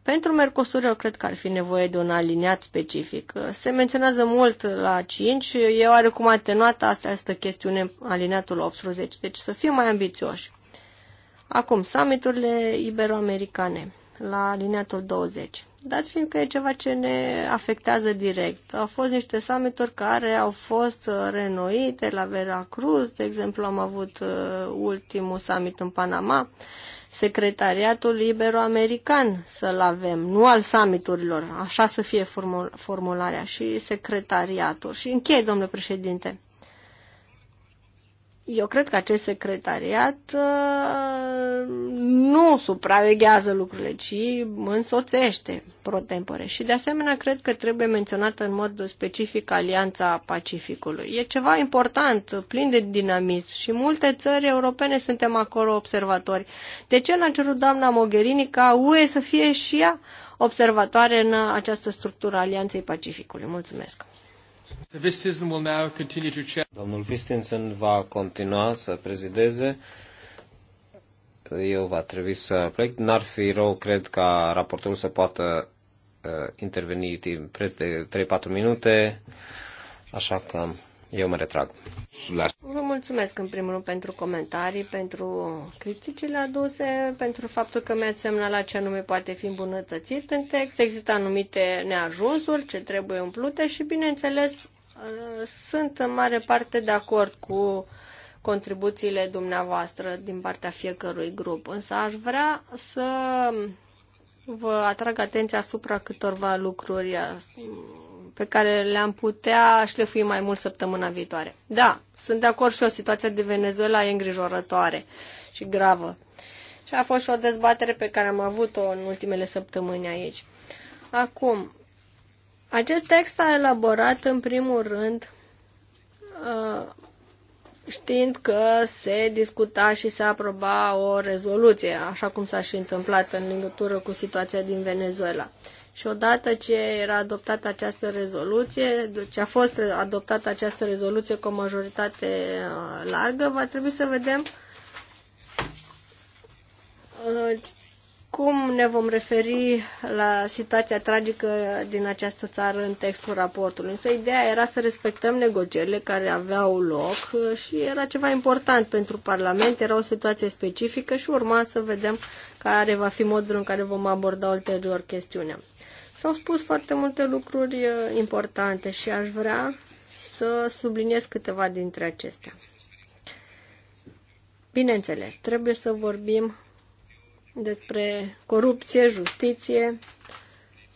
Pentru Mercosur eu cred că ar fi nevoie de un aliniat specific. Se menționează mult la 5, e oarecum atenuată asta, asta chestiune, aliniatul 18, deci să fie mai ambițioși. Acum, summiturile iberoamericane la aliniatul 20. Dați fiind că e ceva ce ne afectează direct. Au fost niște summituri care au fost uh, renoite la Veracruz, de exemplu am avut uh, ultimul summit în Panama secretariatul ibero-american să-l avem, nu al summiturilor, așa să fie formularea și secretariatul. Și închei, domnule președinte eu cred că acest secretariat uh, nu supraveghează lucrurile, ci însoțește pro-tempore. Și de asemenea, cred că trebuie menționată în mod specific Alianța Pacificului. E ceva important, plin de dinamism și multe țări europene suntem acolo observatori. De ce n-a cerut doamna Mogherini ca UE să fie și ea observatoare în această structură Alianței Pacificului? Mulțumesc! Domnul Vistinson va continua să prezideze. Eu va trebui să plec. N-ar fi rău, cred, ca raportorul să poată uh, interveni timp preț de 3-4 minute, așa că eu mă retrag. Vă mulțumesc în primul rând pentru comentarii, pentru criticile aduse, pentru faptul că mi-ați la ce anume poate fi îmbunătățit în text. Există anumite neajunsuri ce trebuie umplute și, bineînțeles, Uh, sunt în mare parte de acord cu contribuțiile dumneavoastră din partea fiecărui grup, însă aș vrea să vă atrag atenția asupra câtorva lucruri uh, pe care le-am putea șlefui mai mult săptămâna viitoare. Da, sunt de acord și o situație de Venezuela e îngrijorătoare și gravă. Și a fost și o dezbatere pe care am avut-o în ultimele săptămâni aici. Acum, acest text a elaborat în primul rând uh, știind că se discuta și se aproba o rezoluție, așa cum s-a și întâmplat în legătură cu situația din Venezuela. Și odată ce era adoptată această rezoluție, ce deci a fost adoptată această rezoluție cu o majoritate uh, largă, va trebui să vedem uh, cum ne vom referi la situația tragică din această țară în textul raportului. Însă ideea era să respectăm negocierile care aveau loc și era ceva important pentru Parlament, era o situație specifică și urma să vedem care va fi modul în care vom aborda ulterior chestiunea. S-au spus foarte multe lucruri uh, importante și aș vrea să subliniez câteva dintre acestea. Bineînțeles, trebuie să vorbim despre corupție, justiție,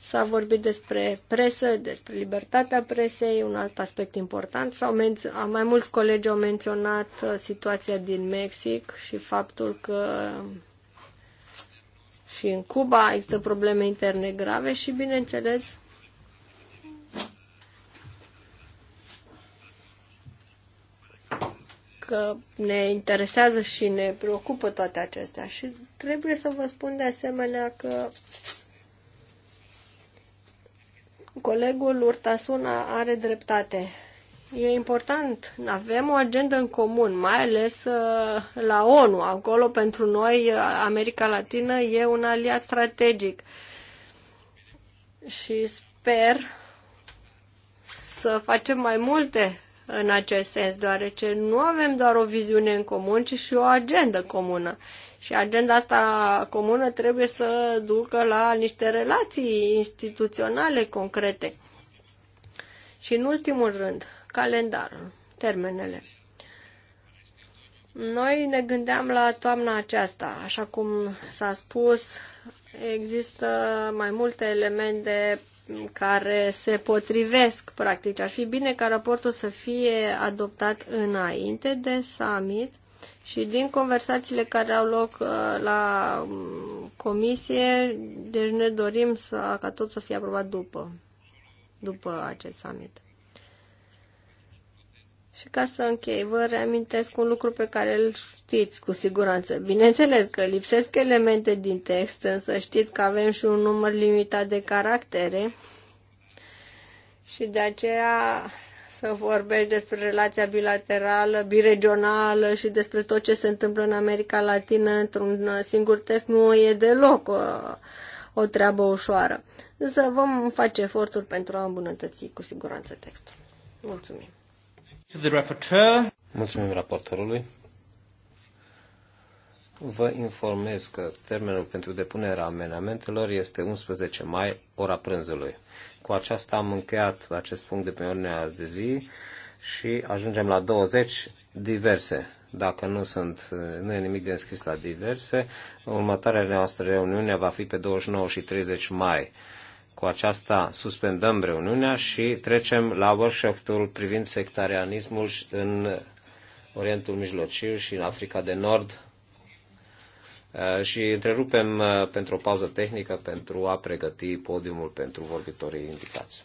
s-a vorbit despre presă, despre libertatea presei, un alt aspect important. Sau au mai mulți colegi au menționat uh, situația din Mexic și faptul că și în Cuba există probleme interne grave și, bineînțeles, că ne interesează și ne preocupă toate acestea. Și trebuie să vă spun de asemenea că colegul Urtasuna are dreptate. E important, avem o agendă în comun, mai ales uh, la ONU. Acolo, pentru noi, uh, America Latină e un aliat strategic. Și sper să facem mai multe în acest sens, deoarece nu avem doar o viziune în comun, ci și o agendă comună. Și agenda asta comună trebuie să ducă la niște relații instituționale concrete. Și în ultimul rând, calendarul, termenele. Noi ne gândeam la toamna aceasta. Așa cum s-a spus, există mai multe elemente care se potrivesc, practic. Ar fi bine ca raportul să fie adoptat înainte de summit și din conversațiile care au loc uh, la um, comisie, deci ne dorim să, ca tot să fie aprobat după, după acest summit. Și ca să închei, vă reamintesc un lucru pe care îl știți cu siguranță. Bineînțeles că lipsesc elemente din text, însă știți că avem și un număr limitat de caractere și de aceea să vorbești despre relația bilaterală, biregională și despre tot ce se întâmplă în America Latină într-un singur test nu e deloc o, uh, o treabă ușoară. Însă vom face eforturi pentru a îmbunătăți cu siguranță textul. Mulțumim! To the rapporteur. Mulțumim raportorului. Vă informez că termenul pentru depunerea amenamentelor este 11 mai, ora prânzului. Cu aceasta am încheiat acest punct de pe ordinea de zi și ajungem la 20 diverse. Dacă nu, sunt, nu e nimic de înscris la diverse, următoarea noastră reuniune va fi pe 29 și 30 mai. Cu aceasta suspendăm reuniunea și trecem la workshop-ul privind sectarianismul în Orientul Mijlociu și în Africa de Nord. Uh, și întrerupem uh, pentru o pauză tehnică pentru a pregăti podiumul pentru vorbitorii indicați.